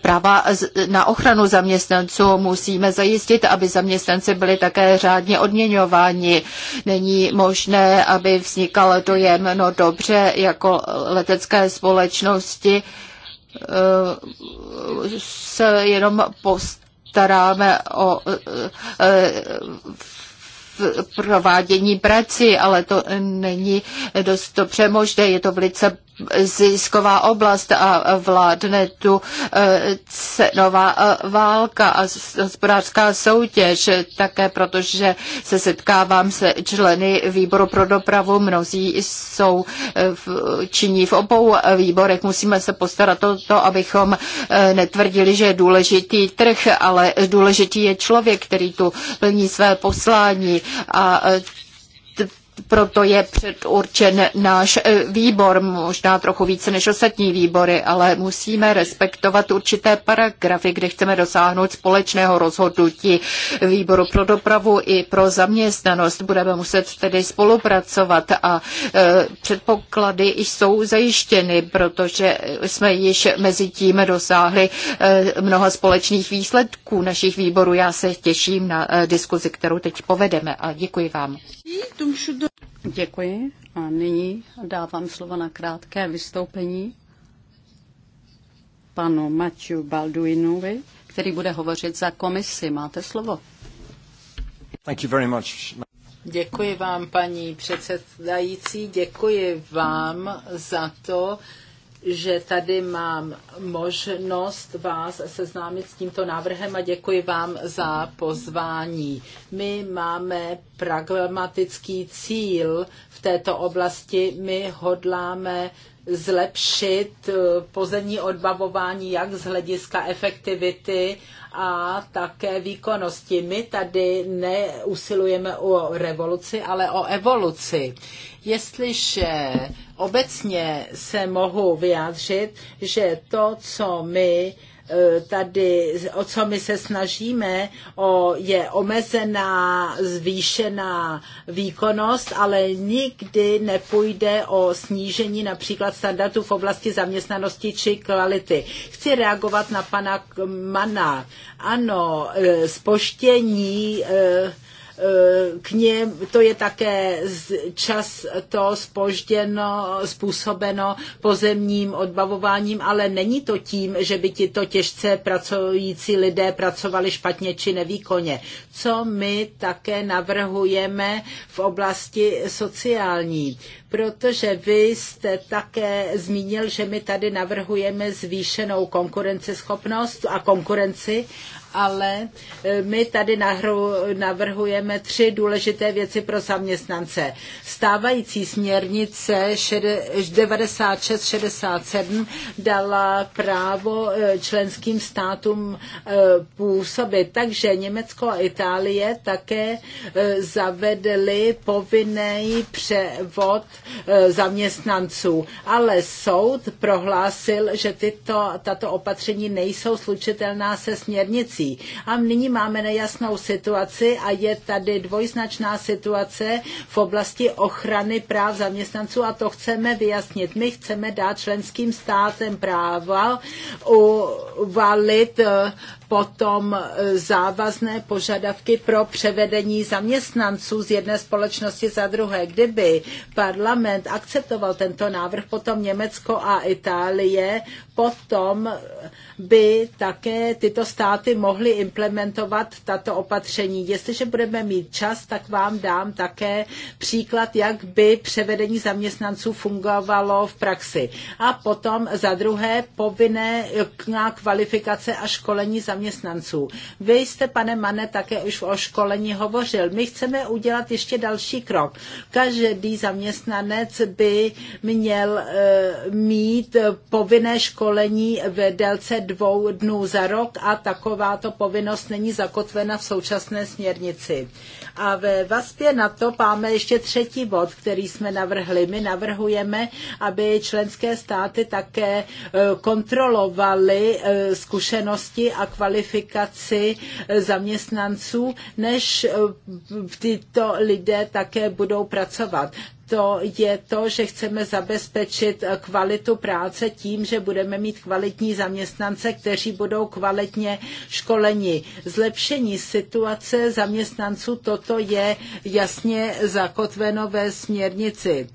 práva na ochranu zaměstnanců. Musíme zajistit, aby zaměstnanci byli také řádně odměňováni. Není možné, aby vznikal dojem, no dobře, jako letecké společnosti eh, se jenom postaráme o eh, eh, provádění prací, ale to není dost dobře možné. Je to velice zisková oblast a vládne tu eh, cenová eh, válka a hospodářská soutěž, také protože se setkávám se členy výboru pro dopravu, mnozí jsou eh, činí v obou výborech. Musíme se postarat o to, abychom netvrdili, že je důležitý trh, ale důležitý je člověk, který tu plní své poslání a proto je předurčen náš e, výbor, možná trochu více než ostatní výbory, ale musíme respektovat určité paragrafy, kde chceme dosáhnout společného rozhodnutí výboru pro dopravu i pro zaměstnanost. Budeme muset tedy spolupracovat a e, předpoklady jsou zajištěny, protože jsme již mezi tím dosáhli e, mnoha společných výsledků našich výborů. Já se těším na diskuzi, kterou teď povedeme a děkuji vám. Děkuji a nyní dávám slovo na krátké vystoupení panu Matiu Balduinovi, který bude hovořit za komisi. Máte slovo. Thank you very much. Děkuji vám, paní předsedající, děkuji vám za to, že tady mám možnost vás seznámit s tímto návrhem a děkuji vám za pozvání. My máme pragmatický cíl v této oblasti. My hodláme zlepšit eh, pozemní odbavování jak z hlediska efektivity a také výkonnosti. My tady neusilujeme o revoluci, ale o evoluci. Jestliže obecně se mohu vyjádřit, že to, co my eh, tady, o co my se snažíme, o, je omezená, zvýšená výkonnost, ale nikdy nepůjde o snížení například standardů v oblasti zaměstnanosti či kvality. Chci reagovat na pana Mana. Ano, spoštění eh, eh, k něm, to je také čas to spožděno, způsobeno pozemním odbavováním, ale není to tím, že by ti to těžce pracující lidé pracovali špatně či nevýkonně. Co my také navrhujeme v oblasti sociální? Protože vy jste také zmínil, že my tady navrhujeme zvýšenou konkurenceschopnost a konkurenci ale e, my tady navrhujeme tři důležité věci pro zaměstnance. Stávající směrnice 96-67 dala právo e, členským státům e, působit, takže Německo a Itálie také zavedly povinný převod zaměstnanců, ale soud prohlásil, že tyto, tato opatření nejsou slučitelná se směrnicí věcí. A nyní máme nejasnou situaci a je tady dvojznačná situace v oblasti ochrany práv zaměstnanců a to chceme vyjasnit. My chceme dát členským státem právo uvalit potom e, závazné požadavky pro převedení zaměstnanců z jedné společnosti za druhé. Kdyby parlament akceptoval tento návrh, potom Německo a Itálie, potom by také tyto státy mohly implementovat tato opatření. Jestliže budeme mít čas, tak vám dám také příklad, jak by převedení zaměstnanců fungovalo v praxi. A potom za druhé povinné kvalifikace a školení zaměstnanců zaměstnanců. Vy jste, pane Mane, také už o školení hovořil. My chceme udělat ještě další krok. Každý zaměstnanec by měl eh, mít povinné školení v délce dvou dnů za rok a takováto povinnost není zakotvena v současné směrnici. A ve vazbě na to máme ještě třetí bod, který jsme navrhli. My navrhujeme, aby členské státy také eh, kontrolovaly eh, zkušenosti a kvalitu kvalifikaci eh, zaměstnanců, než eh, tyto lidé také budou pracovat to je to, že chceme zabezpečit eh, kvalitu práce tím, že budeme mít kvalitní zaměstnance, kteří budou kvalitně školeni. Zlepšení situace zaměstnanců, toto je jasně zakotveno ve směrnici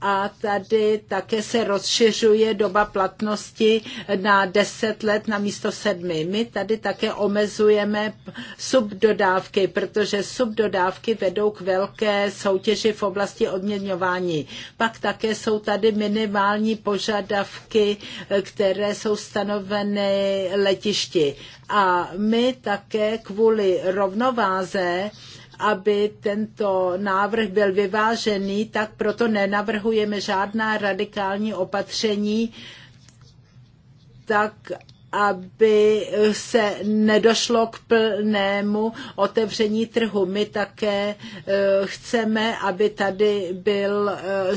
a tady také se rozšiřuje doba platnosti na 10 let na místo 7. My tady také omezujeme subdodávky, protože subdodávky vedou k velké soutěži v oblasti odměňování. Pak také jsou tady minimální požadavky, které jsou stanoveny letišti. A my také kvůli rovnováze aby tento návrh byl vyvážený, tak proto nenavrhujeme žádná radikální opatření, tak aby se nedošlo k plnému otevření trhu. My také eh, chceme, aby tady byl,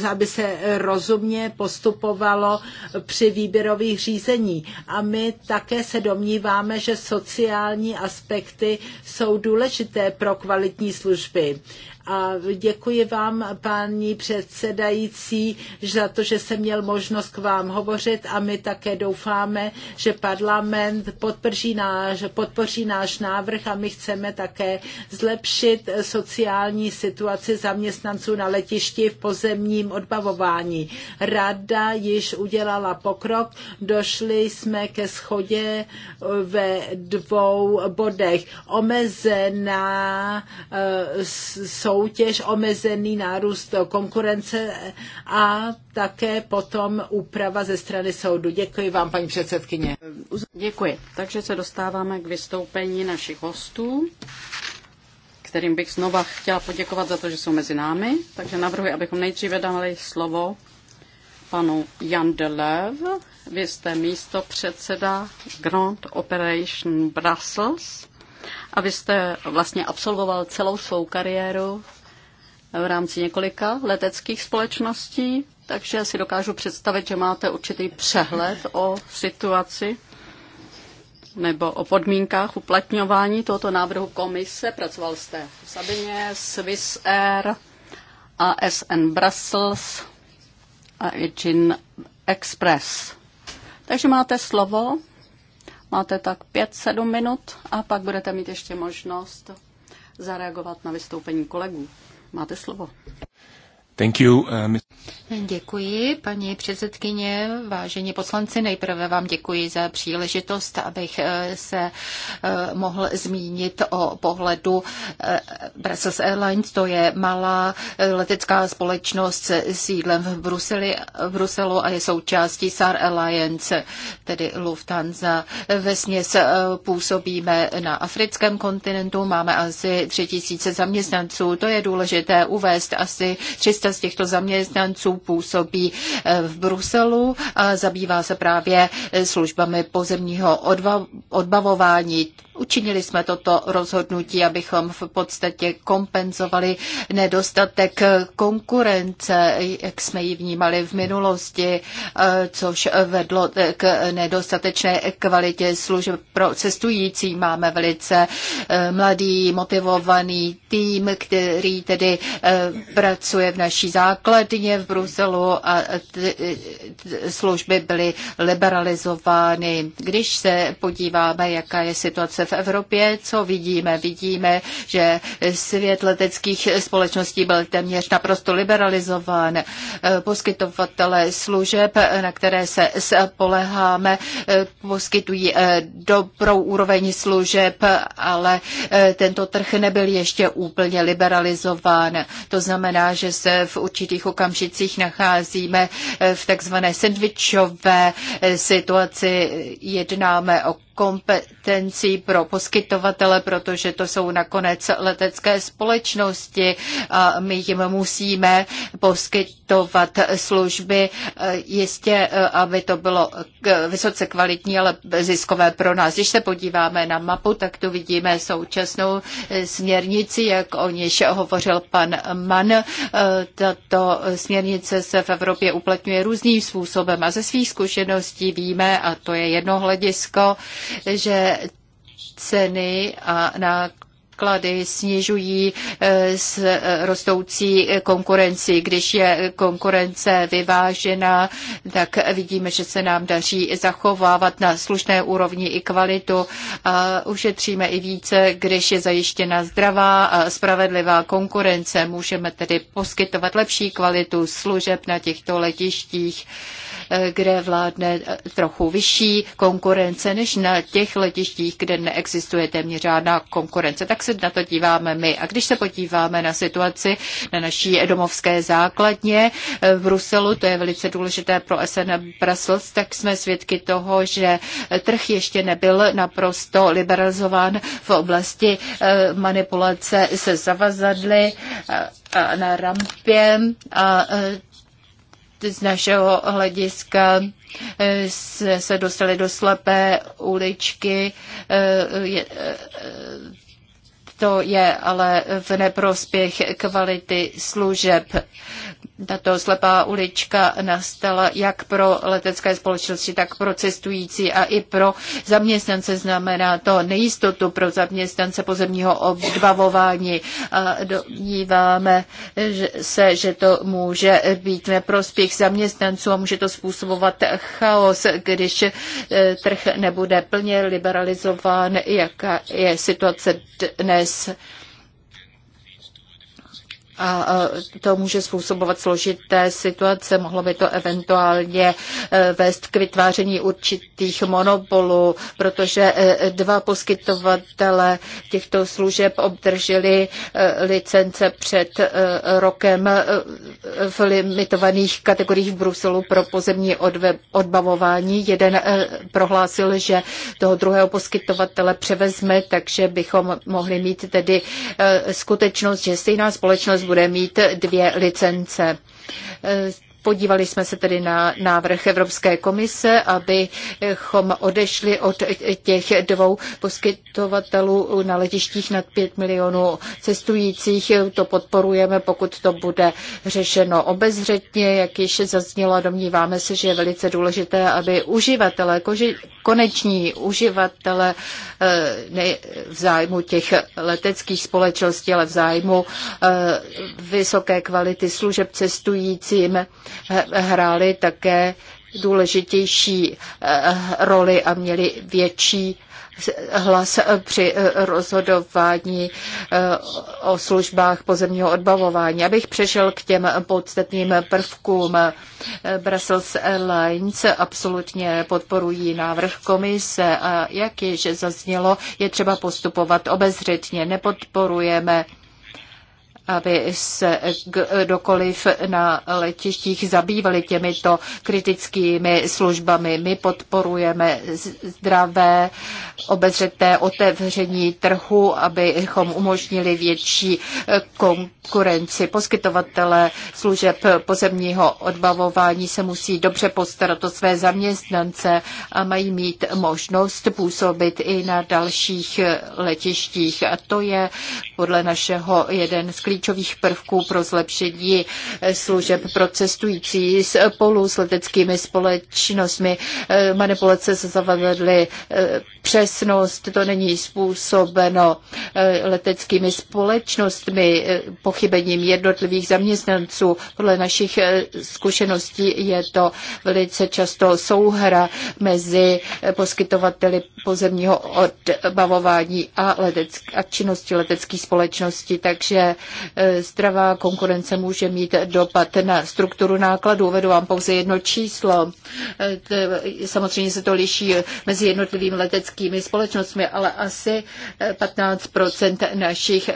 eh, aby se rozumně postupovalo při výběrových řízení. A my také se domníváme, že sociální aspekty jsou důležité pro kvalitní služby. A děkuji vám, paní předsedající, za to, že jsem měl možnost k vám hovořit a my také doufáme, že parlament podpoří náš, podpoří náš návrh a my chceme také zlepšit sociální situaci zaměstnanců na letišti v pozemním odbavování. Rada již udělala pokrok, došli jsme ke schodě ve dvou bodech. Omezená eh, jsou soutěž, omezený nárůst konkurence a také potom úprava ze strany soudu. Děkuji vám, paní předsedkyně. Děkuji. Takže se dostáváme k vystoupení našich hostů kterým bych znova chtěla poděkovat za to, že jsou mezi námi. Takže navrhuji, abychom nejdříve dali slovo panu Jan Delev. Vy jste místo předseda Grand Operation Brussels a vy jste vlastně absolvoval celou svou kariéru v rámci několika leteckých společností, takže si dokážu představit, že máte určitý přehled o situaci nebo o podmínkách uplatňování tohoto návrhu komise. Pracoval jste v Sabině, Swiss Air, ASN Brussels a Virgin Express. Takže máte slovo Máte tak 5-7 minut a pak budete mít ještě možnost zareagovat na vystoupení kolegů. Máte slovo. Thank you, uh, Děkuji, paní předsedkyně, vážení poslanci. Nejprve vám děkuji za příležitost, abych eh, se eh, mohl zmínit o pohledu eh, Brussels Airlines. To je malá letecká společnost s sídlem v, Bruseli, v Bruselu a je součástí SAR Alliance, tedy Lufthansa. Vesně se působíme na africkém kontinentu, máme asi 3000 zaměstnanců. To je důležité uvést asi 300 300 z těchto zaměstnanců působí eh, v Bruselu a zabývá se právě eh, službami pozemního odva- odbavování. Učinili jsme toto rozhodnutí, abychom v podstatě kompenzovali nedostatek eh, konkurence, jak jsme ji vnímali v minulosti, což vedlo k nedostatečné kvalitě služeb pro cestující. Máme velice mladý, motivovaný tým, který tedy pracuje v naší naší základně v Bruselu a služby byly liberalizovány. Když se podíváme, jaká je situace v Evropě, co vidíme? Vidíme, že svět leteckých společností byl téměř naprosto liberalizován. Poskytovatele služeb, na které se spoleháme, poskytují eh, dobrou úroveň služeb, ale eh, tento trh nebyl ještě úplně liberalizován. To znamená, že se v určitých okamžicích nacházíme v takzvané sandvičové situaci, jednáme o kompetencí pro poskytovatele, protože to jsou nakonec letecké společnosti a my jim musíme poskytovat služby e, jistě, e, aby to bylo vysoce kvalitní, ale ziskové pro nás. Když se podíváme na mapu, tak tu vidíme současnou směrnici, jak o níž hovořil pan Mann. E, tato směrnice se v Evropě uplatňuje různým způsobem a ze svých zkušeností víme, a to je jedno hledisko, že ceny a náklady snižují eh, s eh, rostoucí konkurenci. Když je konkurence vyvážena, tak vidíme, že se nám daří zachovávat na slušné úrovni i kvalitu. ušetříme i více, když je zajištěna zdravá a spravedlivá konkurence. Můžeme tedy poskytovat lepší kvalitu služeb na těchto letištích Eh, kde vládne eh, trochu vyšší konkurence než na těch letištích, kde neexistuje téměř žádná konkurence. Tak se na to díváme my. A když se podíváme na situaci na naší domovské základně eh, v Bruselu, to je velice důležité pro SN Brussels, tak jsme svědky toho, že trh ještě nebyl naprosto liberalizován v oblasti manipulace se zavazadly na rampě a z našeho hlediska eh, se, dostali do slepé uličky. Eh, eh, to je ale v neprospěch kvality služeb. Tato slepá ulička nastala jak pro letecké společnosti, tak pro cestující a i pro zaměstnance znamená to nejistotu pro zaměstnance pozemního obdbavování. A domníváme že se, že to může být neprospěch zaměstnanců a může to způsobovat chaos, když eh, trh nebude plně liberalizován, jaká je situace dnes. A to může způsobovat složité situace, mohlo by to eventuálně e, vést k vytváření určitých monopolů, protože e, dva poskytovatele těchto služeb obdrželi e, licence před rokem v limitovaných kategoriích v Bruselu pro pozemní odbavování. Jeden prohlásil, že toho druhého poskytovatele převezme, takže bychom mohli mít tedy skutečnost, že stejná společnost bude mít dvě licence. Podívali jsme se tedy na návrh Evropské komise, abychom odešli od těch dvou poskytovatelů na letištích nad 5 milionů cestujících. To podporujeme, pokud to bude řešeno obezřetně, jak již zaznělo, domníváme se, že je velice důležité, aby uživatelé, koneční uživatelé eh, ne v zájmu těch leteckých společností, ale v zájmu eh, vysoké kvality služeb cestujícím, hrály také důležitější eh, roli a měli větší hlas při eh, rozhodování eh, o službách pozemního odbavování. Abych přešel k těm podstatným prvkům. Brussels Airlines absolutně podporují návrh komise a jak již zaznělo, je třeba postupovat obezřetně. Nepodporujeme aby se kdokoliv na letištích zabývali těmito kritickými službami. My podporujeme zdravé, obezřeté otevření trhu, abychom umožnili větší eh, konkurenci. Poskytovatele služeb pozemního odbavování se musí dobře postarat o své zaměstnance a mají mít možnost působit i na dalších eh, letištích. A to je podle našeho jeden z klíčů klíčových prvků pro zlepšení služeb pro cestující spolu s leteckými společnostmi. Eh, manipulace se zavedly eh, přesnost, to není způsobeno eh, leteckými společnostmi, pochybením jednotlivých zaměstnanců. Podle našich zkušeností je to velice často souhra mezi poskytovateli pozemního odbavování a, a činnosti leteckých společnosti, takže Eh, zdravá konkurence může mít dopad na strukturu nákladů. Vedu vám pouze jedno číslo. Eh, samozřejmě se to liší eh, mezi jednotlivými leteckými společnostmi, ale asi 15 našich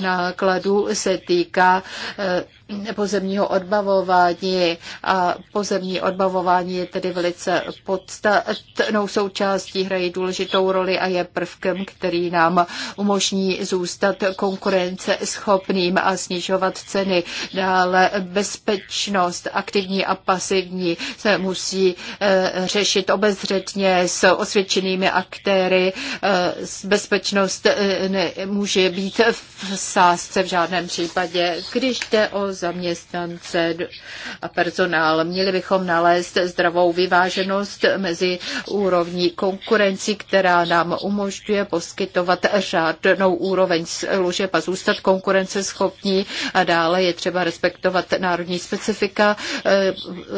nákladů se týká pozemního odbavování a pozemní odbavování je tedy velice podstatnou součástí, hrají důležitou roli a je prvkem, který nám umožní zůstat konkurence schopným a snižovat ceny. Dále bezpečnost, aktivní a pasivní se musí eh, řešit obezřetně s osvědčenými aktéry. Eh, bezpečnost eh, může být v sázce v žádném případě. Když jde o zaměstnance a personál. Měli bychom nalézt zdravou vyváženost mezi úrovní konkurenci, která nám umožňuje poskytovat řádnou úroveň služeb a zůstat konkurenceschopní a dále je třeba respektovat národní specifika eh,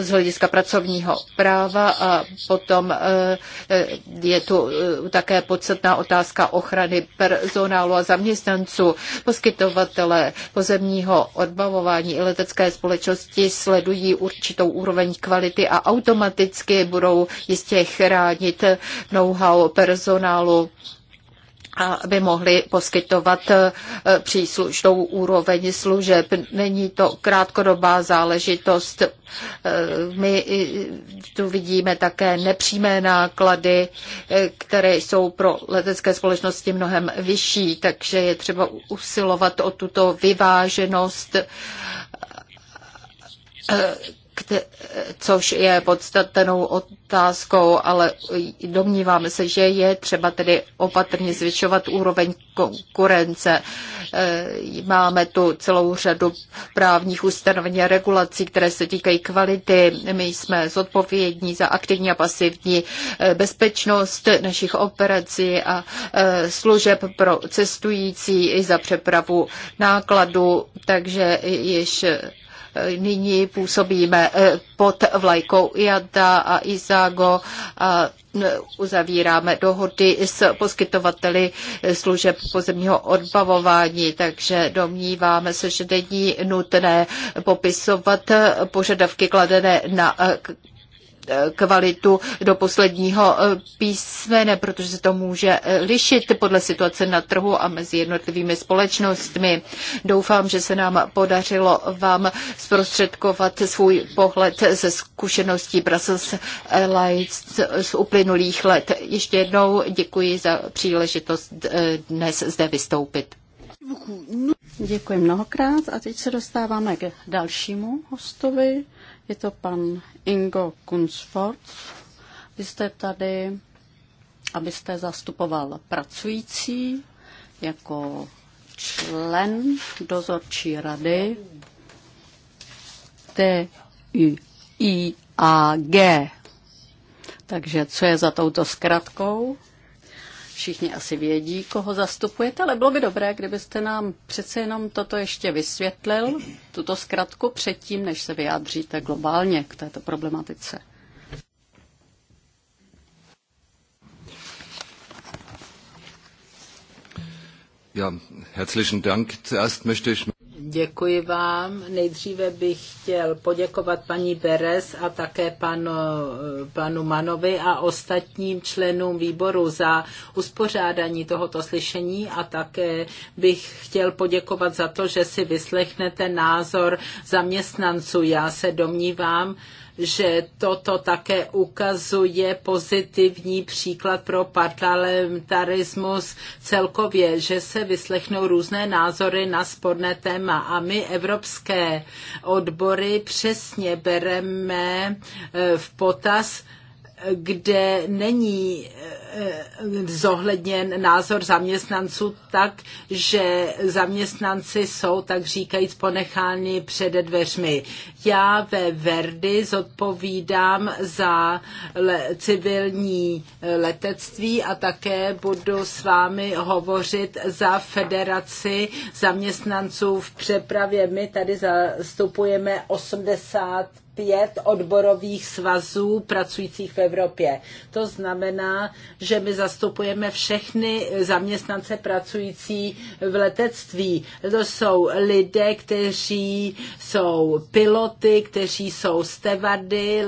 z hlediska pracovního práva a potom eh, je tu eh, také podstatná otázka ochrany personálu a zaměstnanců, poskytovatele pozemního odbavování i letecké společnosti sledují určitou úroveň kvality a automaticky budou jistě chránit know-how personálu aby mohli poskytovat eh, příslušnou úroveň služeb. Není to krátkodobá záležitost. Eh, my eh, tu vidíme také nepřímé náklady, které jsou pro letecké společnosti mnohem vyšší, takže je třeba usilovat o tuto vyváženost což je podstatnou otázkou, ale domníváme se, že je třeba tedy opatrně zvyšovat úroveň konkurence. Eh, máme tu celou řadu právních ustanovení a regulací, které se týkají kvality. My jsme zodpovědní za aktivní a pasivní eh, bezpečnost našich operací a eh, služeb pro cestující i za přepravu nákladů, takže již nyní působíme eh, pod vlajkou IADA a IZAGO a uzavíráme dohody s poskytovateli služeb pozemního odbavování, takže domníváme se, že není nutné popisovat požadavky kladené na eh, kvalitu do posledního eh, písmene, protože se to může eh, lišit podle situace na trhu a mezi jednotlivými společnostmi. Doufám, že se nám podařilo vám zprostředkovat svůj pohled ze zkušeností Brussels Airlines z uplynulých let. Ještě jednou děkuji za příležitost eh, dnes zde vystoupit. Děkuji mnohokrát a teď se dostáváme k dalšímu hostovi. Je to pan Ingo Kunzfort. Vy jste tady, abyste zastupoval pracující jako člen dozorčí rady G. Takže co je za touto zkratkou? Všichni asi vědí, koho zastupujete, ale bylo by dobré, kdybyste nám přece jenom toto ještě vysvětlil, tuto zkratku předtím, než se vyjádříte globálně k této problematice. Ja, herzlichen Dank. Zuerst möchte ich Děkuji vám. Nejdříve bych chtěl poděkovat paní Beres a také panu, panu Manovi a ostatním členům výboru za uspořádání tohoto slyšení a také bych chtěl poděkovat za to, že si vyslechnete názor zaměstnanců. Já se domnívám, že toto také ukazuje pozitivní příklad pro parlamentarismus celkově, že se vyslechnou různé názory na sporné téma a my evropské odbory přesně bereme eh, v potaz, kde není eh, eh, zohledněn názor zaměstnanců tak, že zaměstnanci jsou, tak říkajíc, ponecháni před dveřmi. Já ve Verdi zodpovídám za le- civilní eh, letectví a také budu s vámi hovořit za federaci zaměstnanců v přepravě. My tady zastupujeme 80 pět odborových svazů pracujících v Evropě. To znamená, že my zastupujeme všechny zaměstnance pracující v letectví. To jsou lidé, kteří jsou piloty, kteří jsou stevady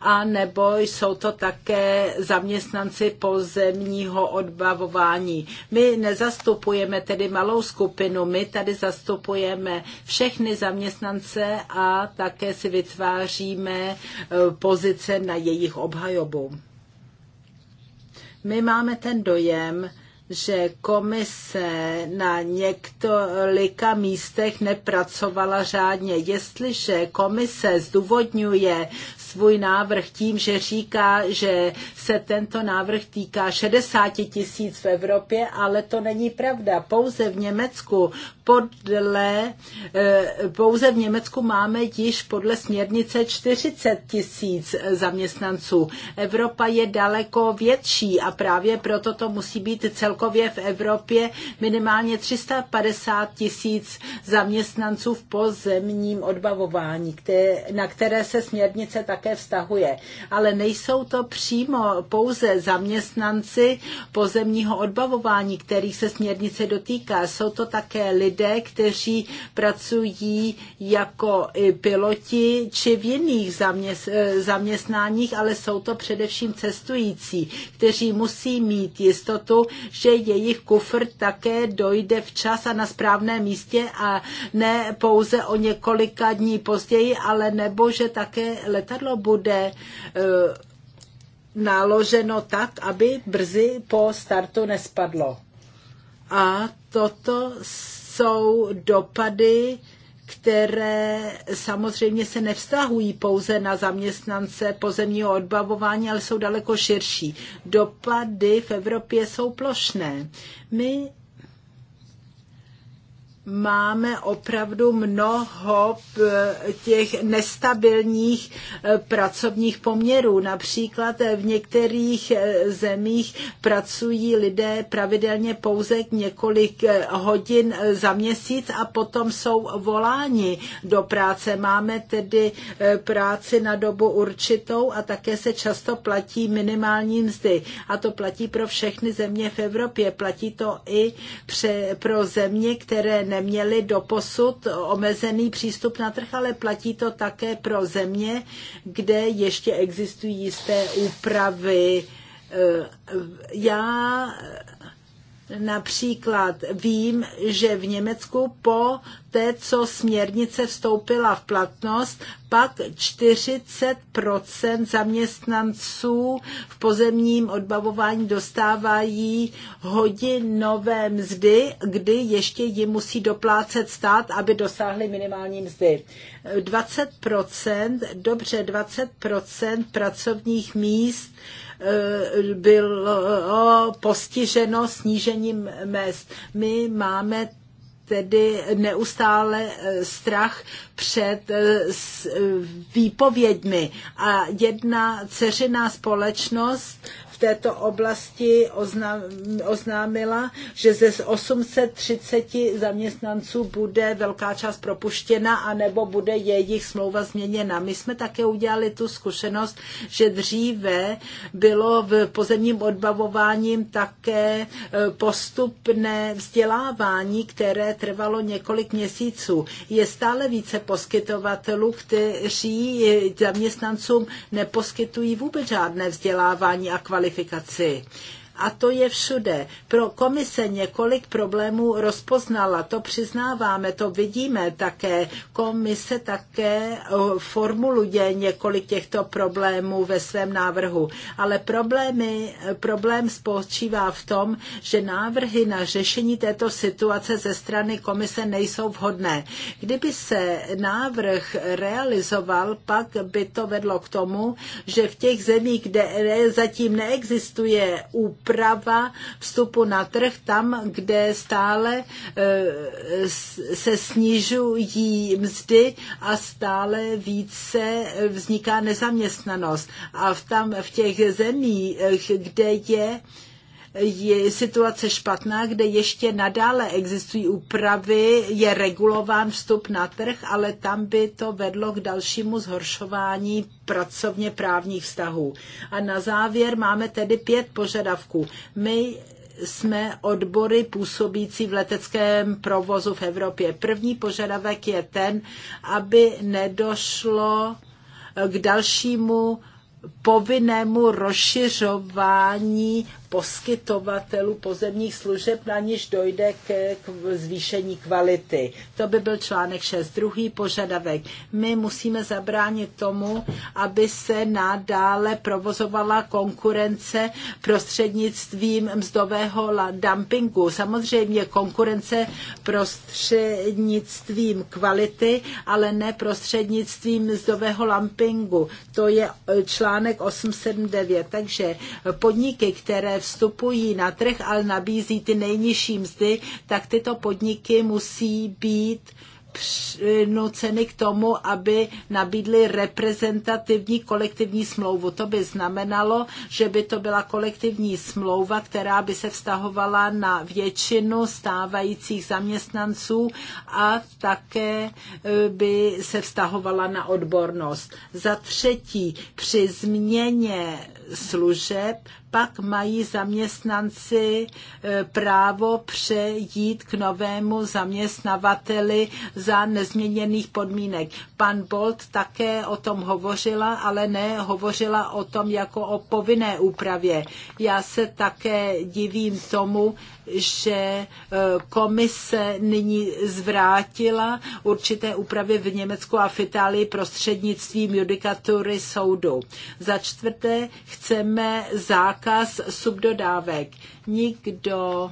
a nebo jsou to také zaměstnanci pozemního odbavování. My nezastupujeme tedy malou skupinu, my tady zastupujeme všechny zaměstnance a také si vytváří vytváříme eh, pozice na jejich obhajobu. My máme ten dojem, že komise na několika místech nepracovala řádně. Jestliže komise zdůvodňuje svůj návrh tím, že říká, že se tento návrh týká 60 tisíc v Evropě, ale to není pravda. Pouze v Německu podle, eh, pouze v Německu máme již podle směrnice 40 tisíc zaměstnanců. Evropa je daleko větší a právě proto to musí být celkově v Evropě minimálně 350 tisíc zaměstnanců v pozemním odbavování, na které se směrnice také také vztahuje. Ale nejsou to přímo pouze zaměstnanci pozemního odbavování, kterých se směrnice dotýká. Jsou to také lidé, kteří pracují jako piloti či v jiných zaměstnáních, ale jsou to především cestující, kteří musí mít jistotu, že jejich kufr také dojde včas a na správné místě a ne pouze o několika dní později, ale nebo že také letadlo bude eh, naloženo tak, aby brzy po startu nespadlo. A toto jsou dopady, které samozřejmě se nevztahují pouze na zaměstnance pozemního odbavování, ale jsou daleko širší. Dopady v Evropě jsou plošné. My máme opravdu mnoho eh, těch nestabilních eh, pracovních poměrů. Například eh, v některých zemích pracují lidé pravidelně pouze několik hodin za měsíc a potom jsou voláni do práce. Máme tedy práci na dobu určitou a také se často platí minimální mzdy. A to platí pro všechny země v Evropě. Platí to i pře, pro země, které neměli doposud omezený přístup na trh, ale platí to také pro země, kde ještě existují jisté úpravy. Eh, eh, já Například vím, že v Německu po té, co směrnice vstoupila v platnost, pak 40 zaměstnanců v pozemním odbavování dostávají hodinové mzdy, kdy ještě jim musí doplácet stát, aby dosáhli minimální mzdy. 20 dobře 20 pracovních míst Eh, bylo postiženo snížením mest. My máme tedy neustále eh, strach před eh, výpověďmi. A jedna ceřiná společnost v této oblasti oznámila, že ze 830 zaměstnanců bude velká část propuštěna, anebo bude jejich smlouva změněna. My jsme také udělali tu zkušenost, že dříve bylo v pozemním odbavováním také e, postupné vzdělávání, které trvalo několik měsíců. Je stále více poskytovatelů, kteří e, zaměstnancům neposkytují vůbec žádné vzdělávání a kvalitu kvalifikaci. A to je všude. Pro komise několik problémů rozpoznala, to přiznáváme, to vidíme také. Komise také eh, formuluje několik těchto problémů ve svém návrhu. Ale problémy, eh, problém spočívá v tom, že návrhy na řešení této situace ze strany komise nejsou vhodné. Kdyby se návrh realizoval, pak by to vedlo k tomu, že v těch zemích, kde eh, zatím neexistuje úplně úprava vstupu na trh tam, kde stále e, se snižují mzdy a stále více vzniká nezaměstnanost. A v, tam, v těch zemích, e, kde je je situace špatná, kde ještě nadále existují úpravy, je regulován vstup na trh, ale tam by to vedlo k dalšímu zhoršování pracovně právních vztahů. A na závěr máme tedy pět požadavků. My jsme odbory působící v leteckém provozu v Evropě. První požadavek je ten, aby nedošlo k dalšímu povinnému rozšiřování poskytovatelů pozemních služeb, na niž dojde k, k zvýšení kvality. To by byl článek 6. Druhý požadavek. My musíme zabránit tomu, aby se nadále provozovala konkurence prostřednictvím mzdového dumpingu. Samozřejmě konkurence prostřednictvím kvality, ale ne prostřednictvím mzdového dumpingu. To je e, článek 879. Takže podniky, které vstupují na trh, ale nabízí ty nejnižší mzdy, tak tyto podniky musí být přinuceny k tomu, aby nabídly reprezentativní kolektivní smlouvu. To by znamenalo, že by to byla kolektivní smlouva, která by se vztahovala na většinu stávajících zaměstnanců a také eh, by se vztahovala na odbornost. Za třetí, při změně služeb pak mají zaměstnanci e, právo přejít k novému zaměstnavateli za nezměněných podmínek. Pan Bolt také o tom hovořila, ale ne hovořila o tom jako o povinné úpravě. Já se také divím tomu, že eh, komise nyní zvrátila určité úpravy v Německu a v Itálii prostřednictvím judikatury soudu. Za čtvrté chceme zákaz subdodávek. Nikdo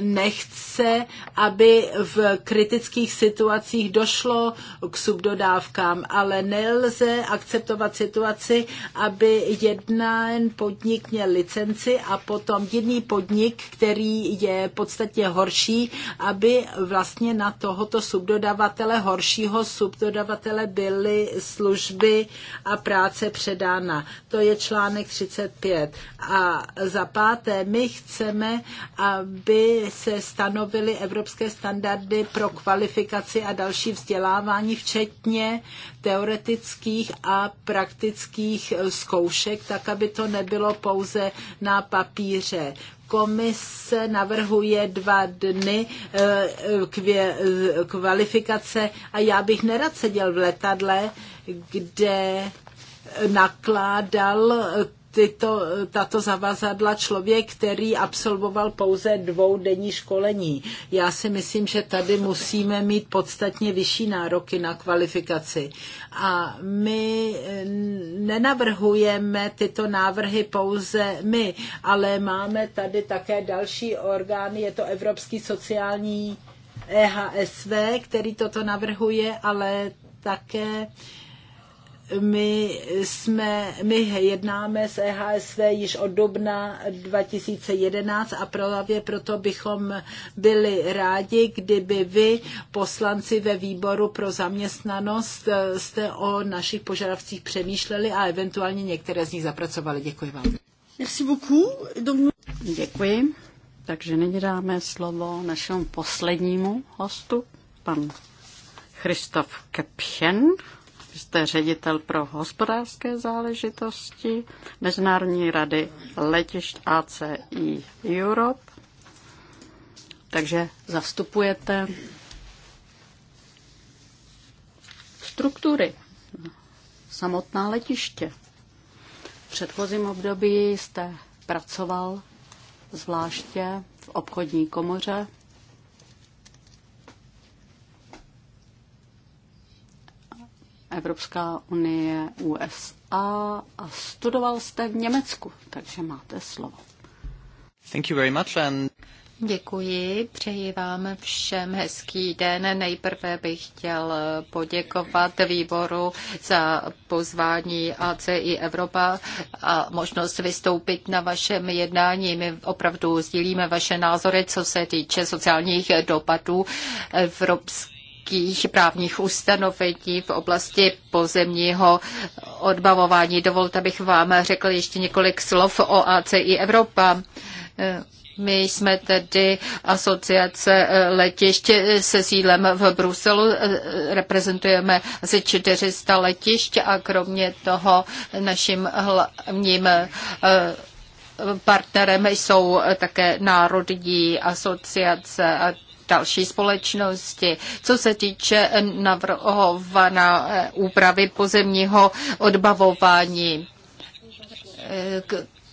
nechce, aby v kritických situacích došlo k subdodávkám, ale nelze akceptovat situaci, aby jeden podnik měl licenci a potom jiný podnik, který je podstatně horší, aby vlastně na tohoto subdodavatele, horšího subdodavatele byly služby a práce předána. To je článek 35. A za páté, my chceme, aby se stanovily evropské standardy pro kvalifikaci a další vzdělávání, včetně teoretických a praktických zkoušek, tak aby to nebylo pouze na papíře komise navrhuje dva dny eh, kvalifikace a já bych nerad seděl v letadle, kde nakládal tyto, tato zavazadla člověk, který absolvoval pouze dvou denní školení. Já si myslím, že tady musíme mít podstatně vyšší nároky na kvalifikaci. A my nenavrhujeme tyto návrhy pouze my, ale máme tady také další orgány, je to Evropský sociální EHSV, který toto navrhuje, ale také my, jsme, my jednáme s EHSV již od dubna 2011 a právě proto bychom byli rádi, kdyby vy, poslanci ve výboru pro zaměstnanost, jste o našich požadavcích přemýšleli a eventuálně některé z nich zapracovali. Děkuji vám. Merci beaucoup. Donc... Děkuji. Takže nyní dáme slovo našemu poslednímu hostu, pan Christoph Kepchen vy jste ředitel pro hospodářské záležitosti Mezinárodní rady letišť ACI Europe. Takže zastupujete struktury, samotná letiště. V předchozím období jste pracoval zvláště v obchodní komoře Evropská unie, USA a studoval jste v Německu, takže máte slovo. Thank you very much and... Děkuji, přeji vám všem hezký den. Nejprve bych chtěl poděkovat výboru za pozvání ACI Evropa a možnost vystoupit na vašem jednání. My opravdu sdílíme vaše názory, co se týče sociálních dopadů Evropské nějakých právních ustanovení v oblasti pozemního odbavování. Dovolte, abych vám řekl ještě několik slov o ACI Evropa. My jsme tedy asociace letišť se sídlem v Bruselu, reprezentujeme asi 400 letišť a kromě toho naším hlavním eh, partnerem jsou také národní asociace a další společnosti. Co se týče navrhované úpravy pozemního odbavování,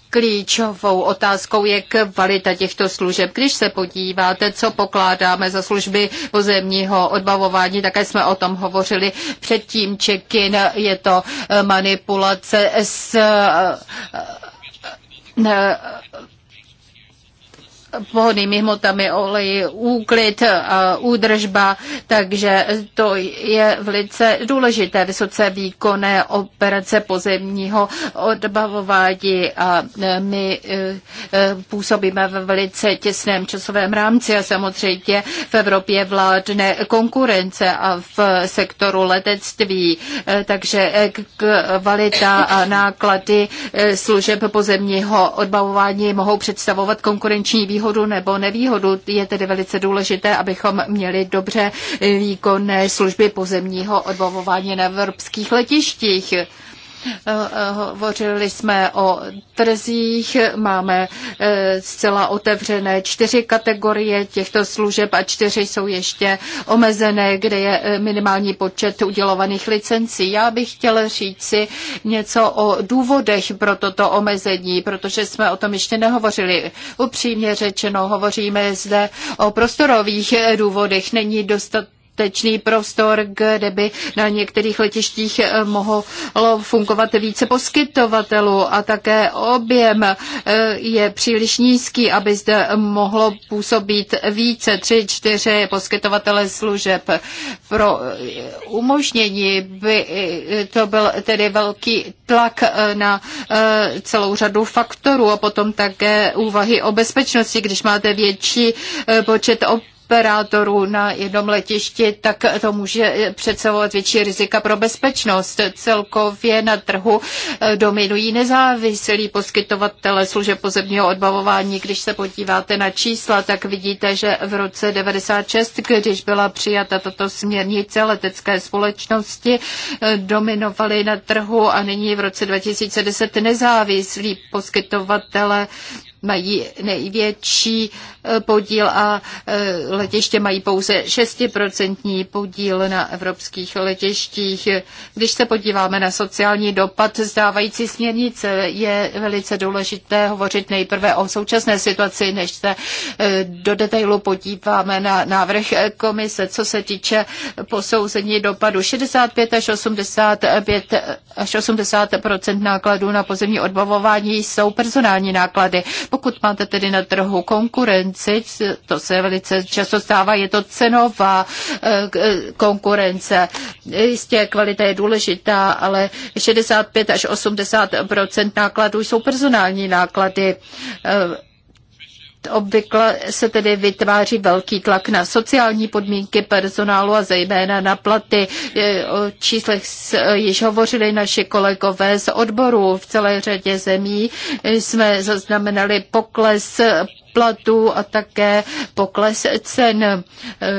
klíčovou otázkou je kvalita těchto služeb. Když se podíváte, co pokládáme za služby pozemního odbavování, také jsme o tom hovořili předtím. Čekin je to eh, manipulace s eh, eh, pohodnými hmotami, oleji, úklid údržba, takže to je velice důležité, vysoce výkonné operace pozemního odbavování a e, my e, e, působíme ve velice těsném časovém rámci a samozřejmě v Evropě vládne konkurence a v sektoru letectví, takže kvalita a náklady služeb pozemního odbavování mohou představovat konkurenční výhodu výhodu nebo nevýhodu. Je tedy velice důležité, abychom měli dobře výkonné služby pozemního odbavování na evropských letištích. Hovořili jsme o trzích, máme eh, zcela otevřené čtyři kategorie těchto služeb a čtyři jsou ještě omezené, kde je eh, minimální počet udělovaných licencí. Já bych chtěla říct si něco o důvodech pro toto omezení, protože jsme o tom ještě nehovořili. Upřímně řečeno, hovoříme zde o prostorových eh, důvodech. Není dostat dostatečný prostor, kde by na některých letištích eh, mohlo fungovat více poskytovatelů a také objem eh, je příliš nízký, aby zde mohlo působit více, tři, čtyři poskytovatele služeb. Pro eh, umožnění by to byl tedy velký tlak na celou řadu faktorů a potom také úvahy o bezpečnosti, když máte větší počet op operátorů na jednom letišti, tak to může představovat větší rizika pro bezpečnost. Celkově na trhu eh, dominují nezávislí poskytovatele služeb pozemního odbavování. Když se podíváte na čísla, tak vidíte, že v roce 96, když byla přijata tato směrnice letecké společnosti, eh, dominovaly na trhu a nyní v roce 2010 nezávislí poskytovatele mají největší eh, podíl a eh, letiště mají pouze 6% podíl na evropských letištích. Když se podíváme na sociální dopad zdávající směrnice, je velice důležité hovořit nejprve o současné situaci, než se eh, do detailu podíváme na návrh komise, co se týče posouzení dopadu 65 až 85 až 80 nákladů na pozemní odbavování jsou personální náklady pokud máte tedy na trhu konkurenci, to se velice často stává, je to cenová eh, eh, konkurence. Jistě kvalita je důležitá, ale 65 až 80 nákladů jsou personální náklady. Eh, Obvykle se tedy vytváří velký tlak na sociální podmínky personálu a zejména na platy. O číslech e, již hovořili naši kolegové z odboru v celé řadě zemí. Jsme zaznamenali pokles platů a také pokles cen eh,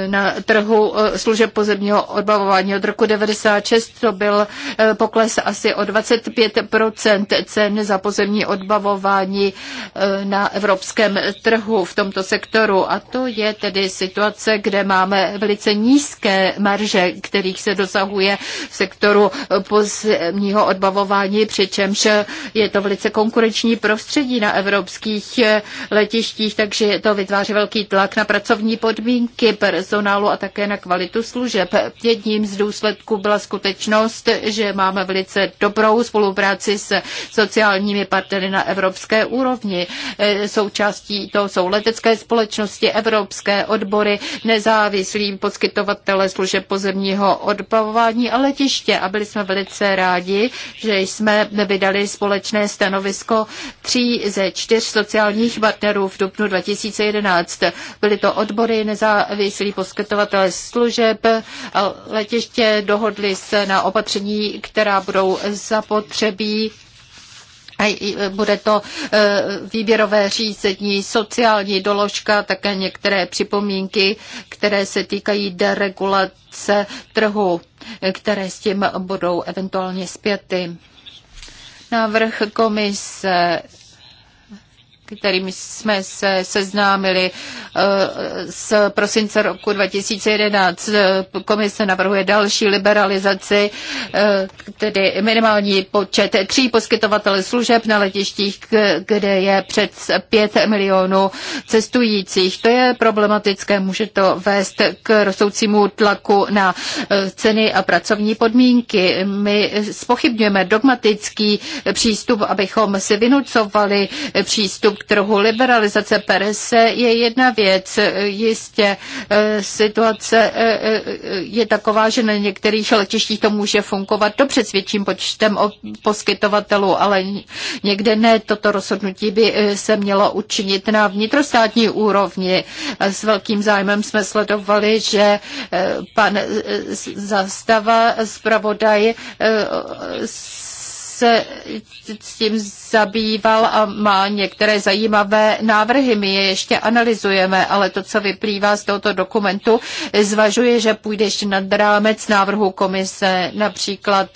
na trhu eh, služeb pozemního odbavování. Od roku 96 to byl eh, pokles asi o 25 cen za pozemní odbavování na evropském trhu v tomto sektoru. A to je tedy situace, kde máme velice nízké marže, kterých se dosahuje v sektoru pozemního odbavování, přičemž je to velice konkurenční prostředí na evropských letištích sítích, takže to vytváří velký tlak na pracovní podmínky personálu a také na kvalitu služeb. Jedním z důsledků byla skutečnost, že máme velice dobrou spolupráci s sociálními partnery na evropské úrovni. E, součástí to jsou letecké společnosti, evropské odbory, nezávislí poskytovatele služeb pozemního odplavování a letiště. A byli jsme velice rádi, že jsme vydali společné stanovisko tří ze čtyř sociálních partnerů v Dubnu srpnu 2011. Byly to odbory, nezávislí poskytovatelé služeb letiště dohodli se na opatření, která budou zapotřebí a bude to e, výběrové řízení, sociální doložka, také některé připomínky, které se týkají deregulace trhu, e, které s tím budou eventuálně zpěty. Návrh komise kterými jsme se seznámili eh, z prosince roku 2011. Komise navrhuje další liberalizaci, eh, tedy minimální počet tří poskytovatelů služeb na letištích, kde je před 5 milionů cestujících. To je problematické, může to vést k rostoucímu tlaku na eh, ceny a pracovní podmínky. My spochybňujeme dogmatický přístup, abychom si vynucovali přístup přístup k trhu. Liberalizace perese je jedna věc. Jistě e, situace e, e, je taková, že na některých letištích to může fungovat dobře s větším počtem poskytovatelů, ale někde ne. Toto rozhodnutí by se mělo učinit na vnitrostátní úrovni. S velkým zájmem jsme sledovali, že pan zastava zpravodaj se s tím zabýval a má některé zajímavé návrhy. My je ještě analyzujeme, ale to, co vyplývá z tohoto dokumentu, zvažuje, že půjde ještě nad rámec návrhu komise, například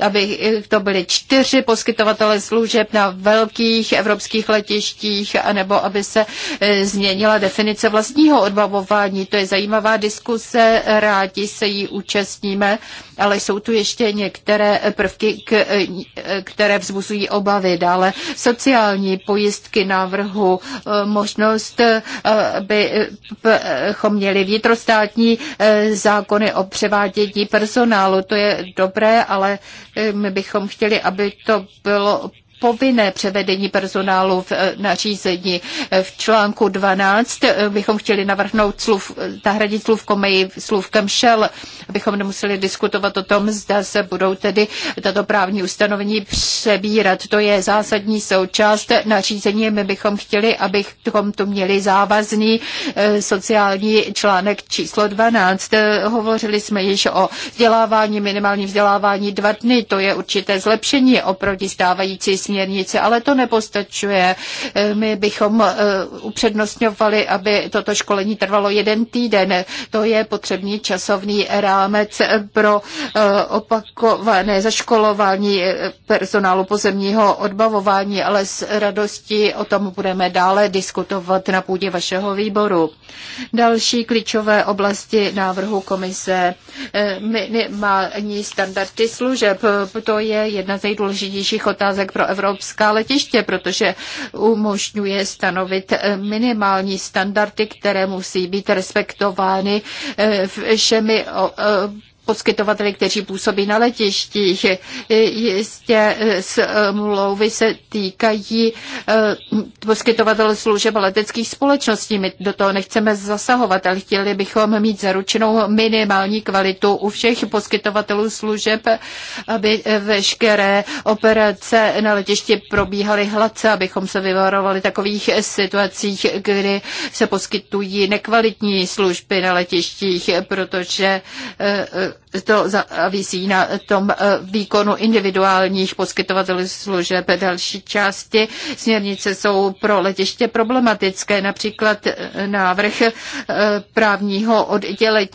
aby to byly čtyři poskytovatele služeb na velkých evropských letištích, anebo aby se e, změnila definice vlastního odbavování. To je zajímavá diskuse, rádi se jí účastníme, ale jsou tu ještě některé prvky, e, které vzbuzují obavy. Dále sociální pojistky návrhu, e, možnost, abychom měli vnitrostátní zákony o převádění personálu. To je dobré, ale my bychom chtěli, aby to bylo povinné převedení personálu v eh, nařízení. V článku 12 eh, bychom chtěli navrhnout sluv, nahradit slůvko May slůvkem šel, abychom nemuseli diskutovat o tom, zda se budou tedy tato právní ustanovení přebírat. To je zásadní součást nařízení. My bychom chtěli, abychom tu měli závazný eh, sociální článek číslo 12. Hovořili jsme již o vzdělávání, minimální vzdělávání dva dny. To je určité zlepšení oproti stávající směrnice, ale to nepostačuje. Eh, my bychom eh, upřednostňovali, aby toto školení trvalo jeden týden. To je potřebný časovný rámec pro eh, opakované zaškolování personálu pozemního odbavování, ale s radostí o tom budeme dále diskutovat na půdě vašeho výboru. Další klíčové oblasti návrhu komise minimální standardy služeb. To je jedna z nejdůležitějších otázek pro Evropu evropská letiště, protože umožňuje stanovit eh, minimální standardy, které musí být respektovány eh, všemi eh, poskytovateli, kteří působí na letištích. Jistě smlouvy eh, se týkají eh, poskytovatelů služeb leteckých společností. My do toho nechceme zasahovat, ale chtěli bychom mít zaručenou minimální kvalitu u všech poskytovatelů služeb, aby veškeré operace na letišti probíhaly hladce, abychom se vyvarovali takových situacích, kdy se poskytují nekvalitní služby na letištích, protože eh, to závisí na tom eh, výkonu individuálních poskytovatelů služeb. Další části směrnice jsou pro letiště problematické, například eh, návrh eh, právního oddělení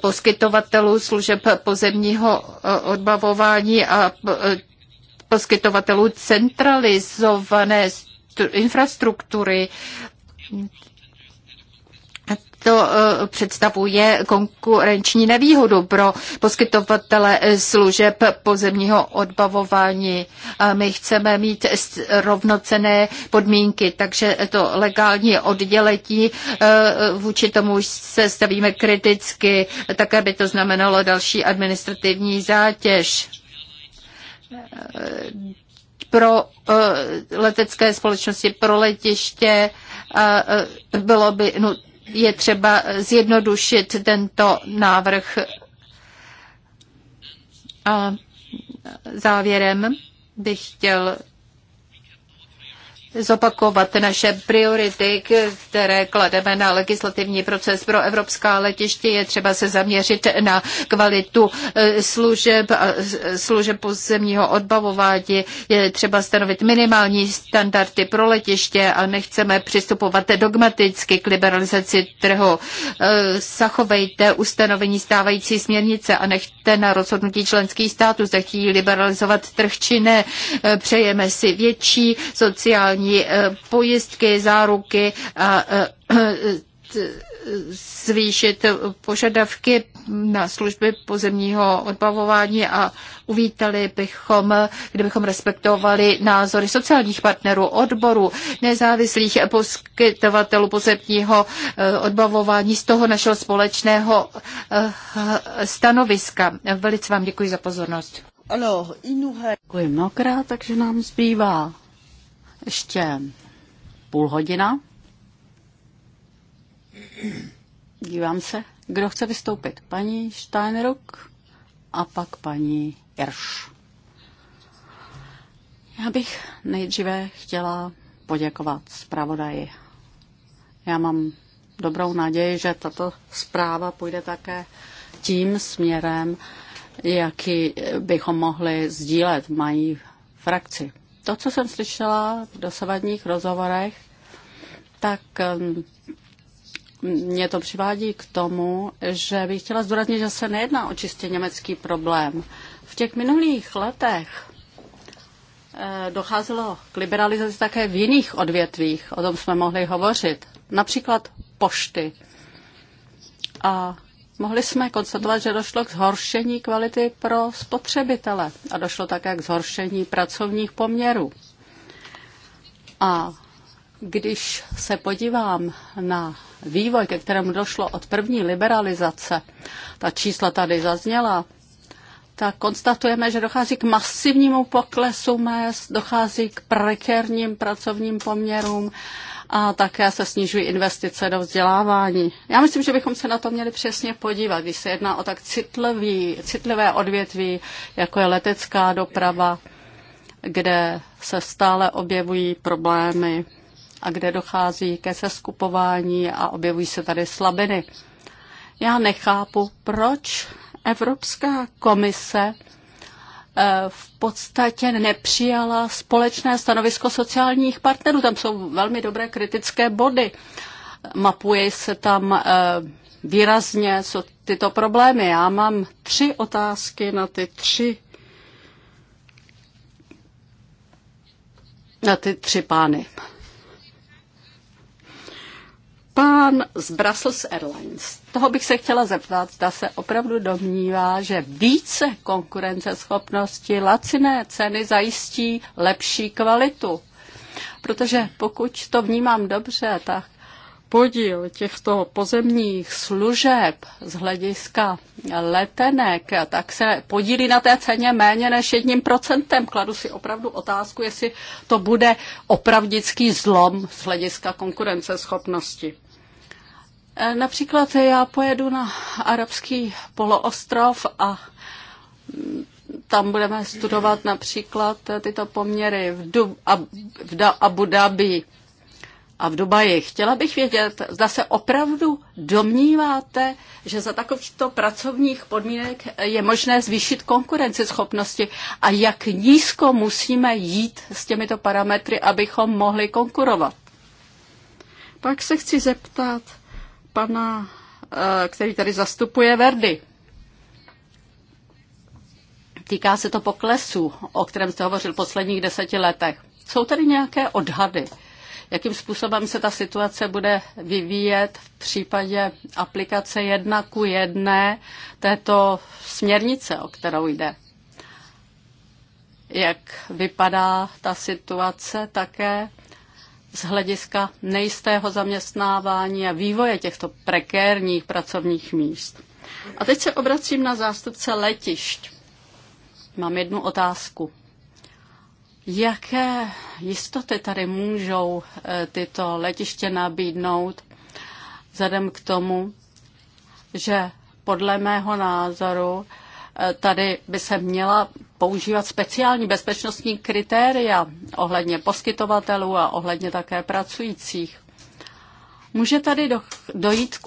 poskytovatelů služeb pozemního odbavování a poskytovatelů centralizované infrastruktury to eh, představuje konkurenční nevýhodu pro poskytovatele eh, služeb pozemního odbavování. My chceme mít rovnocené podmínky, takže to legální oddělení eh, vůči tomu se stavíme kriticky, také by to znamenalo další administrativní zátěž pro letecké společnosti, pro letiště bylo by nutné je třeba zjednodušit tento návrh. A závěrem bych chtěl zopakovat naše priority, které klademe na legislativní proces pro evropská letiště. Je třeba se zaměřit na kvalitu eh, služeb služeb pozemního odbavování. Je třeba stanovit minimální standardy pro letiště a nechceme přistupovat dogmaticky k liberalizaci trhu. Eh, zachovejte ustanovení stávající směrnice a nechte na rozhodnutí členských států, zda chtějí liberalizovat trh či ne. Eh, přejeme si větší sociální sociální eh, pojistky, záruky a eh, eh, zvýšit požadavky na služby pozemního odbavování a uvítali bychom, kdybychom respektovali názory sociálních partnerů, odborů, nezávislých poskytovatelů pozemního odbavování z toho našeho společného stanoviska. Velice vám děkuji za pozornost. Děkuji mnohokrát, takže nám zbývá ještě půl hodina. Dívám se, kdo chce vystoupit. Paní Steinruck a pak paní Irš. Já bych nejdříve chtěla poděkovat zpravodaji. Já mám dobrou naději, že tato zpráva půjde také tím směrem, jaký bychom mohli sdílet mají frakci. To, co jsem slyšela v dosavadních rozhovorech, tak um, mě to přivádí k tomu, že bych chtěla zdůraznit, že se nejedná o čistě německý problém. V těch minulých letech eh, docházelo k liberalizaci také v jiných odvětvích, o tom jsme mohli hovořit, například pošty. A mohli jsme konstatovat, že došlo k zhoršení kvality pro spotřebitele a došlo také k zhoršení pracovních poměrů. A když se podívám na vývoj, ke kterému došlo od první liberalizace, ta čísla tady zazněla, tak konstatujeme, že dochází k masivnímu poklesu mest, dochází k prekérním pracovním poměrům a také se snižují investice do vzdělávání. Já myslím, že bychom se na to měli přesně podívat, když se jedná o tak citlivý, citlivé odvětví, jako je letecká doprava, kde se stále objevují problémy a kde dochází ke seskupování a objevují se tady slabiny. Já nechápu, proč Evropská komise Eh, v podstatě nepřijala společné stanovisko sociálních partnerů. Tam jsou velmi dobré kritické body. Mapuje se tam eh, výrazně co tyto problémy. Já mám tři otázky na ty tři na ty tři pány. Pán z Brussels Airlines. Toho bych se chtěla zeptat, zda se opravdu domnívá, že více konkurenceschopnosti, laciné ceny zajistí lepší kvalitu. Protože pokud to vnímám dobře, tak podíl těchto pozemních služeb z hlediska letenek, tak se podílí na té ceně méně než jedním procentem. Kladu si opravdu otázku, jestli to bude opravdický zlom z hlediska konkurenceschopnosti. Eh, například já pojedu na arabský poloostrov a tam budeme studovat například tyto poměry v, du, a, v da, Abu Dhabi a v Dubaji. Chtěla bych vědět, zda se opravdu domníváte, že za takovýchto pracovních podmínek je možné zvýšit konkurenceschopnosti a jak nízko musíme jít s těmito parametry, abychom mohli konkurovat. Pak se chci zeptat pana, eh, který tady zastupuje Verdy, Týká se to poklesu, o kterém jste hovořil v posledních deseti letech. Jsou tady nějaké odhady, jakým způsobem se ta situace bude vyvíjet v případě aplikace jedna ku jedné této směrnice, o kterou jde? Jak vypadá ta situace také z hlediska nejistého zaměstnávání a vývoje těchto prekérních pracovních míst. A teď se obracím na zástupce letišť. Mám jednu otázku. Jaké jistoty tady můžou eh, tyto letiště nabídnout vzhledem k tomu, že podle mého názoru Tady by se měla používat speciální bezpečnostní kritéria ohledně poskytovatelů a ohledně také pracujících. Může tady dojít k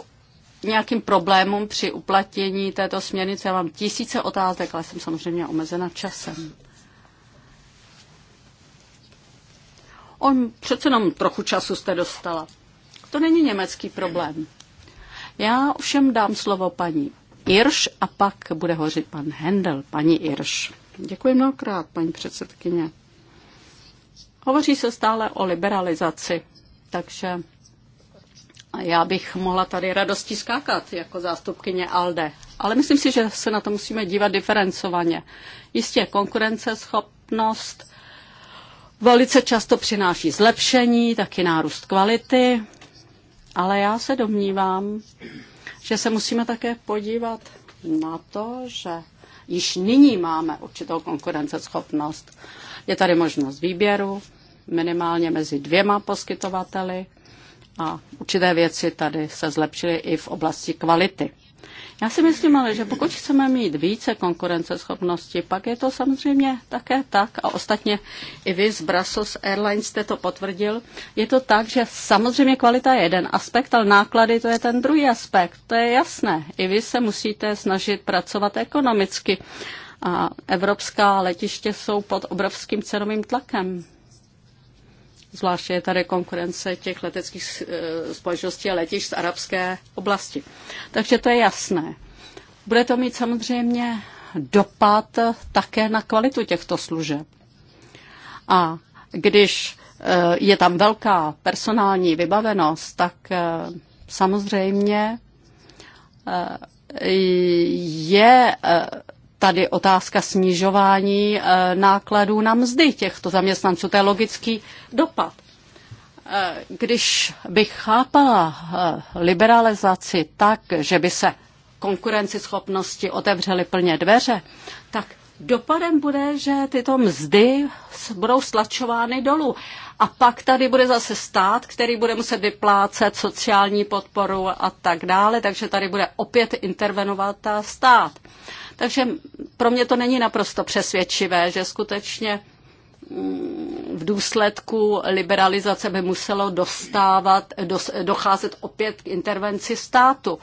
nějakým problémům při uplatnění této směrnice. Já mám tisíce otázek, ale jsem samozřejmě omezena časem. On přece jenom trochu času jste dostala. To není německý problém. Já ovšem dám slovo paní Irš a pak bude hořit pan Hendel, paní Irš. Děkuji mnohokrát, paní předsedkyně. Hovoří se stále o liberalizaci, takže já bych mohla tady radostí skákat jako zástupkyně ALDE, ale myslím si, že se na to musíme dívat diferencovaně. Jistě konkurenceschopnost velice často přináší zlepšení, taky nárůst kvality, ale já se domnívám, že se musíme také podívat na to, že již nyní máme určitou konkurenceschopnost. Je tady možnost výběru minimálně mezi dvěma poskytovateli a určité věci tady se zlepšily i v oblasti kvality. Já si myslím ale, že pokud chceme mít více konkurenceschopnosti, pak je to samozřejmě také tak, a ostatně i vy z Brussels Airlines jste to potvrdil, je to tak, že samozřejmě kvalita je jeden aspekt, ale náklady to je ten druhý aspekt, to je jasné. I vy se musíte snažit pracovat ekonomicky. A evropská letiště jsou pod obrovským cenovým tlakem. Zvláště je tady konkurence těch leteckých eh, společností a letišť z arabské oblasti. Takže to je jasné. Bude to mít samozřejmě dopad také na kvalitu těchto služeb. A když eh, je tam velká personální vybavenost, tak eh, samozřejmě je tady otázka snižování eh, nákladů na mzdy těchto zaměstnanců. To je logický dopad. Eh, když bych chápala eh, liberalizaci tak, že by se konkurenci schopnosti otevřely plně dveře, tak Dopadem bude, že tyto mzdy budou stlačovány dolů. A pak tady bude zase stát, který bude muset vyplácet sociální podporu a tak dále, takže tady bude opět intervenovat ta stát. Takže pro mě to není naprosto přesvědčivé, že skutečně mm, v důsledku liberalizace by muselo dostávat, docházet opět k intervenci státu.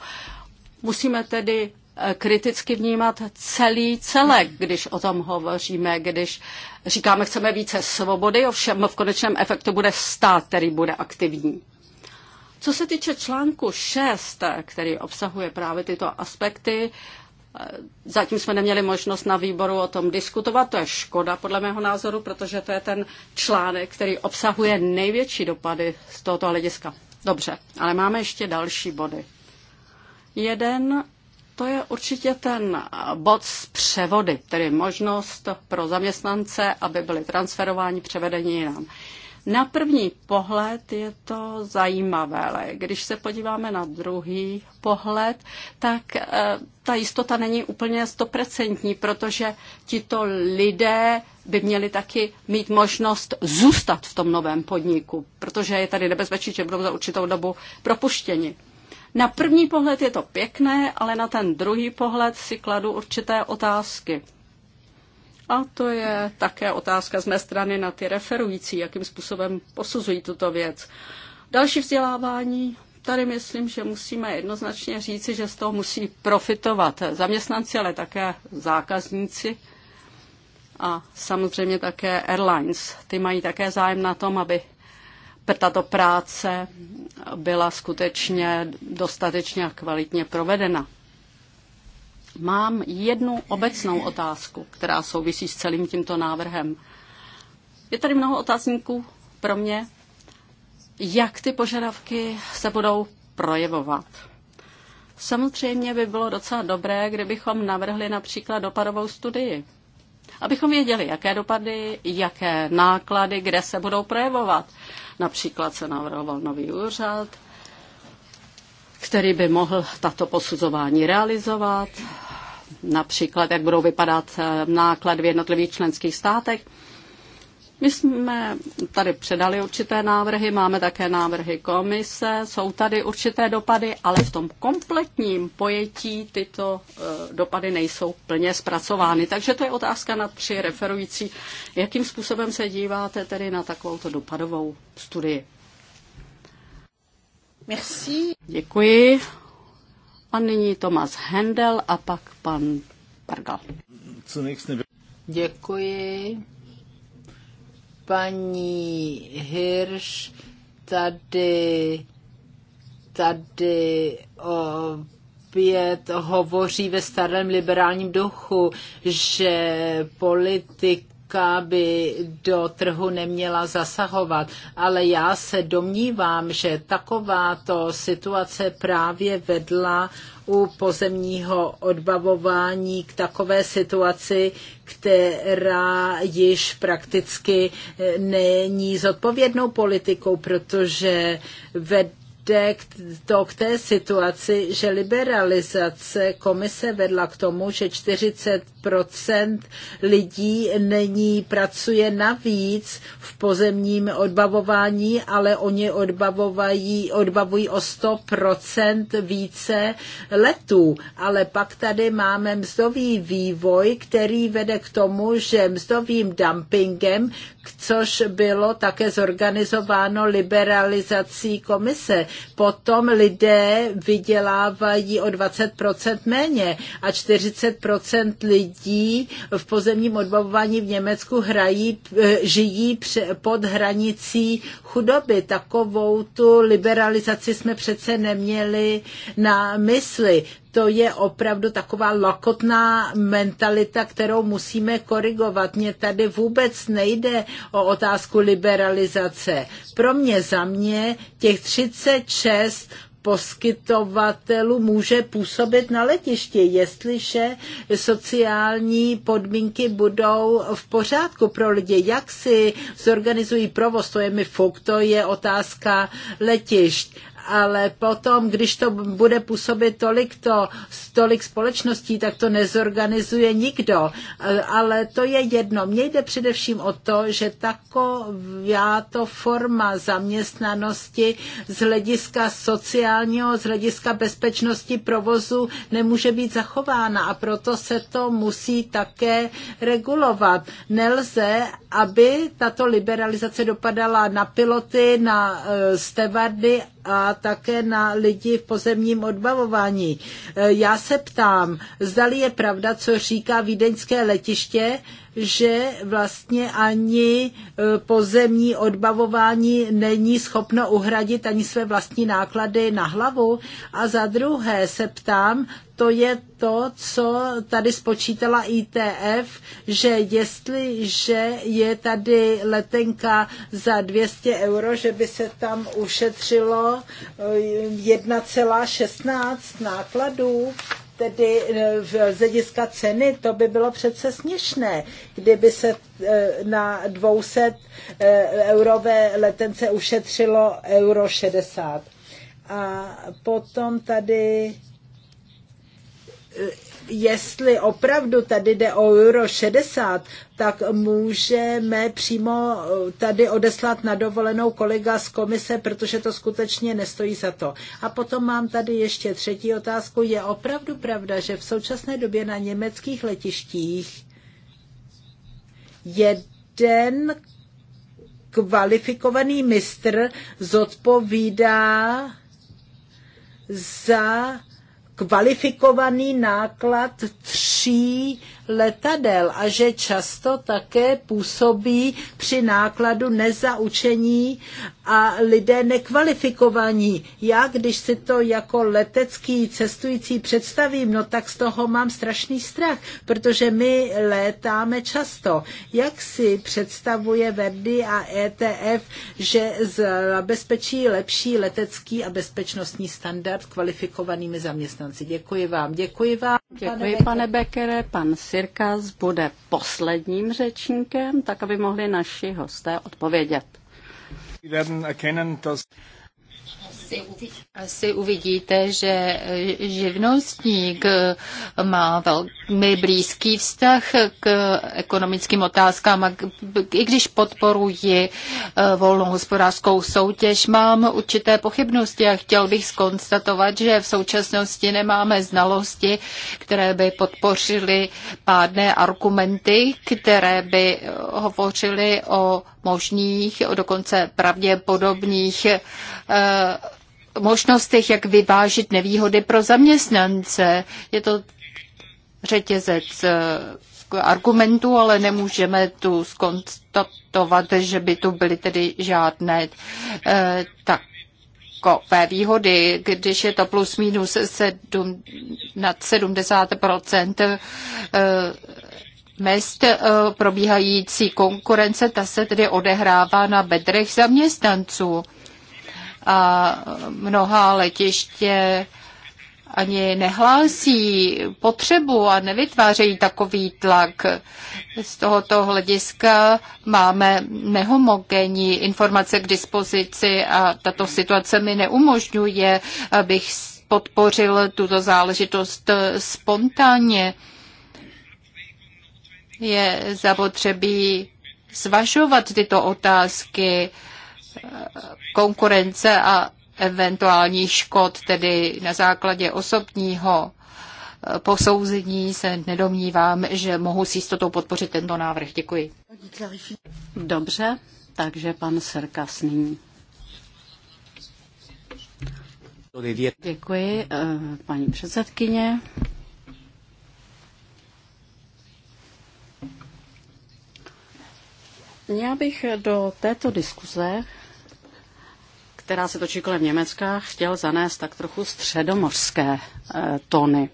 Musíme tedy kriticky vnímat celý celek, když o tom hovoříme, když říkáme, chceme více svobody, ovšem v konečném efektu bude stát, který bude aktivní. Co se týče článku 6, který obsahuje právě tyto aspekty, zatím jsme neměli možnost na výboru o tom diskutovat, to je škoda podle mého názoru, protože to je ten článek, který obsahuje největší dopady z tohoto hlediska. Dobře, ale máme ještě další body. Jeden to je určitě ten bod s převody, tedy možnost pro zaměstnance, aby byli transferováni, převedeni jinam. Na první pohled je to zajímavé, ale když se podíváme na druhý pohled, tak e, ta jistota není úplně stoprocentní, protože tito lidé by měli taky mít možnost zůstat v tom novém podniku, protože je tady nebezpečí, že budou za určitou dobu propuštěni. Na první pohled je to pěkné, ale na ten druhý pohled si kladu určité otázky. A to je také otázka z mé strany na ty referující, jakým způsobem posuzují tuto věc. Další vzdělávání. Tady myslím, že musíme jednoznačně říci, že z toho musí profitovat zaměstnanci, ale také zákazníci a samozřejmě také airlines. Ty mají také zájem na tom, aby tato práce byla skutečně dostatečně a kvalitně provedena. Mám jednu obecnou otázku, která souvisí s celým tímto návrhem. Je tady mnoho otázníků pro mě, jak ty požadavky se budou projevovat. Samozřejmě by bylo docela dobré, kdybychom navrhli například dopadovou studii. Abychom věděli, jaké dopady, jaké náklady, kde se budou projevovat. Například se navrhoval nový úřad, který by mohl tato posuzování realizovat, například jak budou vypadat eh, náklady v jednotlivých členských státech. My jsme tady předali určité návrhy, máme také návrhy komise, jsou tady určité dopady, ale v tom kompletním pojetí tyto eh, dopady nejsou plně zpracovány. Takže to je otázka na tři referující. Jakým způsobem se díváte tedy na takovouto dopadovou studii? Merci. Děkuji. A nyní Tomas Hendel a pak pan Pargal. Děkuji. Paní Hirš tady, tady opět hovoří ve starém liberálním duchu, že politik banka by do trhu neměla zasahovat, ale já se domnívám, že takováto situace právě vedla u pozemního odbavování k takové situaci, která již prakticky není zodpovědnou politikou, protože ved, jde k, to, k té situaci, že liberalizace komise vedla k tomu, že 40 lidí není, pracuje navíc v pozemním odbavování, ale oni odbavovají, odbavují o 100 více letů. Ale pak tady máme mzdový vývoj, který vede k tomu, že mzdovým dumpingem, což bylo také zorganizováno liberalizací komise potom lidé vydělávají o 20% méně a 40% lidí v pozemním odbavování v Německu hrají, eh, žijí pod hranicí chudoby. Takovou tu liberalizaci jsme přece neměli na mysli to je opravdu taková lokotná mentalita, kterou musíme korigovat. Mně tady vůbec nejde o otázku liberalizace. Pro mě za mě těch 36 poskytovatelů může působit na letišti, jestliže sociální podmínky budou v pořádku pro lidi. Jak si zorganizují provoz, to je mi fuk, to je otázka letišť ale potom, když to bude působit tolik, to, tolik společností, tak to nezorganizuje nikdo. Ale to je jedno. Mně jde především o to, že taková to forma zaměstnanosti z hlediska sociálního, z hlediska bezpečnosti provozu nemůže být zachována a proto se to musí také regulovat. Nelze, aby tato liberalizace dopadala na piloty, na eh, stevardy a také na lidi v pozemním odbavování. E, já se ptám, zdali je pravda, co říká vídeňské letiště, že vlastně ani e, pozemní odbavování není schopno uhradit ani své vlastní náklady na hlavu. A za druhé se ptám, to je to, co tady spočítala ITF, že jestliže je tady letenka za 200 euro, že by se tam ušetřilo 1,16 e, nákladů tedy e, z hlediska ceny, to by bylo přece směšné, kdyby se e, na 200 e, eurové letence ušetřilo euro 60. A potom tady jestli opravdu tady jde o euro 60, tak můžeme přímo eh, tady odeslat na dovolenou kolega z komise, protože to skutečně nestojí za to. A potom mám tady ještě třetí otázku. Je opravdu pravda, že v současné době na německých letištích jeden kvalifikovaný mistr zodpovídá za kvalifikovaný náklad tří letadel a že často také působí při nákladu nezaučení a lidé nekvalifikovaní. Já, když si to jako letecký cestující představím, no tak z toho mám strašný strach, protože my létáme často. Jak si představuje Verdi a ETF, že zabezpečí lepší letecký a bezpečnostní standard kvalifikovanými zaměstnanci? Děkuji vám. Děkuji vám. Děkuji, pane, pane Bekere, pan si Sirkas bude posledním řečníkem, tak aby mohli naši hosté odpovědět. Asi uvidíte, že živnostník má velmi blízký vztah k ekonomickým otázkám a i když podporuji eh, volnou hospodářskou soutěž, mám určité pochybnosti a chtěl bych skonstatovat, že v současnosti nemáme znalosti, které by podpořily pádné argumenty, které by hovořily o možných, o dokonce pravděpodobných eh, možnostech, jak vyvážit nevýhody pro zaměstnance. Je to řetězec eh, argumentů, ale nemůžeme tu skonstatovat, že by tu byly tedy žádné tak eh, takové výhody, když je to plus minus sedm, nad 70 eh, mest probíhající konkurence, ta se tedy odehrává na bedrech zaměstnanců a mnoha letiště ani nehlásí potřebu a nevytvářejí takový tlak. Z tohoto hlediska máme nehomogenní informace k dispozici a tato situace mi neumožňuje, abych podpořil tuto záležitost spontánně. Je zapotřebí zvažovat tyto otázky konkurence a eventuální škod, tedy na základě osobního eh, posouzení se nedomnívám, že mohu s jistotou podpořit tento návrh. Děkuji. Dobře, takže pan Serkas nyní. Děkuji, eh, paní předsedkyně. Já bych do této diskuze která se točí kolem Německa, chtěl zanést tak trochu středomořské eh, tóny.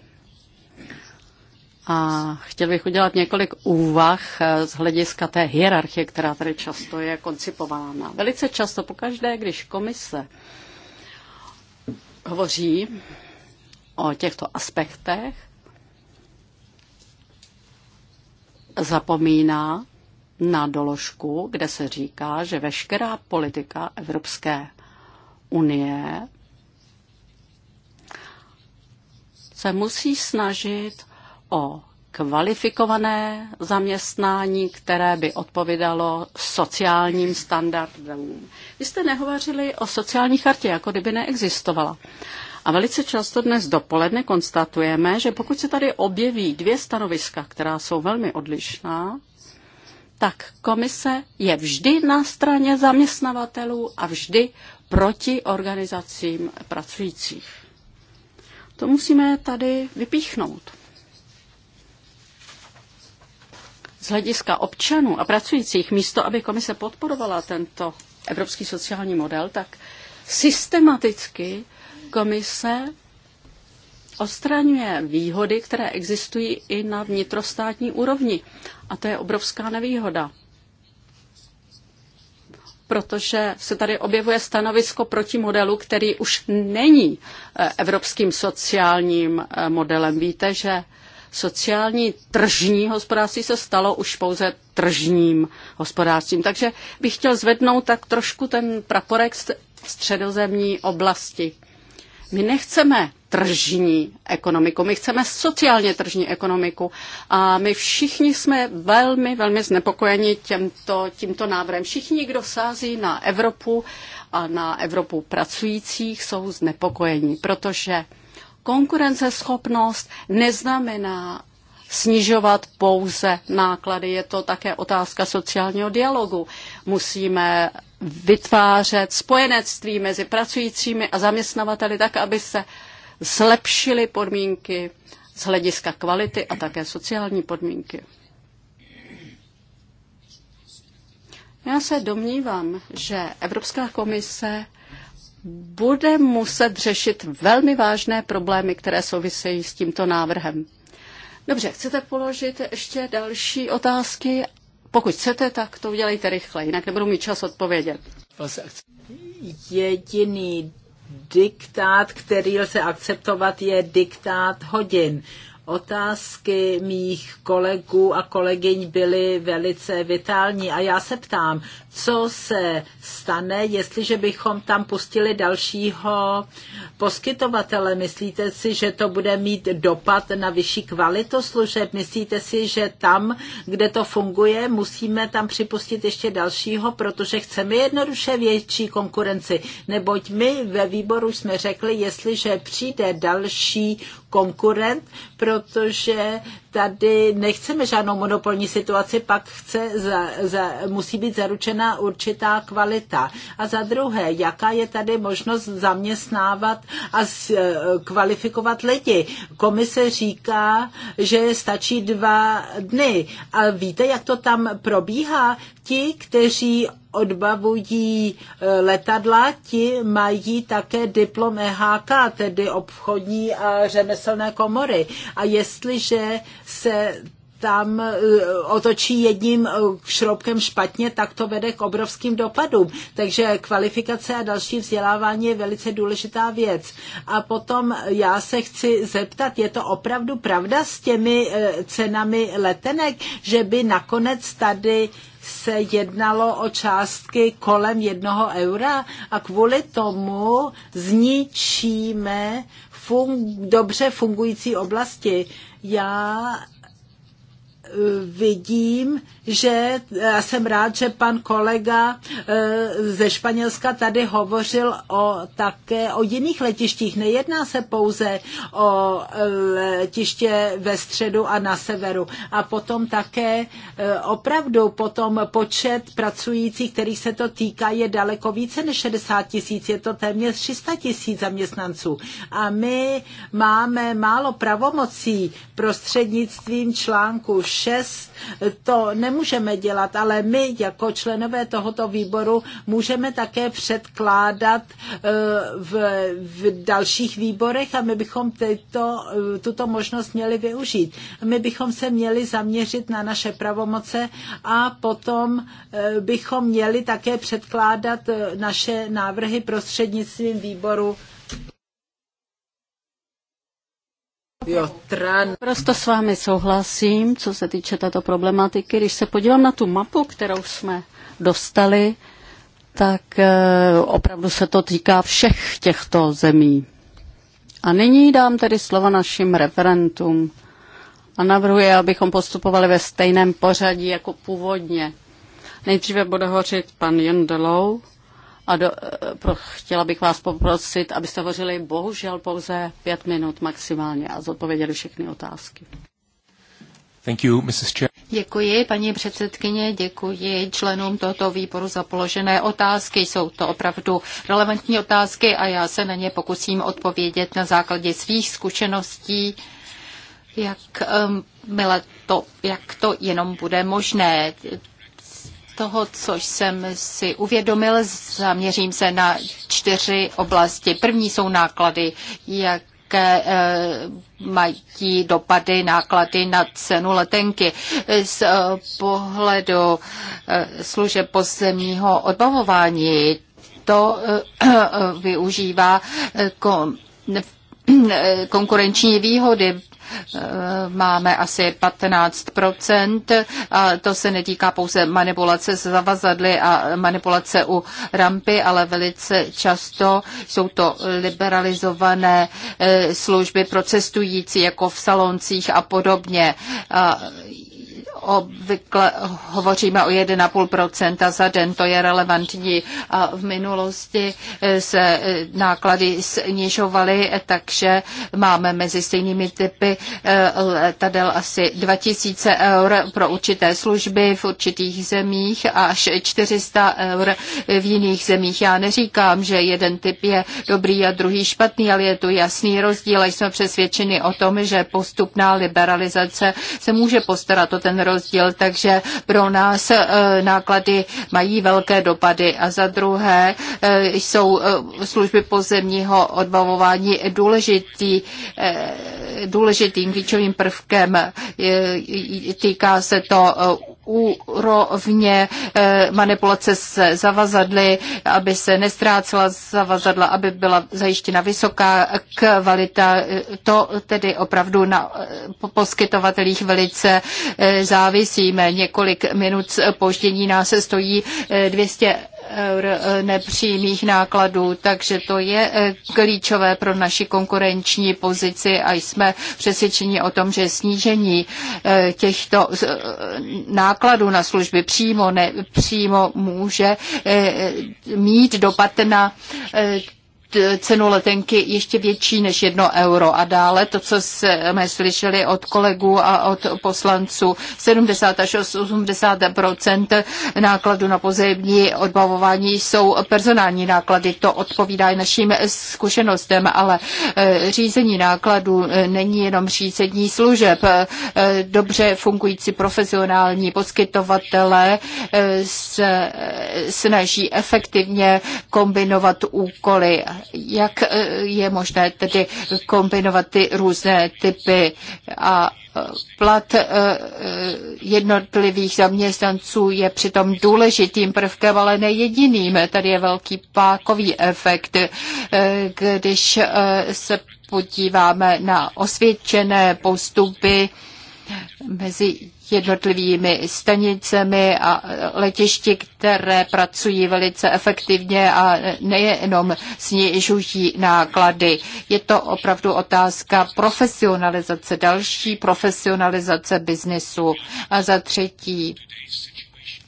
A chtěl bych udělat několik úvah eh, z hlediska té hierarchie, která tady často je koncipována. Velice často, pokaždé, když komise hovoří o těchto aspektech, zapomíná na doložku, kde se říká, že veškerá politika Evropské unie se musí snažit o kvalifikované zaměstnání, které by odpovídalo sociálním standardům. Vy jste nehovořili o sociální chartě, jako kdyby neexistovala. A velice často dnes dopoledne konstatujeme, že pokud se tady objeví dvě stanoviska, která jsou velmi odlišná, tak komise je vždy na straně zaměstnavatelů a vždy proti organizacím pracujících. To musíme tady vypíchnout. Z hlediska občanů a pracujících, místo aby komise podporovala tento evropský sociální model, tak systematicky komise odstraňuje výhody, které existují i na vnitrostátní úrovni. A to je obrovská nevýhoda protože se tady objevuje stanovisko proti modelu, který už není eh, evropským sociálním eh, modelem. Víte, že sociální tržní hospodářství se stalo už pouze tržním hospodářstvím. Takže bych chtěl zvednout tak trošku ten praporek středozemní oblasti. My nechceme tržní ekonomiku. My chceme sociálně tržní ekonomiku a my všichni jsme velmi, velmi znepokojeni těmto, tímto návrhem. Všichni, kdo sází na Evropu a na Evropu pracujících, jsou znepokojeni, protože konkurenceschopnost neznamená snižovat pouze náklady. Je to také otázka sociálního dialogu. Musíme vytvářet spojenectví mezi pracujícími a zaměstnavateli tak, aby se zlepšili podmínky z hlediska kvality a také sociální podmínky. Já se domnívám, že Evropská komise bude muset řešit velmi vážné problémy, které souvisejí s tímto návrhem. Dobře, chcete položit ještě další otázky? Pokud chcete, tak to udělejte rychle, jinak nebudu mít čas odpovědět. Jediný diktát, který lze akceptovat, je diktát hodin. Otázky mých kolegů a kolegyň byly velice vitální a já se ptám, co se stane, jestliže bychom tam pustili dalšího poskytovatele. Myslíte si, že to bude mít dopad na vyšší kvalitu služeb? Myslíte si, že tam, kde to funguje, musíme tam připustit ještě dalšího, protože chceme jednoduše větší konkurenci? Neboť my ve výboru jsme řekli, jestliže přijde další konkurent, protože tady nechceme žádnou monopolní situaci, pak chce, za, za, musí být zaručena určitá kvalita. A za druhé, jaká je tady možnost zaměstnávat a z, eh, kvalifikovat lidi? Komise říká, že stačí dva dny. A víte, jak to tam probíhá? Ti, kteří odbavují e, letadla, ti mají také diplom EHK, tedy obchodní a řemeslné komory. A jestliže se tam e, otočí jedním e, šroubkem špatně, tak to vede k obrovským dopadům. Takže kvalifikace a další vzdělávání je velice důležitá věc. A potom já se chci zeptat, je to opravdu pravda s těmi cenami letenek, že by nakonec tady se jednalo o částky kolem jednoho eura a kvůli tomu zničíme fun- dobře fungující oblasti. Já eh, vidím, že já e, jsem rád, že pan kolega e, ze Španělska tady hovořil o také o jiných letištích. Nejedná se pouze o e, letiště ve středu a na severu. A potom také opravdu potom počet pracujících, kterých se to týká, je daleko více než 60 tisíc. Je to téměř 300 tisíc zaměstnanců. A my máme málo pravomocí prostřednictvím článku 6 to nemůžeme dělat, ale my jako členové tohoto výboru můžeme také předkládat eh, v, v dalších výborech a my bychom tyto, eh, tuto možnost měli využít. My bychom se měli zaměřit na naše pravomoce a potom eh, bychom měli také předkládat naše návrhy prostřednictvím výboru Prosto s vámi souhlasím, co se týče této problematiky. Když se podívám na tu mapu, kterou jsme dostali, tak eh, opravdu se to týká všech těchto zemí. A nyní dám tedy slova našim referentům a navrhuji, abychom postupovali ve stejném pořadí jako původně. Nejdříve bude hořit pan Jendelou, a do, eh, pro, chtěla bych vás poprosit, abyste hovořili bohužel pouze pět minut maximálně a zodpověděli všechny otázky. Thank you, Mrs. Chair. Děkuji, paní předsedkyně, děkuji členům tohoto výboru za položené otázky. Jsou to opravdu relevantní otázky a já se na ně pokusím odpovědět na základě svých zkušeností, jak, um, to, jak to jenom bude možné toho, co jsem si uvědomil, zaměřím se na čtyři oblasti. První jsou náklady, jak eh, mají dopady, náklady na cenu letenky. Z eh, pohledu eh, služeb pozemního odbavování to využívá konkurenční výhody máme asi 15%. A to se netýká pouze manipulace s zavazadly a manipulace u rampy, ale velice často jsou to liberalizované eh, služby pro cestující, jako v saloncích a podobně. A obvykle hovoříme o 1,5% za den, to je relevantní. A v minulosti se náklady snižovaly, takže máme mezi stejnými typy eh, letadel asi 2000 eur pro určité služby v určitých zemích a až 400 eur v jiných zemích. Já neříkám, že jeden typ je dobrý a druhý špatný, ale je tu jasný rozdíl a jsme přesvědčeni o tom, že postupná liberalizace se může postarat o ten rozdíl rozdíl, takže pro nás eh, náklady mají velké dopady. A za druhé eh, jsou eh, služby pozemního odbavování důležitý, důležitým klíčovým prvkem. Týká se to úrovně eh, manipulace se zavazadly, aby se nestrácela zavazadla, aby byla zajištěna vysoká kvalita. To tedy opravdu na eh, poskytovatelích velice eh, závisíme. Několik minut spoždění nás stojí 200 eur eh, nepřímých nákladů, takže to je eh, klíčové pro naši konkurenční pozici a jsme přesvědčeni o tom, že snížení eh, těchto nákladů na služby přímo, přímo může mít dopad na cenu letenky ještě větší než jedno euro. A dále to, co jsme slyšeli od kolegů a od poslanců, 70 až 80 nákladů na pozemní odbavování jsou personální náklady. To odpovídá i našim zkušenostem, ale eh, řízení nákladů eh, není jenom řízení služeb. Eh, dobře fungující profesionální poskytovatele se snaží efektivně kombinovat úkoly jak eh, je možné tedy kombinovat ty různé typy a eh, plat eh, jednotlivých zaměstnanců je přitom důležitým prvkem, ale ne jediným. Tady je velký pákový efekt, když se podíváme na osvědčené postupy mezi jednotlivými stanicemi a letišti, které pracují velice efektivně a nejenom snižují náklady. Je to opravdu otázka profesionalizace, další profesionalizace biznesu. A za třetí,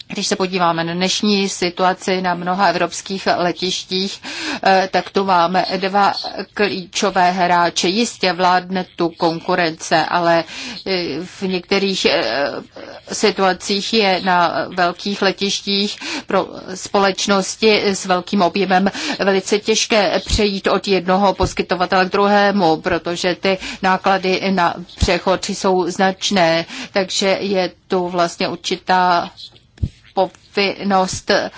když se podíváme na dnešní situaci na mnoha evropských letištích, eh, tak tu máme dva klíčové hráče. Jistě vládne tu konkurence, ale eh, v některých eh, situacích je na velkých letištích pro společnosti s velkým objemem velice těžké přejít od jednoho poskytovatele k druhému, protože ty náklady na přechod jsou značné, takže je tu vlastně určitá povinnost eh,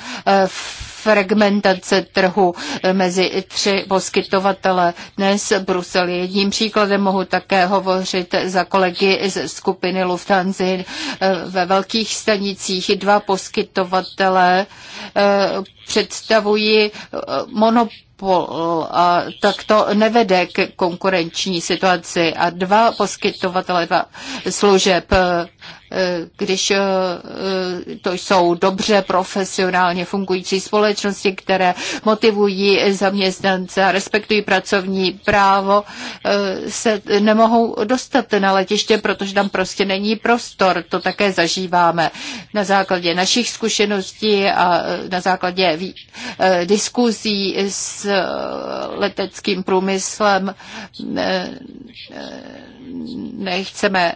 fragmentace trhu eh, mezi tři poskytovatele. Dnes Brusel je jedním příkladem, mohu také hovořit za kolegy z skupiny Lufthansa eh, ve velkých stanicích. Dva poskytovatele představují monopol monopol a tak to nevede k konkurenční situaci. A dva poskytovatele dva služeb, e, když e, to jsou dobře profesionálně fungující společnosti, které motivují zaměstnance a respektují pracovní právo, e, se nemohou dostat na letiště, protože tam prostě není prostor. To také zažíváme na základě našich zkušeností a na základě diskuzí s leteckým průmyslem. Nechceme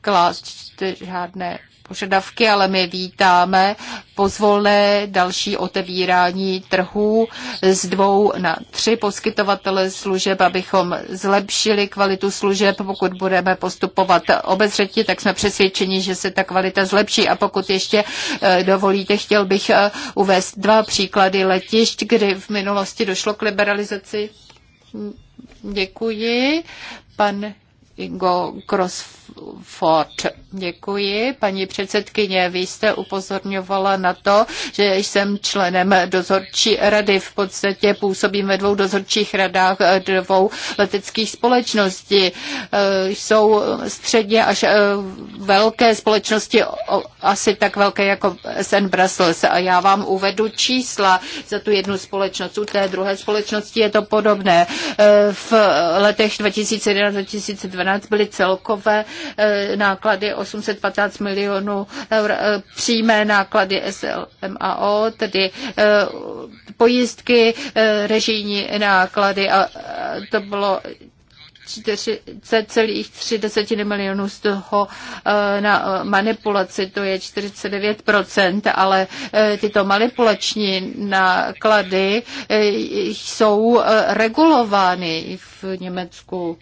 klást žádné požadavky, ale my vítáme pozvolné další otevírání trhů z dvou na tři poskytovatele služeb, abychom zlepšili kvalitu služeb. Pokud budeme postupovat obezřetně, tak jsme přesvědčeni, že se ta kvalita zlepší. A pokud ještě eh, dovolíte, chtěl bych eh, uvést dva příklady letišť, kdy v minulosti došlo k liberalizaci. Děkuji. Pan Ingo Crossford. Děkuji. Paní předsedkyně, vy jste upozorňovala na to, že jsem členem dozorčí rady. V podstatě působím ve dvou dozorčích radách dvou leteckých společností. Eh, jsou středně až eh, velké společnosti, asi tak velké jako SN Brussels. A já vám uvedu čísla za tu jednu společnost. U té druhé společnosti je to podobné. Eh, v letech 2011-2012 2011 byly celkové eh, náklady 815 milionů eur, eh, přímé náklady SLMAO, tedy eh, pojistky, režijní náklady a to bylo 40,3 milionů z toho na manipulaci, to je 49%, ale tyto manipulační náklady jsou regulovány v Německu.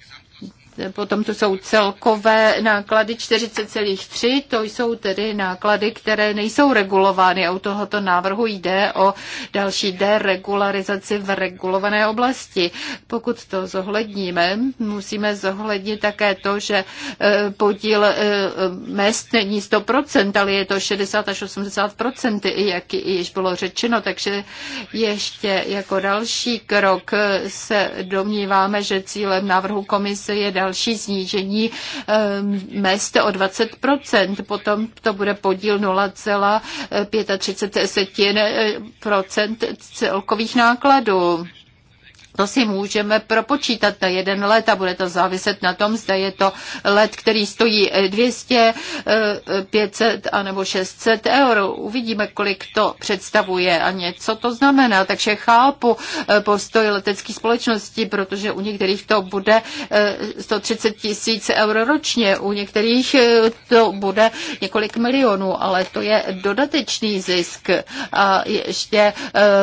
Potom tu jsou celkové náklady 40,3, to jsou tedy náklady, které nejsou regulovány a u tohoto návrhu jde o další deregularizaci v regulované oblasti. Pokud to zohledníme, musíme zohlednit také to, že e, podíl e, mest není 100%, ale je to 60 až 80%, jak již bylo řečeno, takže ještě jako další krok e, se domníváme, že cílem návrhu komise je další snížení ehm, mest o 20%, potom to bude podíl 0,35% eh, celkových nákladů. To si můžeme propočítat na jeden let a bude to záviset na tom, zda je to let, který stojí 200, eh, 500 eh, nebo 600 eur. Uvidíme, kolik to představuje a něco to znamená. Takže chápu eh, postoj letecké společnosti, protože u některých to bude 130 tisíc eur ročně, u některých to bude několik milionů, ale to je dodatečný zisk a ještě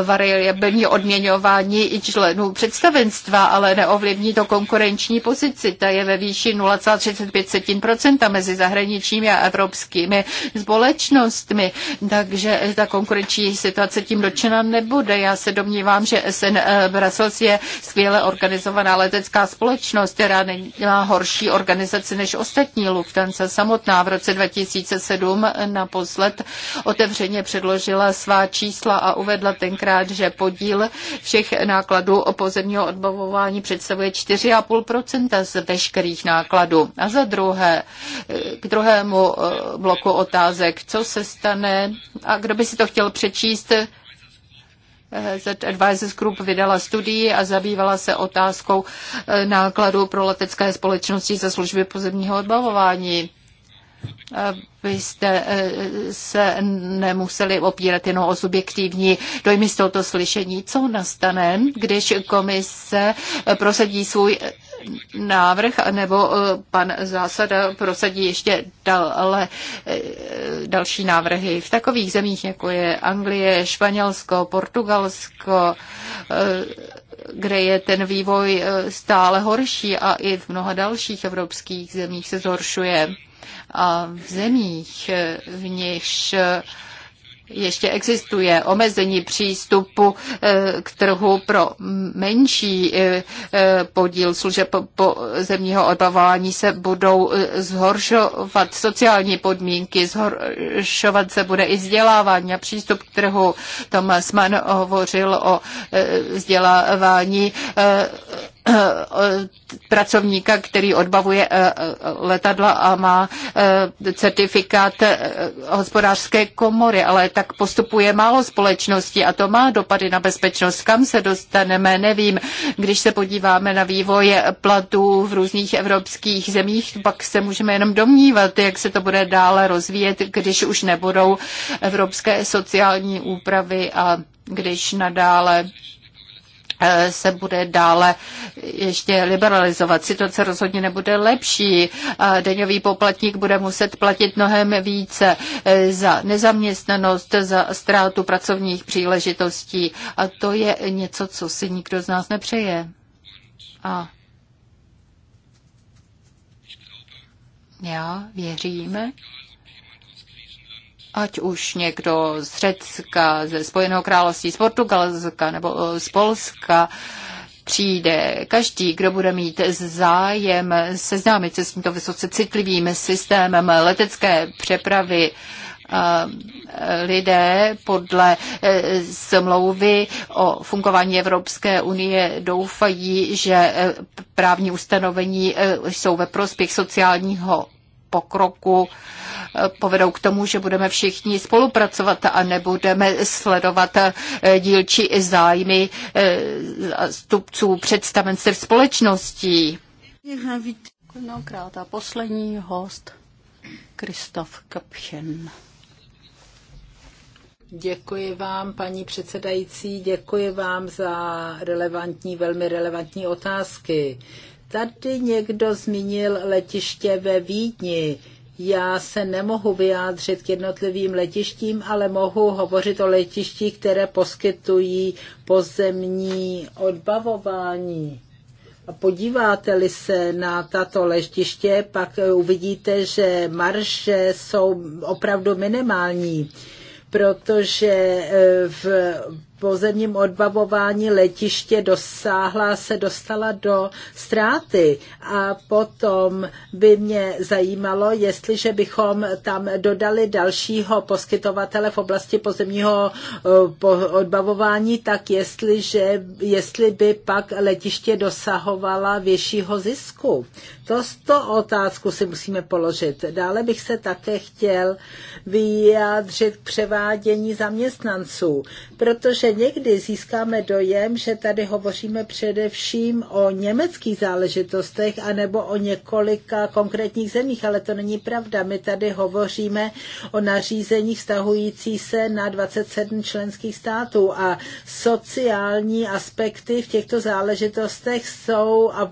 variabilní odměňování i členů představenstva, ale neovlivní to konkurenční pozici. Ta je ve výši 0,35% mezi zahraničními a evropskými společnostmi, takže ta konkurenční situace tím dočena nebude. Já se domnívám, že SN Brussels je skvěle organizovaná letecká společnost, která nemá horší organizaci než ostatní Lufthansa samotná. V roce 2007 naposled otevřeně předložila svá čísla a uvedla tenkrát, že podíl všech nákladů pozemního odbavování představuje 4,5 z veškerých nákladů. A za druhé, k druhému eh, bloku otázek, co se stane, a kdo by si to chtěl přečíst, eh, Z Advisors Group vydala studii a zabývala se otázkou eh, nákladů pro letecké společnosti za služby pozemního odbavování abyste eh, se nemuseli opírat jenom o subjektivní dojmy z tohoto slyšení. Co nastane, když komise prosadí svůj návrh, nebo eh, pan Zásada prosadí ještě dále eh, další návrhy. V takových zemích, jako je Anglie, Španělsko, Portugalsko, kde je ten vývoj stále horší a i v mnoha dalších evropských zemích se zhoršuje a v zemích, v nichž ještě existuje omezení přístupu eh, k trhu pro menší eh, eh, podíl služeb po zemního odbavování se budou zhoršovat sociální podmínky, zhoršovat se bude i vzdělávání a přístup k trhu. Thomas Mann hovořil o vzdělávání Eh, pracovníka, který odbavuje eh, eh, letadla a má certifikát hospodářské komory, ale tak postupuje málo společností a to má dopady na bezpečnost. Kam se dostaneme, nevím. Když se podíváme na vývoj platů v různých evropských zemích, pak se můžeme jenom domnívat, jak se to bude dále rozvíjet, když už nebudou evropské sociální úpravy a když nadále Eh, se bude dále ještě liberalizovat. Situace rozhodně nebude lepší. Eh, Deňový poplatník bude muset platit mnohem více eh, za nezaměstnanost, za ztrátu pracovních příležitostí. A to je něco, co si nikdo z nás nepřeje. A já věřím, ať už někdo z Řecka, ze Spojeného království, z Portugalska nebo eh, z Polska, přijde každý, kdo bude mít zájem seznámit se s tímto vysoce citlivým systémem letecké přepravy, eh, lidé podle eh, smlouvy o fungování Evropské unie doufají, že právní ustanovení jsou ve prospěch sociálního pokroku eh, povedou k tomu, že budeme všichni spolupracovat a nebudeme sledovat eh, dílčí zájmy eh, stupců představenstev společností. Mnohokrát a poslední host Kristof Kapchen. Děkuji vám, paní předsedající, děkuji vám za relevantní, velmi relevantní otázky. Tady někdo zmínil letiště ve Vídni. Já se nemohu vyjádřit k jednotlivým letištím, ale mohu hovořit o letištích, které poskytují pozemní odbavování. A podíváte-li se na tato letiště, pak uvidíte, že marže jsou opravdu minimální, protože eh, v pozemním odbavování letiště dosáhla, se dostala do ztráty. A potom by mě zajímalo, jestliže bychom tam dodali dalšího poskytovatele v oblasti pozemního eh, odbavování, tak jestliže, jestli by pak letiště dosahovala většího zisku. To, to otázku si musíme položit. Dále bych se také chtěl vyjádřit k převádění zaměstnanců, protože někdy získáme dojem, že tady hovoříme především o německých záležitostech anebo o několika konkrétních zemích, ale to není pravda. My tady hovoříme o nařízení vztahující se na 27 členských států a sociální aspekty v těchto záležitostech jsou a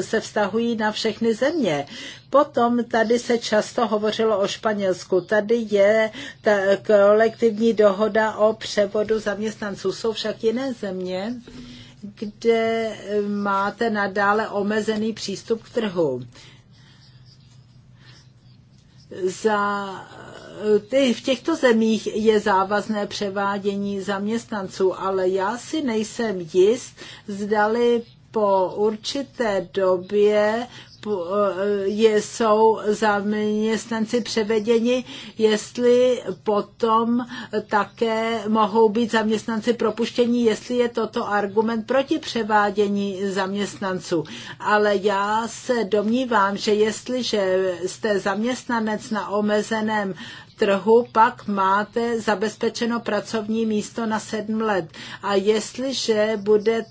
se vztahují na všechny země. Potom tady se často hovořilo o Španělsku. Tady je ta kolektivní dohoda o převodu zaměstnanců. Jsou však jiné země, kde máte nadále omezený přístup k trhu. Za v těchto zemích je závazné převádění zaměstnanců, ale já si nejsem jist, zdali po určité době Eh, je, jsou zaměstnanci převeděni, jestli potom také mohou být zaměstnanci propuštění, jestli je toto argument proti převádění zaměstnanců. Ale já se domnívám, že jestliže jste zaměstnanec na omezeném trhu, pak máte zabezpečeno pracovní místo na sedm let. A jestliže bude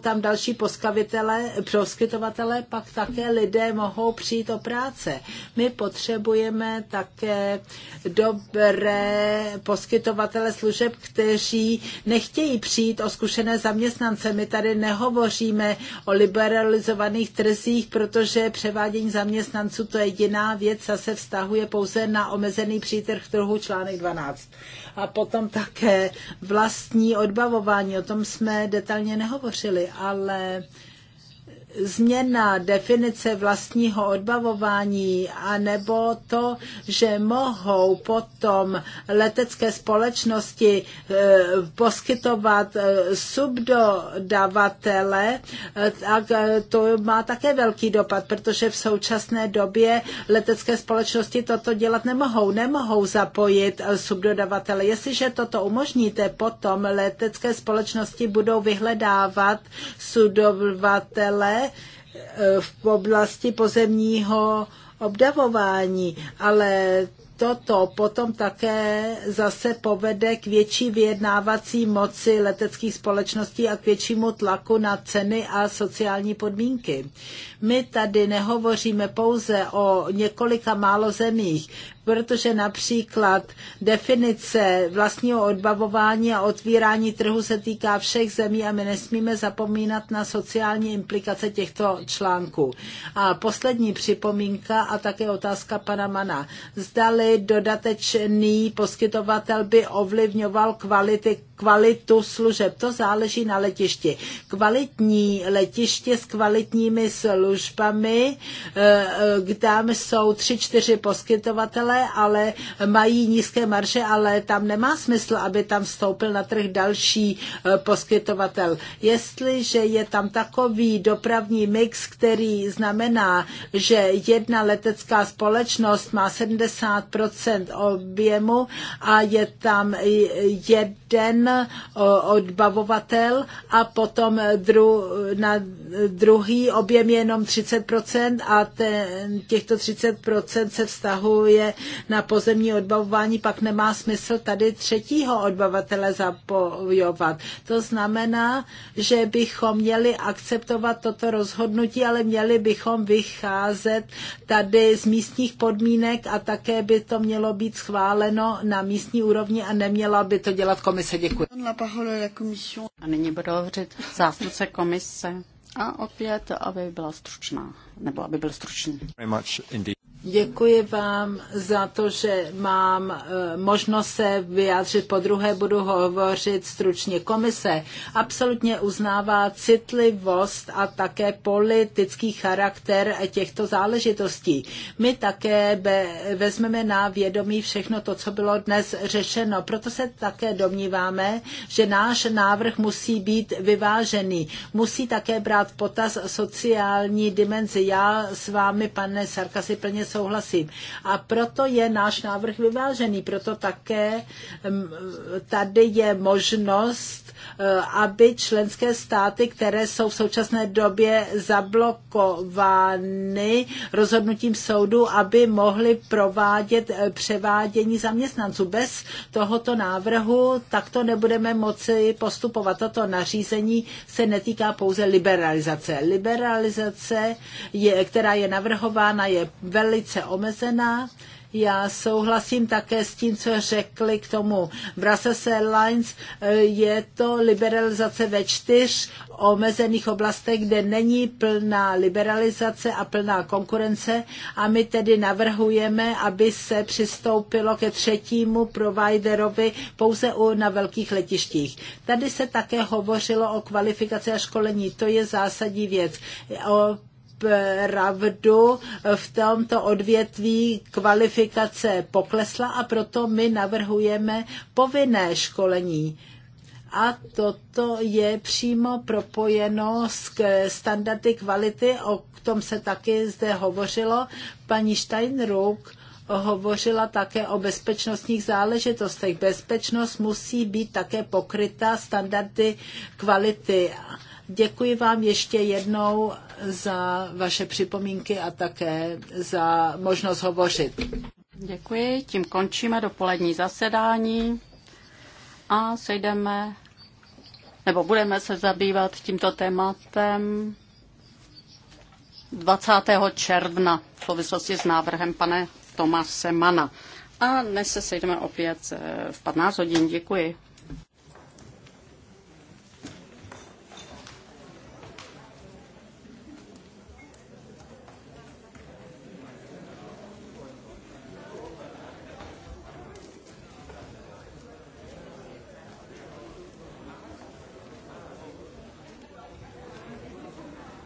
tam další poskytovatele, pak také lidé mohou přijít o práce. My potřebujeme také dobré poskytovatele služeb, kteří nechtějí přijít o zkušené zaměstnance. My tady nehovoříme o liberalizovaných trzích, protože převádění zaměstnanců to je jediná věc a se vztahuje pouze na omezený přítok trh trhu článek 12. A potom také vlastní odbavování, o tom jsme detailně nehovořili, ale změna definice vlastního odbavování, nebo to, že mohou potom letecké společnosti eh, poskytovat eh, subdodavatele, eh, tak to má také velký dopad, protože v současné době letecké společnosti toto dělat nemohou. Nemohou zapojit subdodavatele. Jestliže toto umožníte, potom letecké společnosti budou vyhledávat subdodavatele v oblasti pozemního obdavování, ale toto potom také zase povede k větší vyjednávací moci leteckých společností a k většímu tlaku na ceny a sociální podmínky. My tady nehovoříme pouze o několika málo zemích protože například definice vlastního odbavování a otvírání trhu se týká všech zemí a my nesmíme zapomínat na sociální implikace těchto článků. A poslední připomínka a také otázka pana Mana. Zdali dodatečný poskytovatel by ovlivňoval kvality kvalitu služeb. To záleží na letišti. Kvalitní letiště s kvalitními službami, eh, eh, tam jsou tři, čtyři poskytovatele, ale mají nízké marže, ale tam nemá smysl, aby tam vstoupil na trh další eh, poskytovatel. Jestliže je tam takový dopravní mix, který znamená, že jedna letecká společnost má 70% objemu a je tam jeden odbavovatel a potom eh, dru, na eh, druhý objem je jenom 30% a ten, těchto 30% se vztahuje na pozemní odbavování, pak nemá smysl tady třetího odbavatele zapojovat. To znamená, že bychom měli akceptovat toto rozhodnutí, ale měli bychom vycházet tady z místních podmínek a také by to mělo být schváleno na místní úrovni a neměla by to dělat komise. Děkuji. Děkuji. A nyní bude hovořit zástupce komise. A opět, aby byla stručná, nebo aby byl stručný. Děkuji vám za to, že mám eh, možnost se vyjádřit. Po druhé budu hovořit stručně. Komise absolutně uznává citlivost a také politický charakter těchto záležitostí. My také vezmeme na vědomí všechno to, co bylo dnes řešeno. Proto se také domníváme, že náš návrh musí být vyvážený. Musí také brát potaz sociální dimenzi. Já s vámi, pane Sarkasi, plně souhlasím. A proto je náš návrh vyvážený, proto také mm, tady je možnost, eh, aby členské státy, které jsou v současné době zablokovány rozhodnutím soudu, aby mohly provádět eh, převádění zaměstnanců. Bez tohoto návrhu takto nebudeme moci postupovat. Toto nařízení se netýká pouze liberalizace. Liberalizace, je, která je navrhována, je velice velice omezená. Já souhlasím také s tím, co řekli k tomu Brussels Airlines. Eh, je to liberalizace ve čtyř omezených oblastech, kde není plná liberalizace a plná konkurence a my tedy navrhujeme, aby se přistoupilo ke třetímu providerovi pouze u, na velkých letištích. Tady se také hovořilo o kvalifikaci a školení, to je zásadní věc. O opravdu eh, v tomto odvětví kvalifikace poklesla a proto my navrhujeme povinné školení. A toto je přímo propojeno s standardy kvality, o tom se taky zde hovořilo. Paní Steinruck hovořila také o bezpečnostních záležitostech. Bezpečnost musí být také pokryta standardy kvality Děkuji vám ještě jednou za vaše připomínky a také za možnost hovořit. Děkuji, tím končíme dopolední zasedání a sejdeme, nebo budeme se zabývat tímto tématem 20. června v souvislosti s návrhem pane Tomase Mana. A dnes se sejdeme opět v 15 hodin. Děkuji.